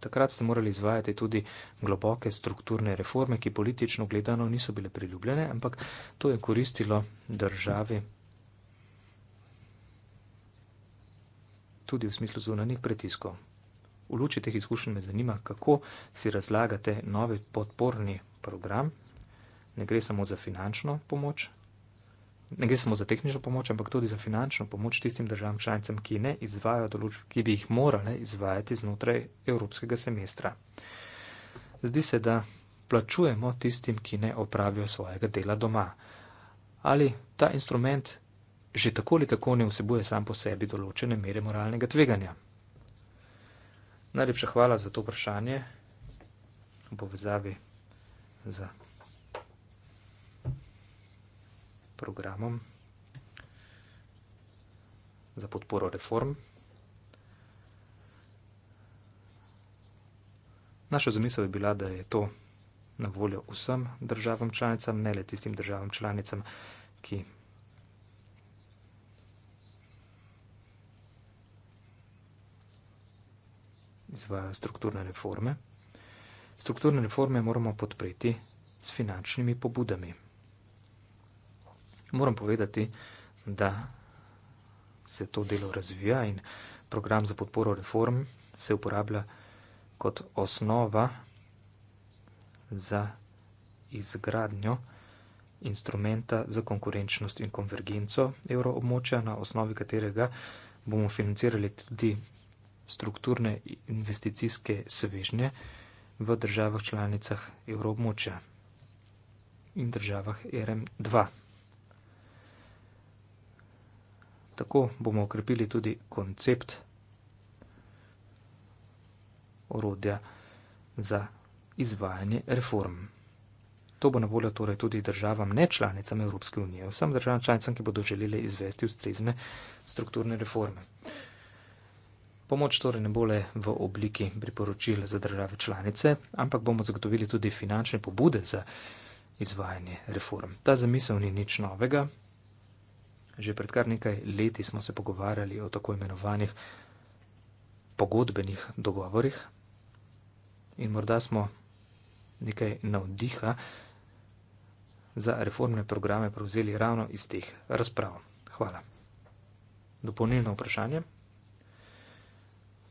Takrat ste morali izvajati tudi globoke strukturne reforme, ki politično gledano niso bile priljubljene, ampak to je koristilo državi tudi v smislu zunanjih pritiskov. V luči teh izkušenj me zanima, kako si razlagate novi podporni program. Ne gre samo za finančno pomoč, ne gre samo za tehnično pomoč, ampak tudi za finančno pomoč tistim državam članicam, ki ne izvajo določb, ki bi jih morale izvajati znotraj evropskega semestra. Zdi se, da plačujemo tistim, ki ne opravijo svojega dela doma. Ali ta instrument že tako ali tako ne vsebuje sam po sebi določene mere moralnega tveganja? Najlepša hvala za to vprašanje v povezavi z programom za podporo reform. Naša zamisel je bila, da je to na voljo vsem državam članicam, ne le tistim državam članicam, ki izvajo strukturne reforme. Strukturne reforme moramo podpreti s finančnimi pobudami. Moram povedati, da se to delo razvija in program za podporo reform se uporablja kot osnova za izgradnjo instrumenta za konkurenčnost in konvergenco evroobmočja, na osnovi katerega bomo financirali tudi strukturne investicijske svežnje v državah članicah evrobmočja in državah e RM2. Tako bomo okrepili tudi koncept orodja za izvajanje reform. To bo na voljo torej tudi državam, ne članicam Evropske unije, vsem državam članicam, ki bodo želeli izvesti ustrezne strukturne reforme. Pomoč torej ne bo le v obliki priporočil za države članice, ampak bomo zagotovili tudi finančne pobude za izvajanje reform. Ta zamisel ni nič novega. Že pred kar nekaj leti smo se pogovarjali o tako imenovanih pogodbenih dogovorih in morda smo nekaj navdiha za reformne programe prevzeli ravno iz teh razprav. Hvala. Dopolnilno vprašanje.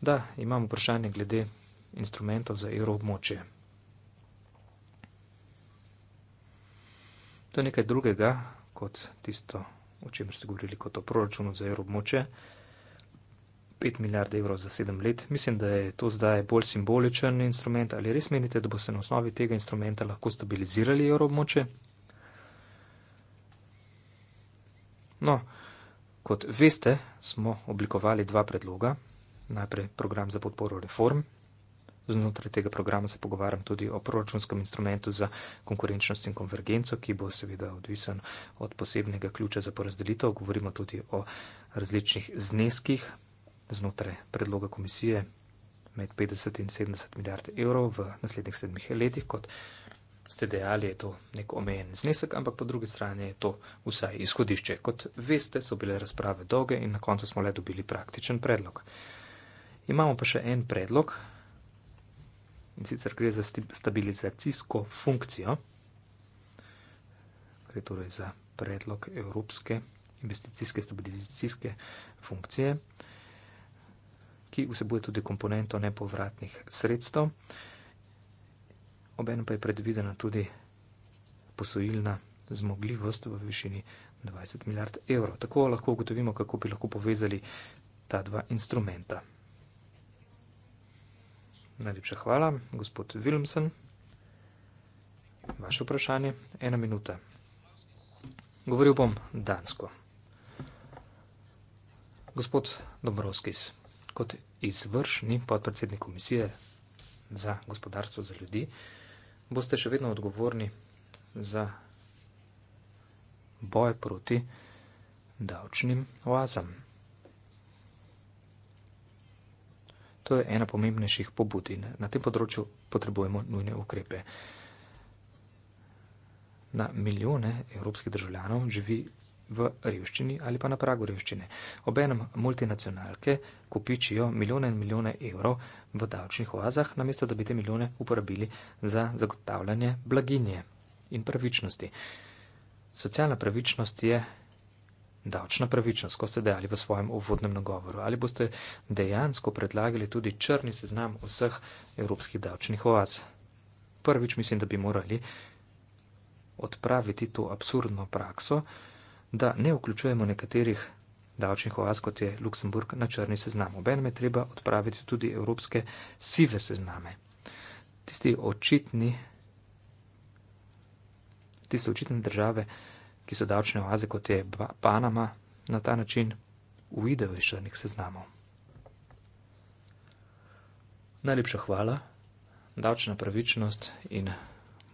Da, imam vprašanje glede instrumentov za evroobmočje. To je nekaj drugega kot tisto, o čemer ste govorili, kot o proračunu za evroobmočje. 5 milijard evrov za 7 let. Mislim, da je to zdaj bolj simboličen instrument. Ali res menite, da bo se na osnovi tega instrumenta lahko stabilizirali evroobmočje? No, kot veste, smo oblikovali dva predloga najprej program za podporo reform. Znotraj tega programa se pogovarjam tudi o proračunskem instrumentu za konkurenčnost in konvergenco, ki bo seveda odvisen od posebnega ključa za porazdelitev. Govorimo tudi o različnih zneskih znotraj predloga komisije med 50 in 70 milijard evrov v naslednjih sedmih letih. Kot ste dejali, je to nek omejen znesek, ampak po drugi strani je to vsaj izhodišče. Kot veste, so bile razprave dolge in na koncu smo le dobili praktičen predlog. Imamo pa še en predlog in sicer gre za stabilizacijsko funkcijo, gre torej za predlog Evropske investicijske stabilizacijske funkcije, ki vsebuje tudi komponento nepovratnih sredstev, obenem pa je predvidena tudi posojilna zmogljivost v višini 20 milijard evrov. Tako lahko ugotovimo, kako bi lahko povezali ta dva instrumenta. Najlepša hvala, gospod Wilmsen. Vaše vprašanje, ena minuta. Govoril bom dansko. Gospod Dobrovskis, kot izvršni podpredsednik komisije za gospodarstvo za ljudi, boste še vedno odgovorni za boj proti davčnim oazam. To je ena pomembnejših pobud in na tem področju potrebujemo nujne ukrepe. Na milijone evropskih državljanov živi v revščini ali pa na pragu revščine. Obenem multinacionalke kupičijo milijone in milijone evrov v davčnih oazah, namesto da bi te milijone uporabili za zagotavljanje blaginje in pravičnosti. Socialna pravičnost je davčna pravičnost, kot ste dejali v svojem uvodnem nagovoru, ali boste dejansko predlagali tudi črni seznam vseh evropskih davčnih oaz. Prvič mislim, da bi morali odpraviti to absurdno prakso, da ne vključujemo nekaterih davčnih oaz, kot je Luksemburg, na črni seznam. Obenem je treba odpraviti tudi evropske sive sezname. Tisti očitni, tisti očitni države, ki so davčne oaze, kot je Panama, na ta način uidejo iz črnih seznamov. Najlepša hvala. Davčna pravičnost in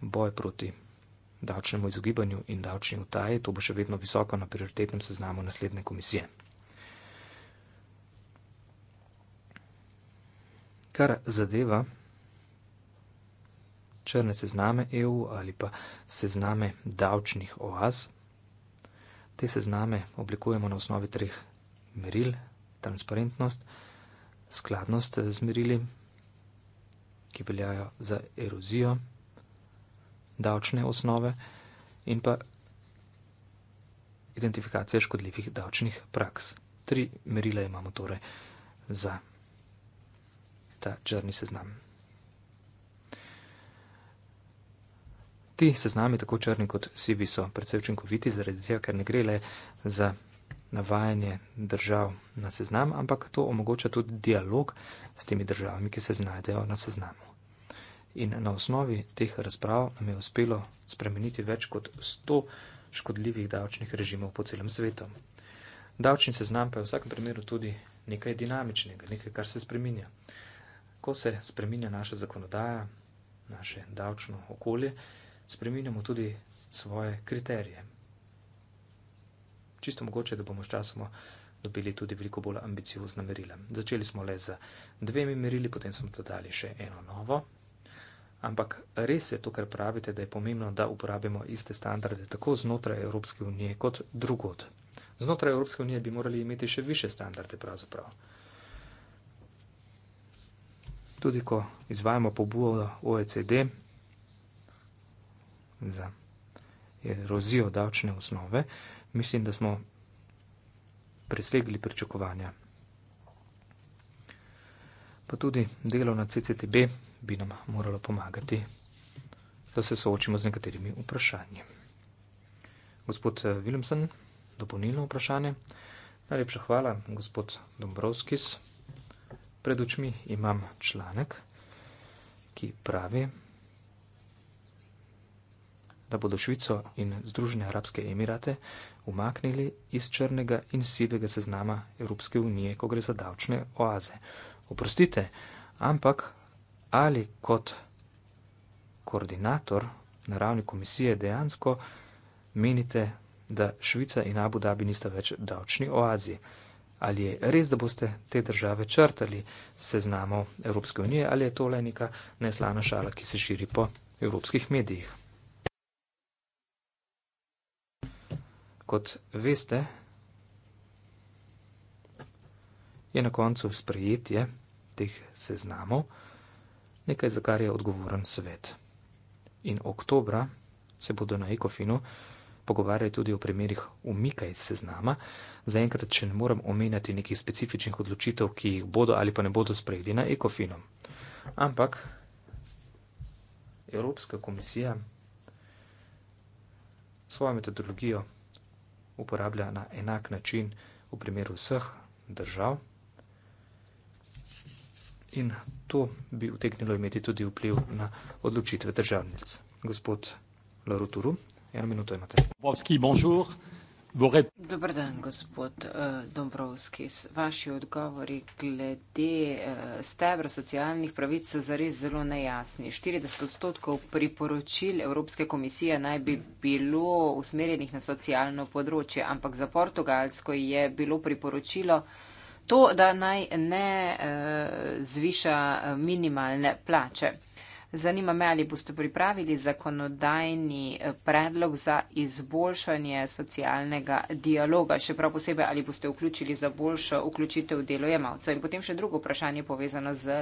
boj proti davčnemu izogibanju in davčni utaji, to bo še vedno visoko na prioritetnem seznamu naslednje komisije. Kar zadeva črne sezname EU ali pa sezname davčnih oaz, Te sezname oblikujemo na osnovi treh meril: transparentnost, skladnost z merili, ki veljajo za erozijo, davčne osnove in pa identifikacija škodljivih davčnih praks. Tri merile imamo torej za ta črni seznam. ti seznami, tako črni kot sivi, so predvsej učinkoviti, zaradi tega, ker ne gre le za navajanje držav na seznam, ampak to omogoča tudi dialog s temi državami, ki se znajdejo na seznamu. In na osnovi teh razprav nam je uspelo spremeniti več kot 100 škodljivih davčnih režimov po celem svetu. Davčni seznam pa je v vsakem primeru tudi nekaj dinamičnega, nekaj, kar se spreminja. Ko se spreminja naša zakonodaja, naše davčno okolje, spremenjamo tudi svoje kriterije. Čisto mogoče, da bomo sčasoma dobili tudi veliko bolj ambiciozna merila. Začeli smo le z dvemi merili, potem smo dodali še eno novo. Ampak res je to, kar pravite, da je pomembno, da uporabimo iste standarde tako znotraj Evropske unije kot drugod. Znotraj Evropske unije bi morali imeti še više standarde pravzaprav. Tudi ko izvajamo pobudo OECD, za erozijo davčne osnove, mislim, da smo presegli pričakovanja. Pa tudi delo na CCTB bi nam moralo pomagati, da se soočimo z nekaterimi vprašanji. Gospod eh, Willemsen, dopolnilno vprašanje. Najlepša hvala, gospod Dombrovskis. Pred očmi imam članek, ki pravi, da bodo Švico in Združene arabske emirate umaknili iz črnega in sivega seznama Evropske unije, ko gre za davčne oaze. Oprostite, ampak ali kot koordinator na ravni komisije dejansko menite, da Švica in Abu Dhabi nista več davčni oazi? Ali je res, da boste te države črtali seznamo Evropske unije, ali je to le neka neslana šala, ki se širi po evropskih medijih? kot veste, je na koncu sprejetje teh seznamov nekaj, za kar je odgovoren svet. In oktobra se bodo na Ekofinu pogovarjali tudi o primerih umika iz seznama. Zaenkrat, če ne morem omenjati nekih specifičnih odločitev, ki jih bodo ali pa ne bodo sprejeli na Ekofinu. Ampak Evropska komisija svojo metodologijo uporablja na enak način v primeru vseh držav. In to bi uteknilo imeti tudi vpliv na odločitve državnic. Gospod Larutoru, eno minuto imate. Bobski, bonjour. Bogaj. Dobar dan, gospod uh, eh, Dombrovski. Vaši odgovori glede uh, stebra socialnih pravic so zares zelo nejasni. 40 odstotkov priporočil Evropske komisije naj bi bilo usmerjenih na socialno področje, ampak za Portugalsko je bilo priporočilo to, da naj ne uh, zviša minimalne plače. Zanima me, ali boste pripravili zakonodajni eh, predlog za izboljšanje socialnega dialoga, še prav posebej, ali boste vključili za boljšo vključitev delojemalcev. In potem še drugo vprašanje povezano z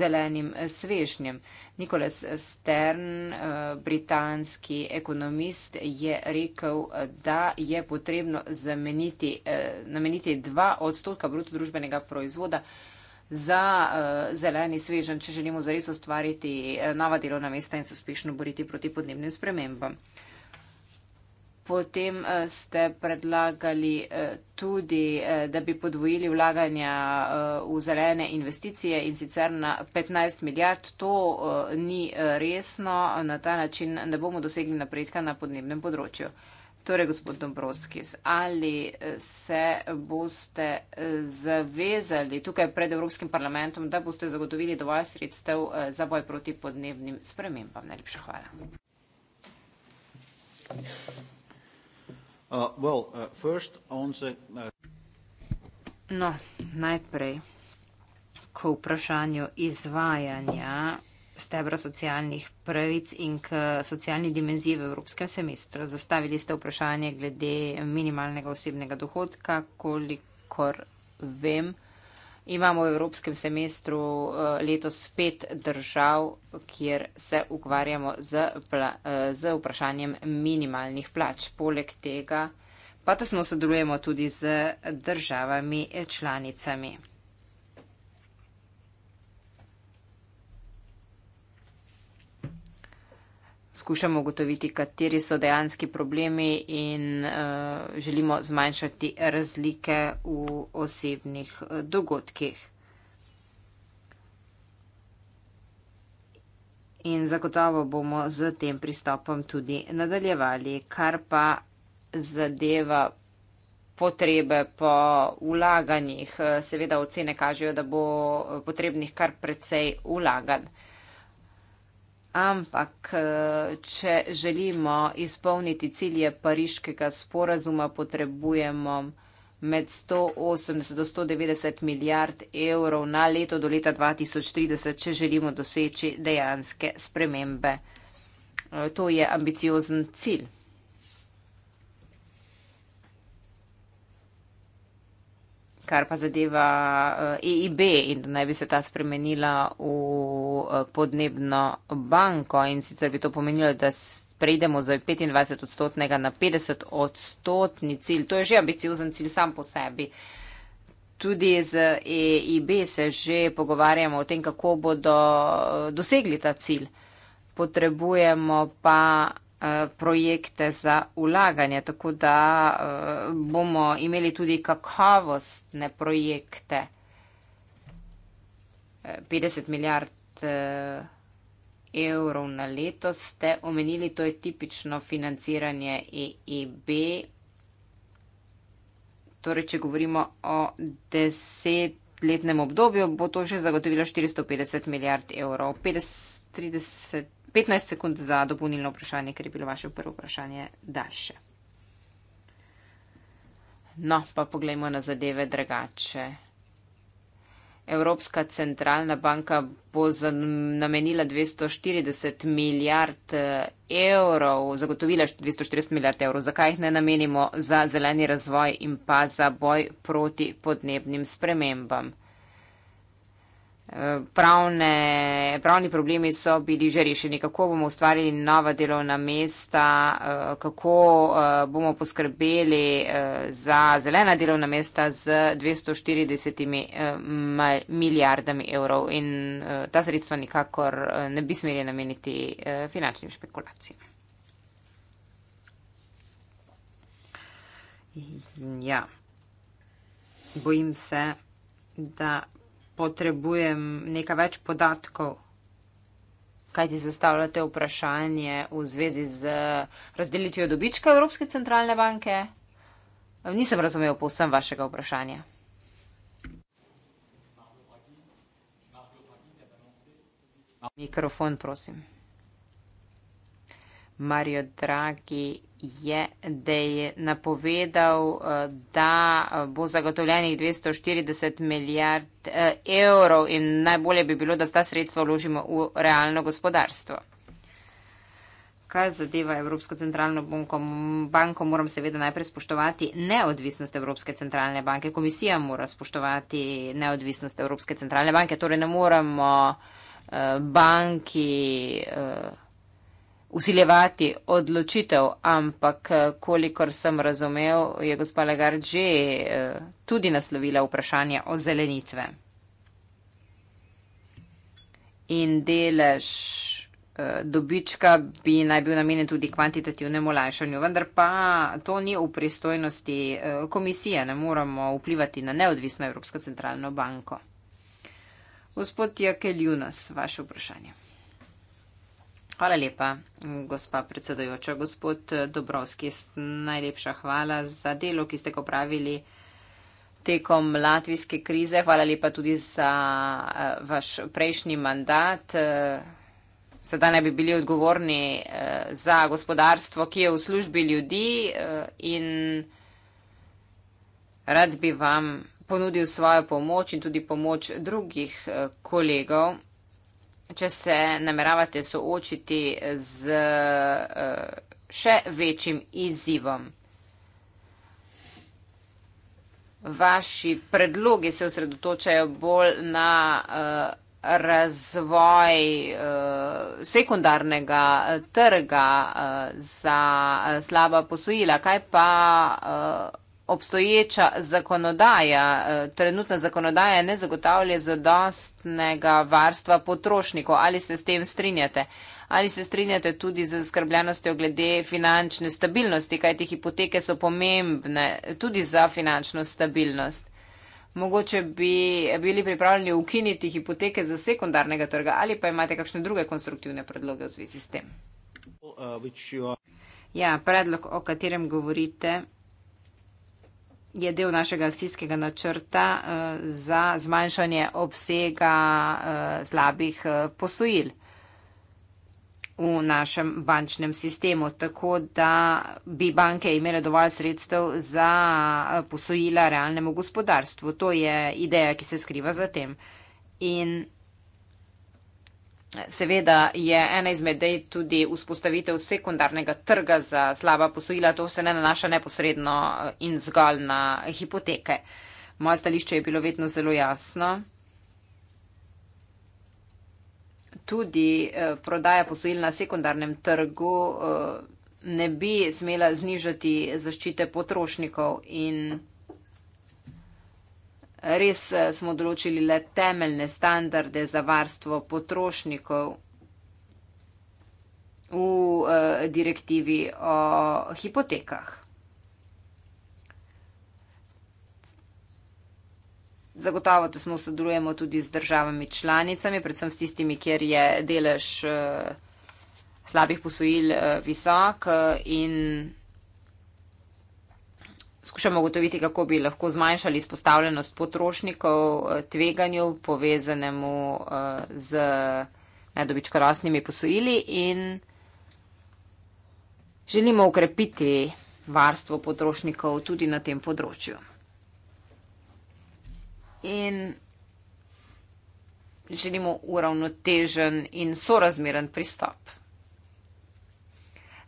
zelenim eh, svežnjem. Nikolas Stern, eh, britanski ekonomist, je rekel, da je potrebno zameniti, nameniti dva odstotka brutodružbenega proizvoda za eh, zeleni svežen, če želimo zares ustvariti eh, nova delovna mesta in se uspešno boriti proti podnebnim spremembam. Potem eh, ste predlagali tudi, da bi podvojili vlaganja v zelene investicije in sicer na 15 milijard. To ni resno na ta način, da bomo dosegli napredka na podnebnem področju. Torej, gospod Dombrovskis, ali eh, se boste eh, zavezali tukaj pred Evropskim parlamentom, da boste zagotovili dovolj sredstev eh, za boj proti podnebnim spremembam? Najlepša hvala. Uh, well, uh, first on the, uh... No, najprej, ko vprašanju izvajanja stebra socialnih pravic in k socialni dimenziji v Evropskem semestru. Zastavili ste vprašanje glede minimalnega osebnega dohodka, kolikor vem. Imamo v Evropskem semestru eh, letos pet držav, kjer se ukvarjamo z, eh, z vprašanjem minimalnih plač. Poleg tega pa tesno sodelujemo tudi z državami eh, članicami. skušamo ugotoviti, kateri so dejanski problemi in uh, želimo zmanjšati razlike v osebnih eh, dogodkih. In zagotovo bomo z tem pristopom tudi nadaljevali, kar pa zadeva potrebe po vlaganjih. Eh, seveda ocene kažejo, da bo potrebnih kar precej vlaganj. Ampak, eh, če želimo izpolniti cilje pariškega sporazuma, potrebujemo med 180 do 190 milijard evrov na leto do leta 2030, če želimo doseči dejanske spremembe. Eh, to je ambiciozen cilj. kar pa zadeva EIB eh, e in da naj bi se ta spremenila v eh, podnebno banko in sicer bi to pomenilo, da prejdemo za 25 odstotnega na 50 odstotni cilj. To je že ambiciozen cilj sam po sebi. Tudi z EIB se že pogovarjamo o tem, kako bodo eh, dosegli ta cilj. Potrebujemo pa Eh, projekte za ulaganje, tako da eh, bomo imeli tudi kakovostne projekte. 50 eh, milijard evrov na leto ste omenili, to je tipično financiranje EIB. E torej, če govorimo o desetletnem obdobju, bo to že zagotovilo 450 milijard evrov. 50, 30, 15 sekund za dopolnilno vprašanje, ker je bilo vaše prvo vprašanje daljše. No, pa poglejmo na zadeve drugače. Evropska centralna banka bo namenila 240 milijard eh, evrov, zagotovila 240 milijard evrov. Zakaj jih ne namenimo za zeleni razvoj in pa za boj proti podnebnim spremembam? pravne, pravni problemi so bili že rešeni, kako bomo ustvarili nova delovna mesta, eh, kako eh, bomo poskrbeli eh, za zelena delovna mesta z 240 milijardami evrov in ta sredstva nikakor ne bi smeli nameniti finančnim špekulacijam. Ja, bojim se, da potrebujem nekaj več podatkov. Kaj ti zastavljate vprašanje v zvezi z razdelitvijo dobička Evropske centralne banke? Nisem razumel povsem vašega vprašanja. Mikrofon, prosim. Mario Draghi je Dej napovedal, eh, da eh, bo zagotovljenih 240 milijard eh, evrov in najbolje bi bilo, da ta sredstva vložimo v realno gospodarstvo. Kar zadeva Evropsko centralno banko, banko, moram seveda najprej spoštovati neodvisnost Evropske centralne banke. Komisija mora spoštovati neodvisnost Evropske centralne banke, torej ne moremo uh, banki. Uh, usiljevati odločitev, ampak eh, kolikor sem razumel, je gospa Lagarde že eh, tudi naslovila vprašanje o zelenitve. In delež eh, dobička bi naj bil namenjen tudi kvantitativnemu olajšanju, vendar pa to ni v pristojnosti komisije, ne moramo vplivati na neodvisno Evropsko centralno banko. Gospod Jakeljunas, vaše vprašanje. Hvala lepa, gospa predsedojoča. Gospod Dobrovski, najlepša hvala za delo, ki ste ga upravili tekom latvijske krize. Hvala lepa tudi za eh, vaš prejšnji mandat. Eh, sedaj naj bi bili odgovorni eh, za gospodarstvo, ki je v službi ljudi in rad bi vam ponudil svojo pomoč in tudi pomoč drugih kolegov če se nameravate soočiti z eh, še večjim izzivom. Vaši predlogi se osredotočajo bolj na uh, razvoj uh, sekundarnega trga uh, za slaba posojila. Kaj pa uh, obstoječa zakonodaja, eh, trenutna zakonodaja ne zagotavlja zadostnega varstva potrošnikov. Ali se s tem strinjate? Ali se strinjate tudi z zaskrbljenostjo glede finančne stabilnosti, kajti hipoteke so pomembne tudi za finančno stabilnost? Mogoče bi bili pripravljeni ukiniti hipoteke za sekundarnega trga ali pa imate kakšne druge konstruktivne predloge v zvezi s tem? Uh, ja, predlog, o katerem govorite, je del našega akcijskega načrta eh, za zmanjšanje obsega eh, slabih eh, posojil v našem bančnem sistemu, tako da bi banke imele dovolj sredstev za posojila realnemu gospodarstvu. To je ideja, ki se skriva za tem. In Seveda je ena izmed dej tudi vzpostavitev sekundarnega trga za slaba posojila, to se ne nanaša neposredno eh, in zgolj na hipoteke. Moje stališče je bilo vedno zelo jasno. Tudi eh, prodaja posojil na sekundarnem trgu eh, ne bi smela znižati zaščite potrošnikov in. Res eh, smo določili le temeljne standarde za varstvo potrošnikov v eh, direktivi o hipotekah. Zagotovo, da smo sodelujemo tudi z državami članicami, predvsem s tistimi, kjer je delež eh, slabih posojil visok in. Skušamo ugotoviti, kako bi lahko zmanjšali izpostavljenost potrošnikov eh, tveganju povezanemu eh, z nedobičkorostnimi posojili in želimo ukrepiti varstvo potrošnikov tudi na tem področju. In želimo uravnotežen in sorazmeren pristop.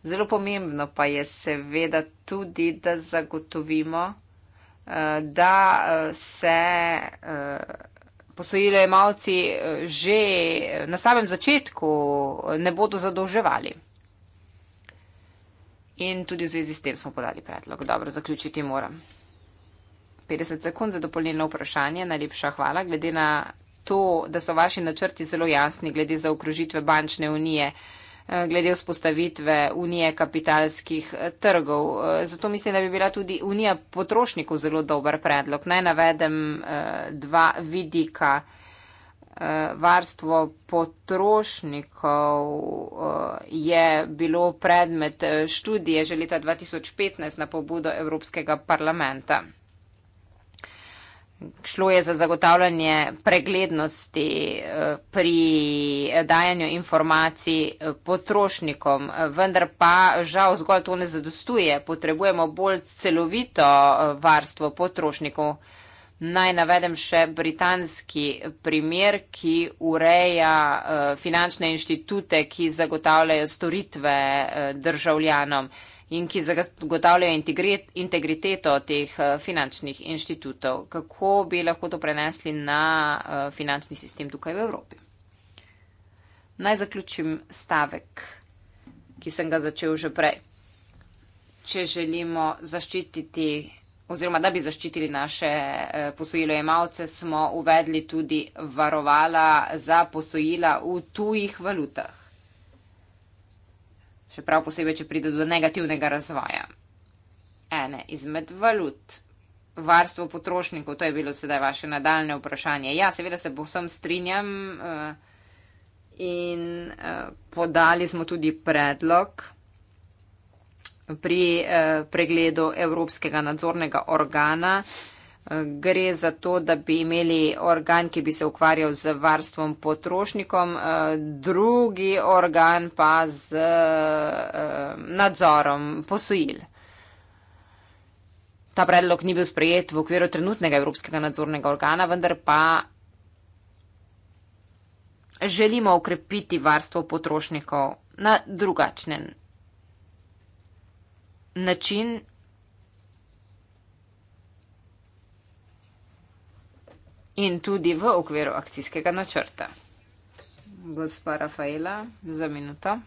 Zelo pomembno pa je seveda tudi, da zagotovimo, eh, da eh, se eh, posojilojemalci že na samem začetku ne bodo zadolževali. In tudi v zvezi s tem smo podali predlog. Dobro, zaključiti moram. 50 sekund za dopolnilno vprašanje. Najlepša hvala. Glede na to, da so vaši načrti zelo jasni glede zaokrožitve bančne unije, uh, Eh, glede vzpostavitve unije kapitalskih eh, trgov. Eh, zato mislim, da bi bila tudi unija potrošnikov zelo dober predlog. Naj navedem dva vidika. Varstvo potrošnikov je bilo predmet študije že leta 2015 na pobudo Evropskega parlamenta šlo je za zagotavljanje preglednosti eh, pri dajanju informacij eh, potrošnikom, vendar pa žal zgolj to ne zadostuje. Potrebujemo bolj celovito eh, varstvo potrošnikov. Naj navedem še britanski primer, ki ureja finančne inštitute, ki zagotavljajo storitve državljanom in ki zagotavljajo integriteto teh eh, finančnih inštitutov. Kako bi lahko to prenesli na eh, finančni sistem tukaj v Evropi? Naj zaključim stavek, ki sem ga začel že prej. Če želimo zaščititi oziroma da bi zaščitili naše eh, posojilojemalce, smo uvedli tudi varovala za posojila v tujih valutah še prav posebej, če pride do negativnega razvoja. Ene izmed valut. Varstvo potrošnikov, to je bilo sedaj vaše nadaljne vprašanje. Ja, seveda se povsem strinjam eh, in eh, podali smo tudi predlog pri eh, pregledu Evropskega nadzornega organa, Gre za to, da bi imeli organ, ki bi se ukvarjal z varstvom potrošnikom, eh, drugi organ pa z eh, nadzorom posojil. Ta predlog ni bil sprejet v okviru trenutnega Evropskega nadzornega organa, vendar pa želimo ukrepiti varstvo potrošnikov na drugačen način in tudi v okviru akcijskega načrta. Gospa Rafaela, za minuto.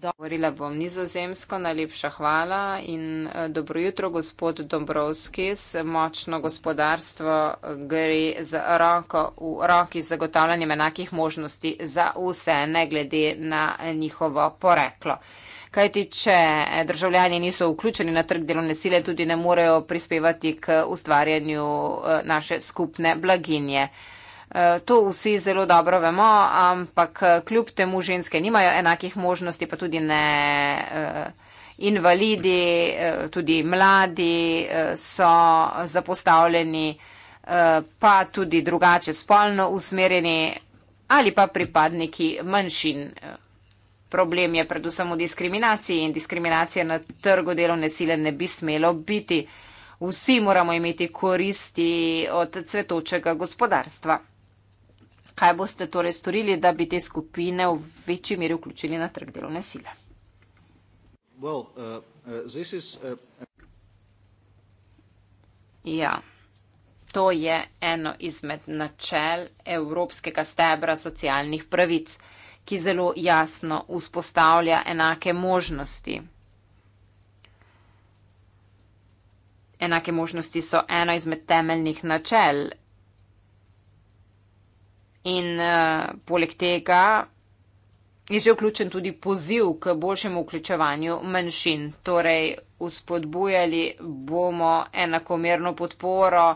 Govorila bom nizozemsko, najlepša hvala in eh, dobro jutro, gospod Dombrovski. S močno gospodarstvo eh, gre z roko v roki z zagotavljanjem enakih možnosti za vse, ne glede na eh, njihovo poreklo kajti če državljani niso vključeni na trg delovne sile, tudi ne morejo prispevati k ustvarjanju eh, naše skupne blaginje. Eh, to vsi zelo dobro vemo, ampak eh, kljub temu ženske nimajo enakih možnosti, pa tudi ne invalidi, tudi mladi so zapostavljeni, pa tudi drugače spolno usmerjeni ali pa pripadniki manjšin. Problem je predvsem v diskriminaciji in diskriminacije na trgu delovne sile ne bi smelo biti. Vsi moramo imeti koristi od cvetočega gospodarstva. Kaj boste torej storili, da bi te skupine v večji meri vključili na trg delovne sile? Well, uh, uh, is, uh, uh... Ja, to je eno izmed načel Evropskega stebra socialnih pravic ki zelo jasno vzpostavlja enake možnosti. Enake možnosti so eno izmed temeljnih načel in uh, poleg tega je že vključen tudi poziv k boljšemu vključevanju manjšin. Torej, uspodbujali bomo enakomerno podporo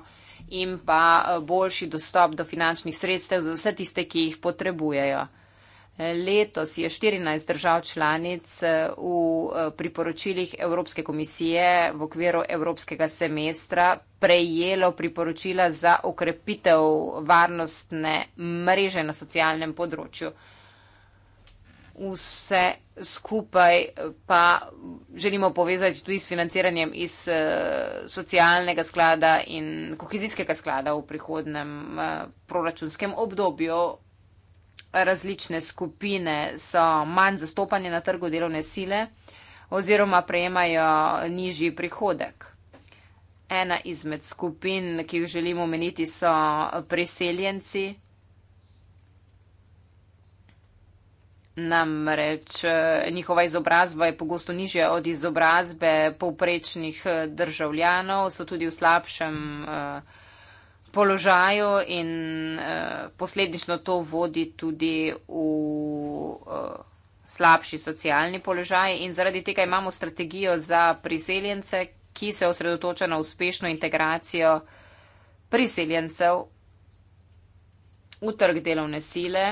in pa eh, boljši dostop do finančnih sredstev za vse tiste, ki jih potrebujejo. Letos je 14 držav članic eh, v eh, priporočilih Evropske komisije v okviru Evropskega semestra prejelo priporočila za okrepitev varnostne mreže na socialnem področju. Vse skupaj pa želimo povezati tudi s financiranjem iz eh, socialnega sklada in kohezijskega sklada v prihodnem proračunskem obdobju različne skupine so manj zastopanje na trgu delovne sile oziroma prejemajo nižji prihodek. Ena izmed skupin, ki jih želimo omeniti, so priseljenci. Namreč eh, njihova izobrazba je pogosto nižja od izobrazbe povprečnih eh, državljanov, so tudi v slabšem uh, položaju in uh, posledično to vodi tudi v uh, slabši socialni položaj in zaradi tega imamo strategijo za priseljence, ki se osredotoča na uspešno integracijo priseljencev v trg delovne sile.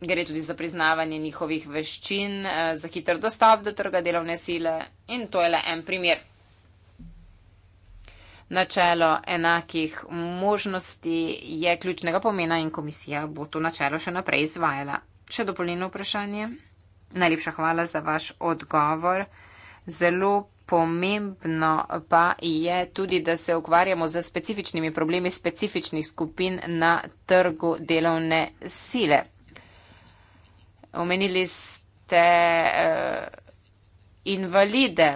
Gre tudi za priznavanje njihovih veščin, eh, za hiter dostop do trga delovne sile in to je le en primer načelo enakih možnosti je ključnega pomena in komisija bo to načelo še naprej izvajala. Še dopolnilno vprašanje. Najlepša hvala za vaš odgovor. Zelo pomembno pa je tudi, da se ukvarjamo z specifičnimi problemi specifičnih skupin na trgu delovne sile. Omenili ste eh, invalide,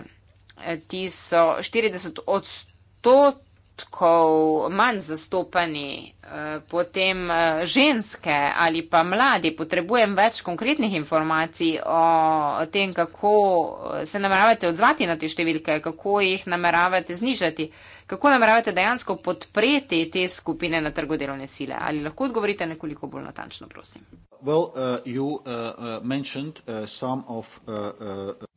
ti so 40 odstotkov odstotkov manj zastopani, eh, potem eh, ženske ali pa mladi, potrebujem več konkretnih informacij o tem, kako eh, se nameravate odzvati na te številke, kako jih nameravate znižati, kako nameravate dejansko podpreti te skupine na trgu delovne sile. Ali lahko odgovorite nekoliko bolj natančno, prosim? Well, uh, uh, uh, uh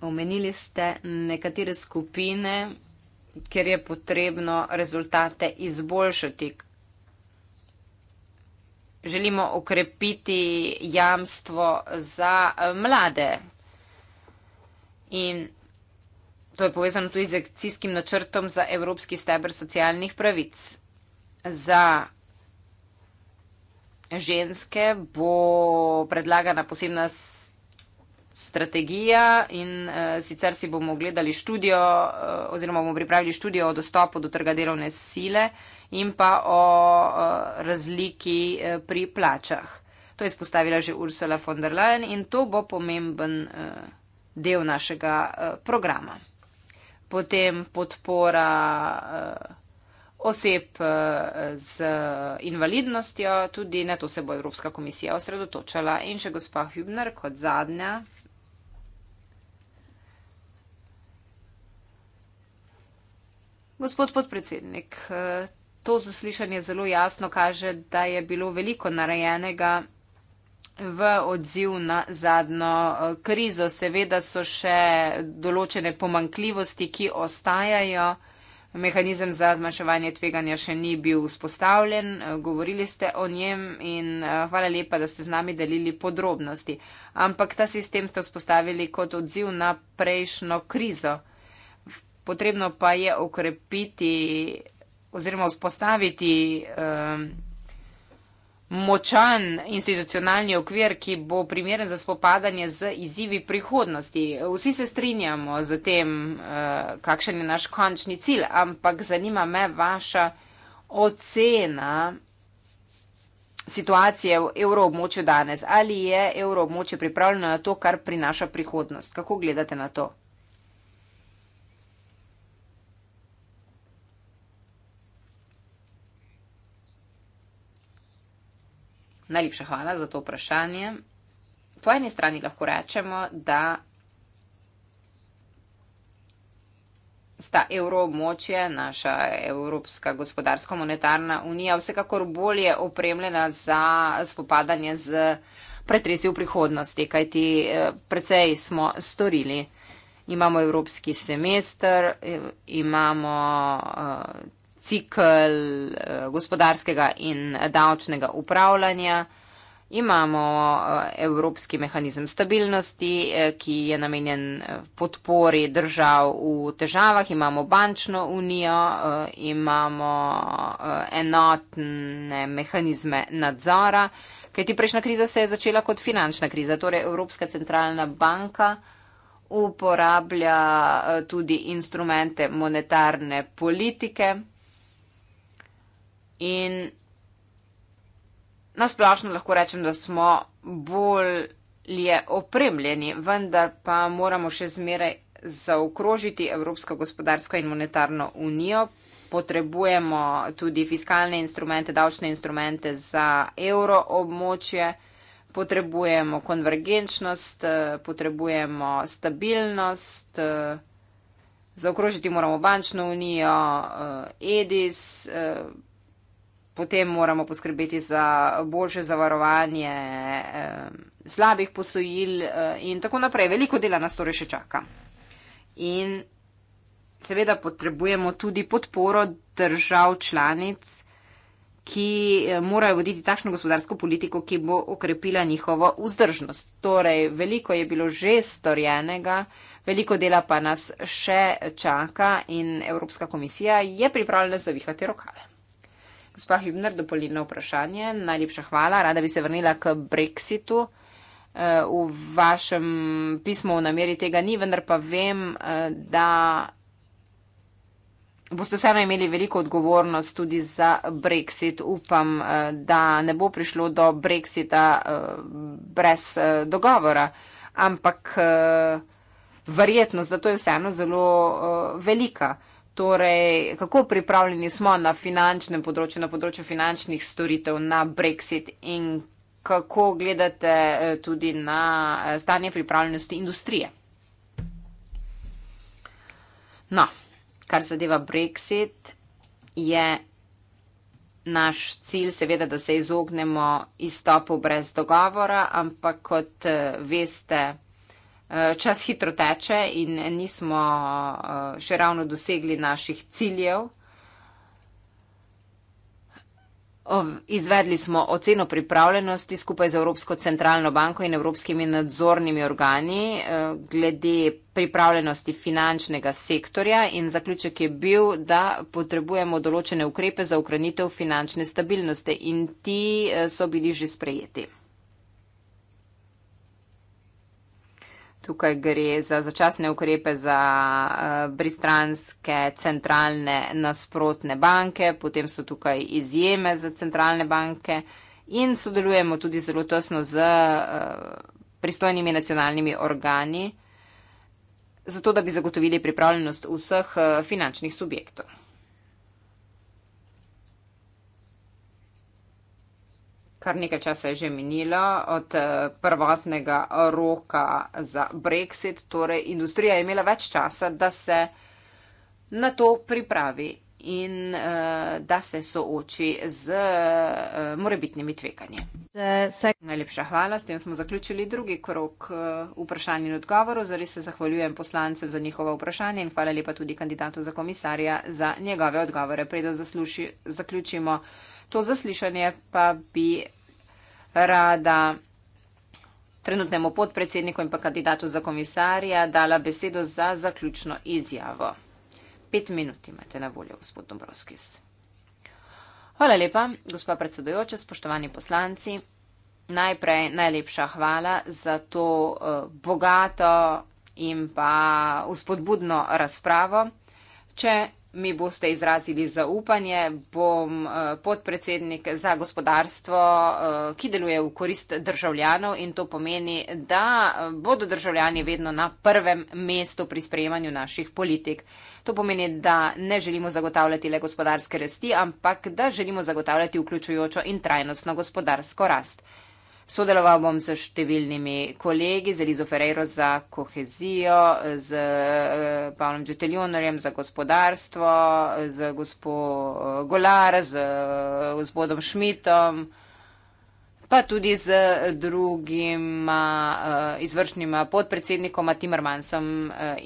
Omenili ste nekatere skupine, kjer je potrebno rezultate izboljšati. Želimo okrepiti jamstvo za eh, mlade. In to je povezano tudi z akcijskim načrtom za Evropski steber socialnih pravic. Za ženske bo predlagana posebna strategija in uh, sicer si bomo gledali študijo uh, oziroma bomo pripravili študijo o dostopu do trga delovne sile in pa o uh, razliki uh, pri plačah. To je spostavila že Ursula von der Leyen in to bo pomemben uh, del našega uh, programa. Potem podpora uh, oseb uh, z invalidnostjo, tudi na to se bo Evropska komisija osredotočala in še gospa Hübner kot zadnja. Gospod podpredsednik, eh, to zaslišanje zelo jasno kaže, da je bilo veliko narejenega v odziv na zadnjo eh, krizo. Seveda so še določene pomankljivosti, ki ostajajo. Mehanizem za zmanjševanje tveganja še ni bil vzpostavljen, eh, govorili ste o njem in hvala lepa, da ste z nami delili podrobnosti. Ampak ta sistem ste vzpostavili kot odziv na prejšnjo krizo. Potrebno pa je okrepiti oziroma vzpostaviti um, močan institucionalni okvir, ki bo primeren za spopadanje z izzivi prihodnosti. Vsi se strinjamo z tem, uh, kakšen je naš končni cilj, ampak zanima me vaša ocena situacije v evroobmočju danes. Ali je evroobmočje pripravljeno na to, kar prinaša prihodnost? Kako gledate na to? Najlepša hvala za to vprašanje. Po eni strani lahko rečemo, da sta evroobmočje, naša Evropska gospodarsko-monetarna unija, vsekakor bolje opremljena za spopadanje z pretresi v prihodnosti, kajti eh, precej smo storili. Imamo evropski semester, eh, imamo eh, cikl eh, gospodarskega in davčnega upravljanja. Imamo eh, Evropski mehanizem stabilnosti, eh, ki je namenjen podpori držav v težavah, imamo bančno unijo, imamo enotne mehanizme nadzora, kajti prejšnja kriza se je začela kot finančna kriza, torej Evropska centralna banka uporablja tudi instrumente monetarne politike. In nasplošno lahko rečem, da smo bolje opremljeni, vendar pa moramo še zmeraj zaokrožiti Evropsko gospodarsko in monetarno unijo. Potrebujemo tudi fiskalne instrumente, davčne instrumente za evro območje, potrebujemo konvergenčnost, potrebujemo stabilnost, zaokrožiti moramo bančno unijo, eh, EDIS, eh, potem moramo poskrbeti za boljše zavarovanje eh, slabih posojil eh, in tako naprej. Veliko dela nas torej še čaka. In seveda potrebujemo tudi podporo držav članic, ki eh, morajo voditi takšno gospodarsko politiko, ki bo okrepila njihovo vzdržnost. Torej, veliko je bilo že storjenega. Veliko dela pa nas še čaka in Evropska komisija je pripravljena zavihati rokave. Gospa Hübner, dopolnilno vprašanje. Najlepša hvala. Rada bi se vrnila k Brexitu. Eh, v vašem pismu v nameri tega ni, vendar pa vem, eh, da boste vseeno imeli veliko odgovornost tudi za Brexit. Upam, eh, da ne bo prišlo do Brexita brez dogovora, ampak verjetnost za to je vseeno zelo velika. Torej, kako pripravljeni smo na finančnem področju, na področju finančnih storitev, na Brexit in kako gledate eh, tudi na eh, stanje pripravljenosti industrije? No, kar zadeva Brexit, je naš cilj seveda, da se izognemo izstopu brez dogovora, ampak kot eh, veste, Čas hitro teče in nismo eh, še ravno dosegli naših ciljev. Izvedli smo oceno pripravljenosti skupaj z Evropsko centralno banko in evropskimi nadzornimi organi eh, glede pripravljenosti finančnega sektorja in zaključek je bil, da potrebujemo določene ukrepe za ukranitev finančne stabilnosti in ti eh, so bili že sprejeti. Tukaj gre za začasne ukrepe za uh, eh, bristranske centralne nasprotne banke, potem so tukaj izjeme za centralne banke in sodelujemo tudi zelo tesno z uh, pristojnimi nacionalnimi organi, zato da bi zagotovili pripravljenost vseh uh, finančnih subjektov. kar nekaj časa je že minilo od eh, prvotnega roka za Brexit, torej industrija je imela več časa, da se na to pripravi in uh, da se sooči z uh, morebitnimi tveganji. Se... Najlepša hvala, s tem smo zaključili drugi krok uh, vprašanj in odgovorov. Zares se zahvaljujem poslancem za njihova vprašanja in hvala lepa tudi kandidatu za komisarja za njegove odgovore. Predo zasluši, zaključimo to zaslišanje pa bi rada trenutnemu podpredsedniku in pa kandidatu za komisarja dala besedo za zaključno izjavo. Pet minut imate na voljo, gospod Dombrovskis. Hvala lepa, gospa predsedojoča, spoštovani poslanci. Najprej najlepša hvala za to eh, bogato in pa vzpodbudno razpravo. Če mi boste izrazili zaupanje, bom eh, podpredsednik za gospodarstvo, eh, ki deluje v korist državljanov in to pomeni, da eh, bodo državljani vedno na prvem mestu pri sprejemanju naših politik. To pomeni, da ne želimo zagotavljati le gospodarske rasti, ampak da želimo zagotavljati vključujočo in trajnostno gospodarsko rast. Sodeloval bom z številnimi kolegi, z Elizo Ferreiro za kohezijo, z eh, Pavlom Džeteljonorjem za gospodarstvo, z gospo eh, Golar, z eh, gospodom Šmitom, pa tudi z drugima izvršnjima podpredsednikoma Timmermansom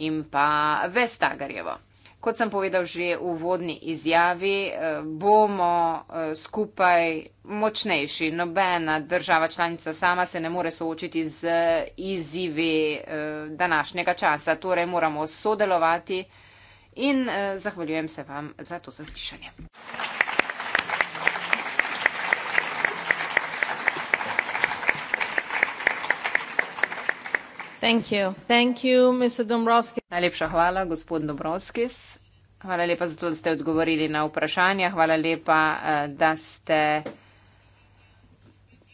in pa Vestagarjevo. Kot sem povedal že v vodni izjavi, eh, bomo eh, skupaj močnejši. Nobena država članica sama se ne more soočiti z izzivi eh, današnjega časa. Torej moramo sodelovati in zahvaljujem se vam za to zaslišanje. Thank you. Thank you, Najlepša hvala, gospod Dombrovskis. Hvala lepa za to, da ste odgovorili na vprašanja. Hvala lepa, eh, da ste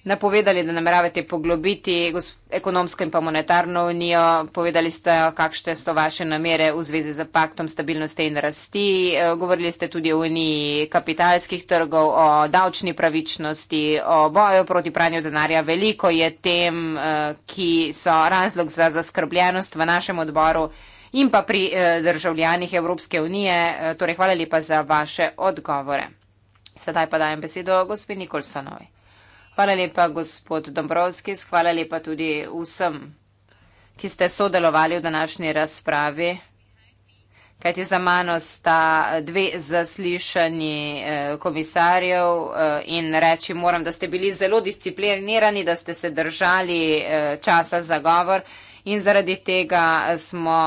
napovedali, da nameravate poglobiti ekonomsko in pa monetarno unijo. Povedali ste, kakšne so vaše namere v zvezi z paktom stabilnosti in rasti. E, govorili ste tudi o uniji kapitalskih trgov, o davčni pravičnosti, o boju proti pranju denarja. Veliko je tem, e, ki so razlog za zaskrbljenost v našem odboru in pa pri e, državljanih Evropske unije. Torej, hvala lepa za vaše odgovore. Sedaj pa dajem besedo gospe Nikolsonovi. Hvala lepa, gospod Dombrovski, hvala lepa tudi vsem, ki ste sodelovali v današnji razpravi. Kajti za mano sta dve zaslišanji eh, komisarjev eh, in reči moram, da ste bili zelo disciplinirani, da ste se držali eh, časa za govor in zaradi tega smo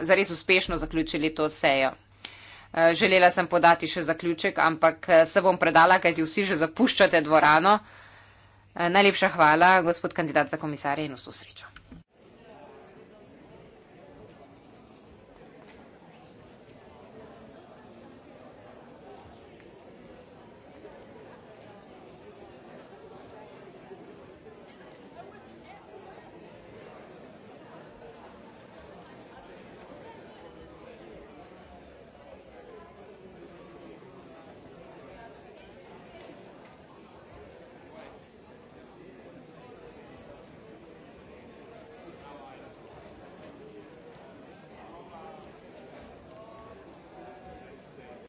zares uspešno zaključili to sejo. Eh, želela sem podati še zaključek, ampak eh, se bom predala, kajti vsi že zapuščate dvorano. Eh, najlepša hvala, gospod kandidat za komisarje in vso srečo.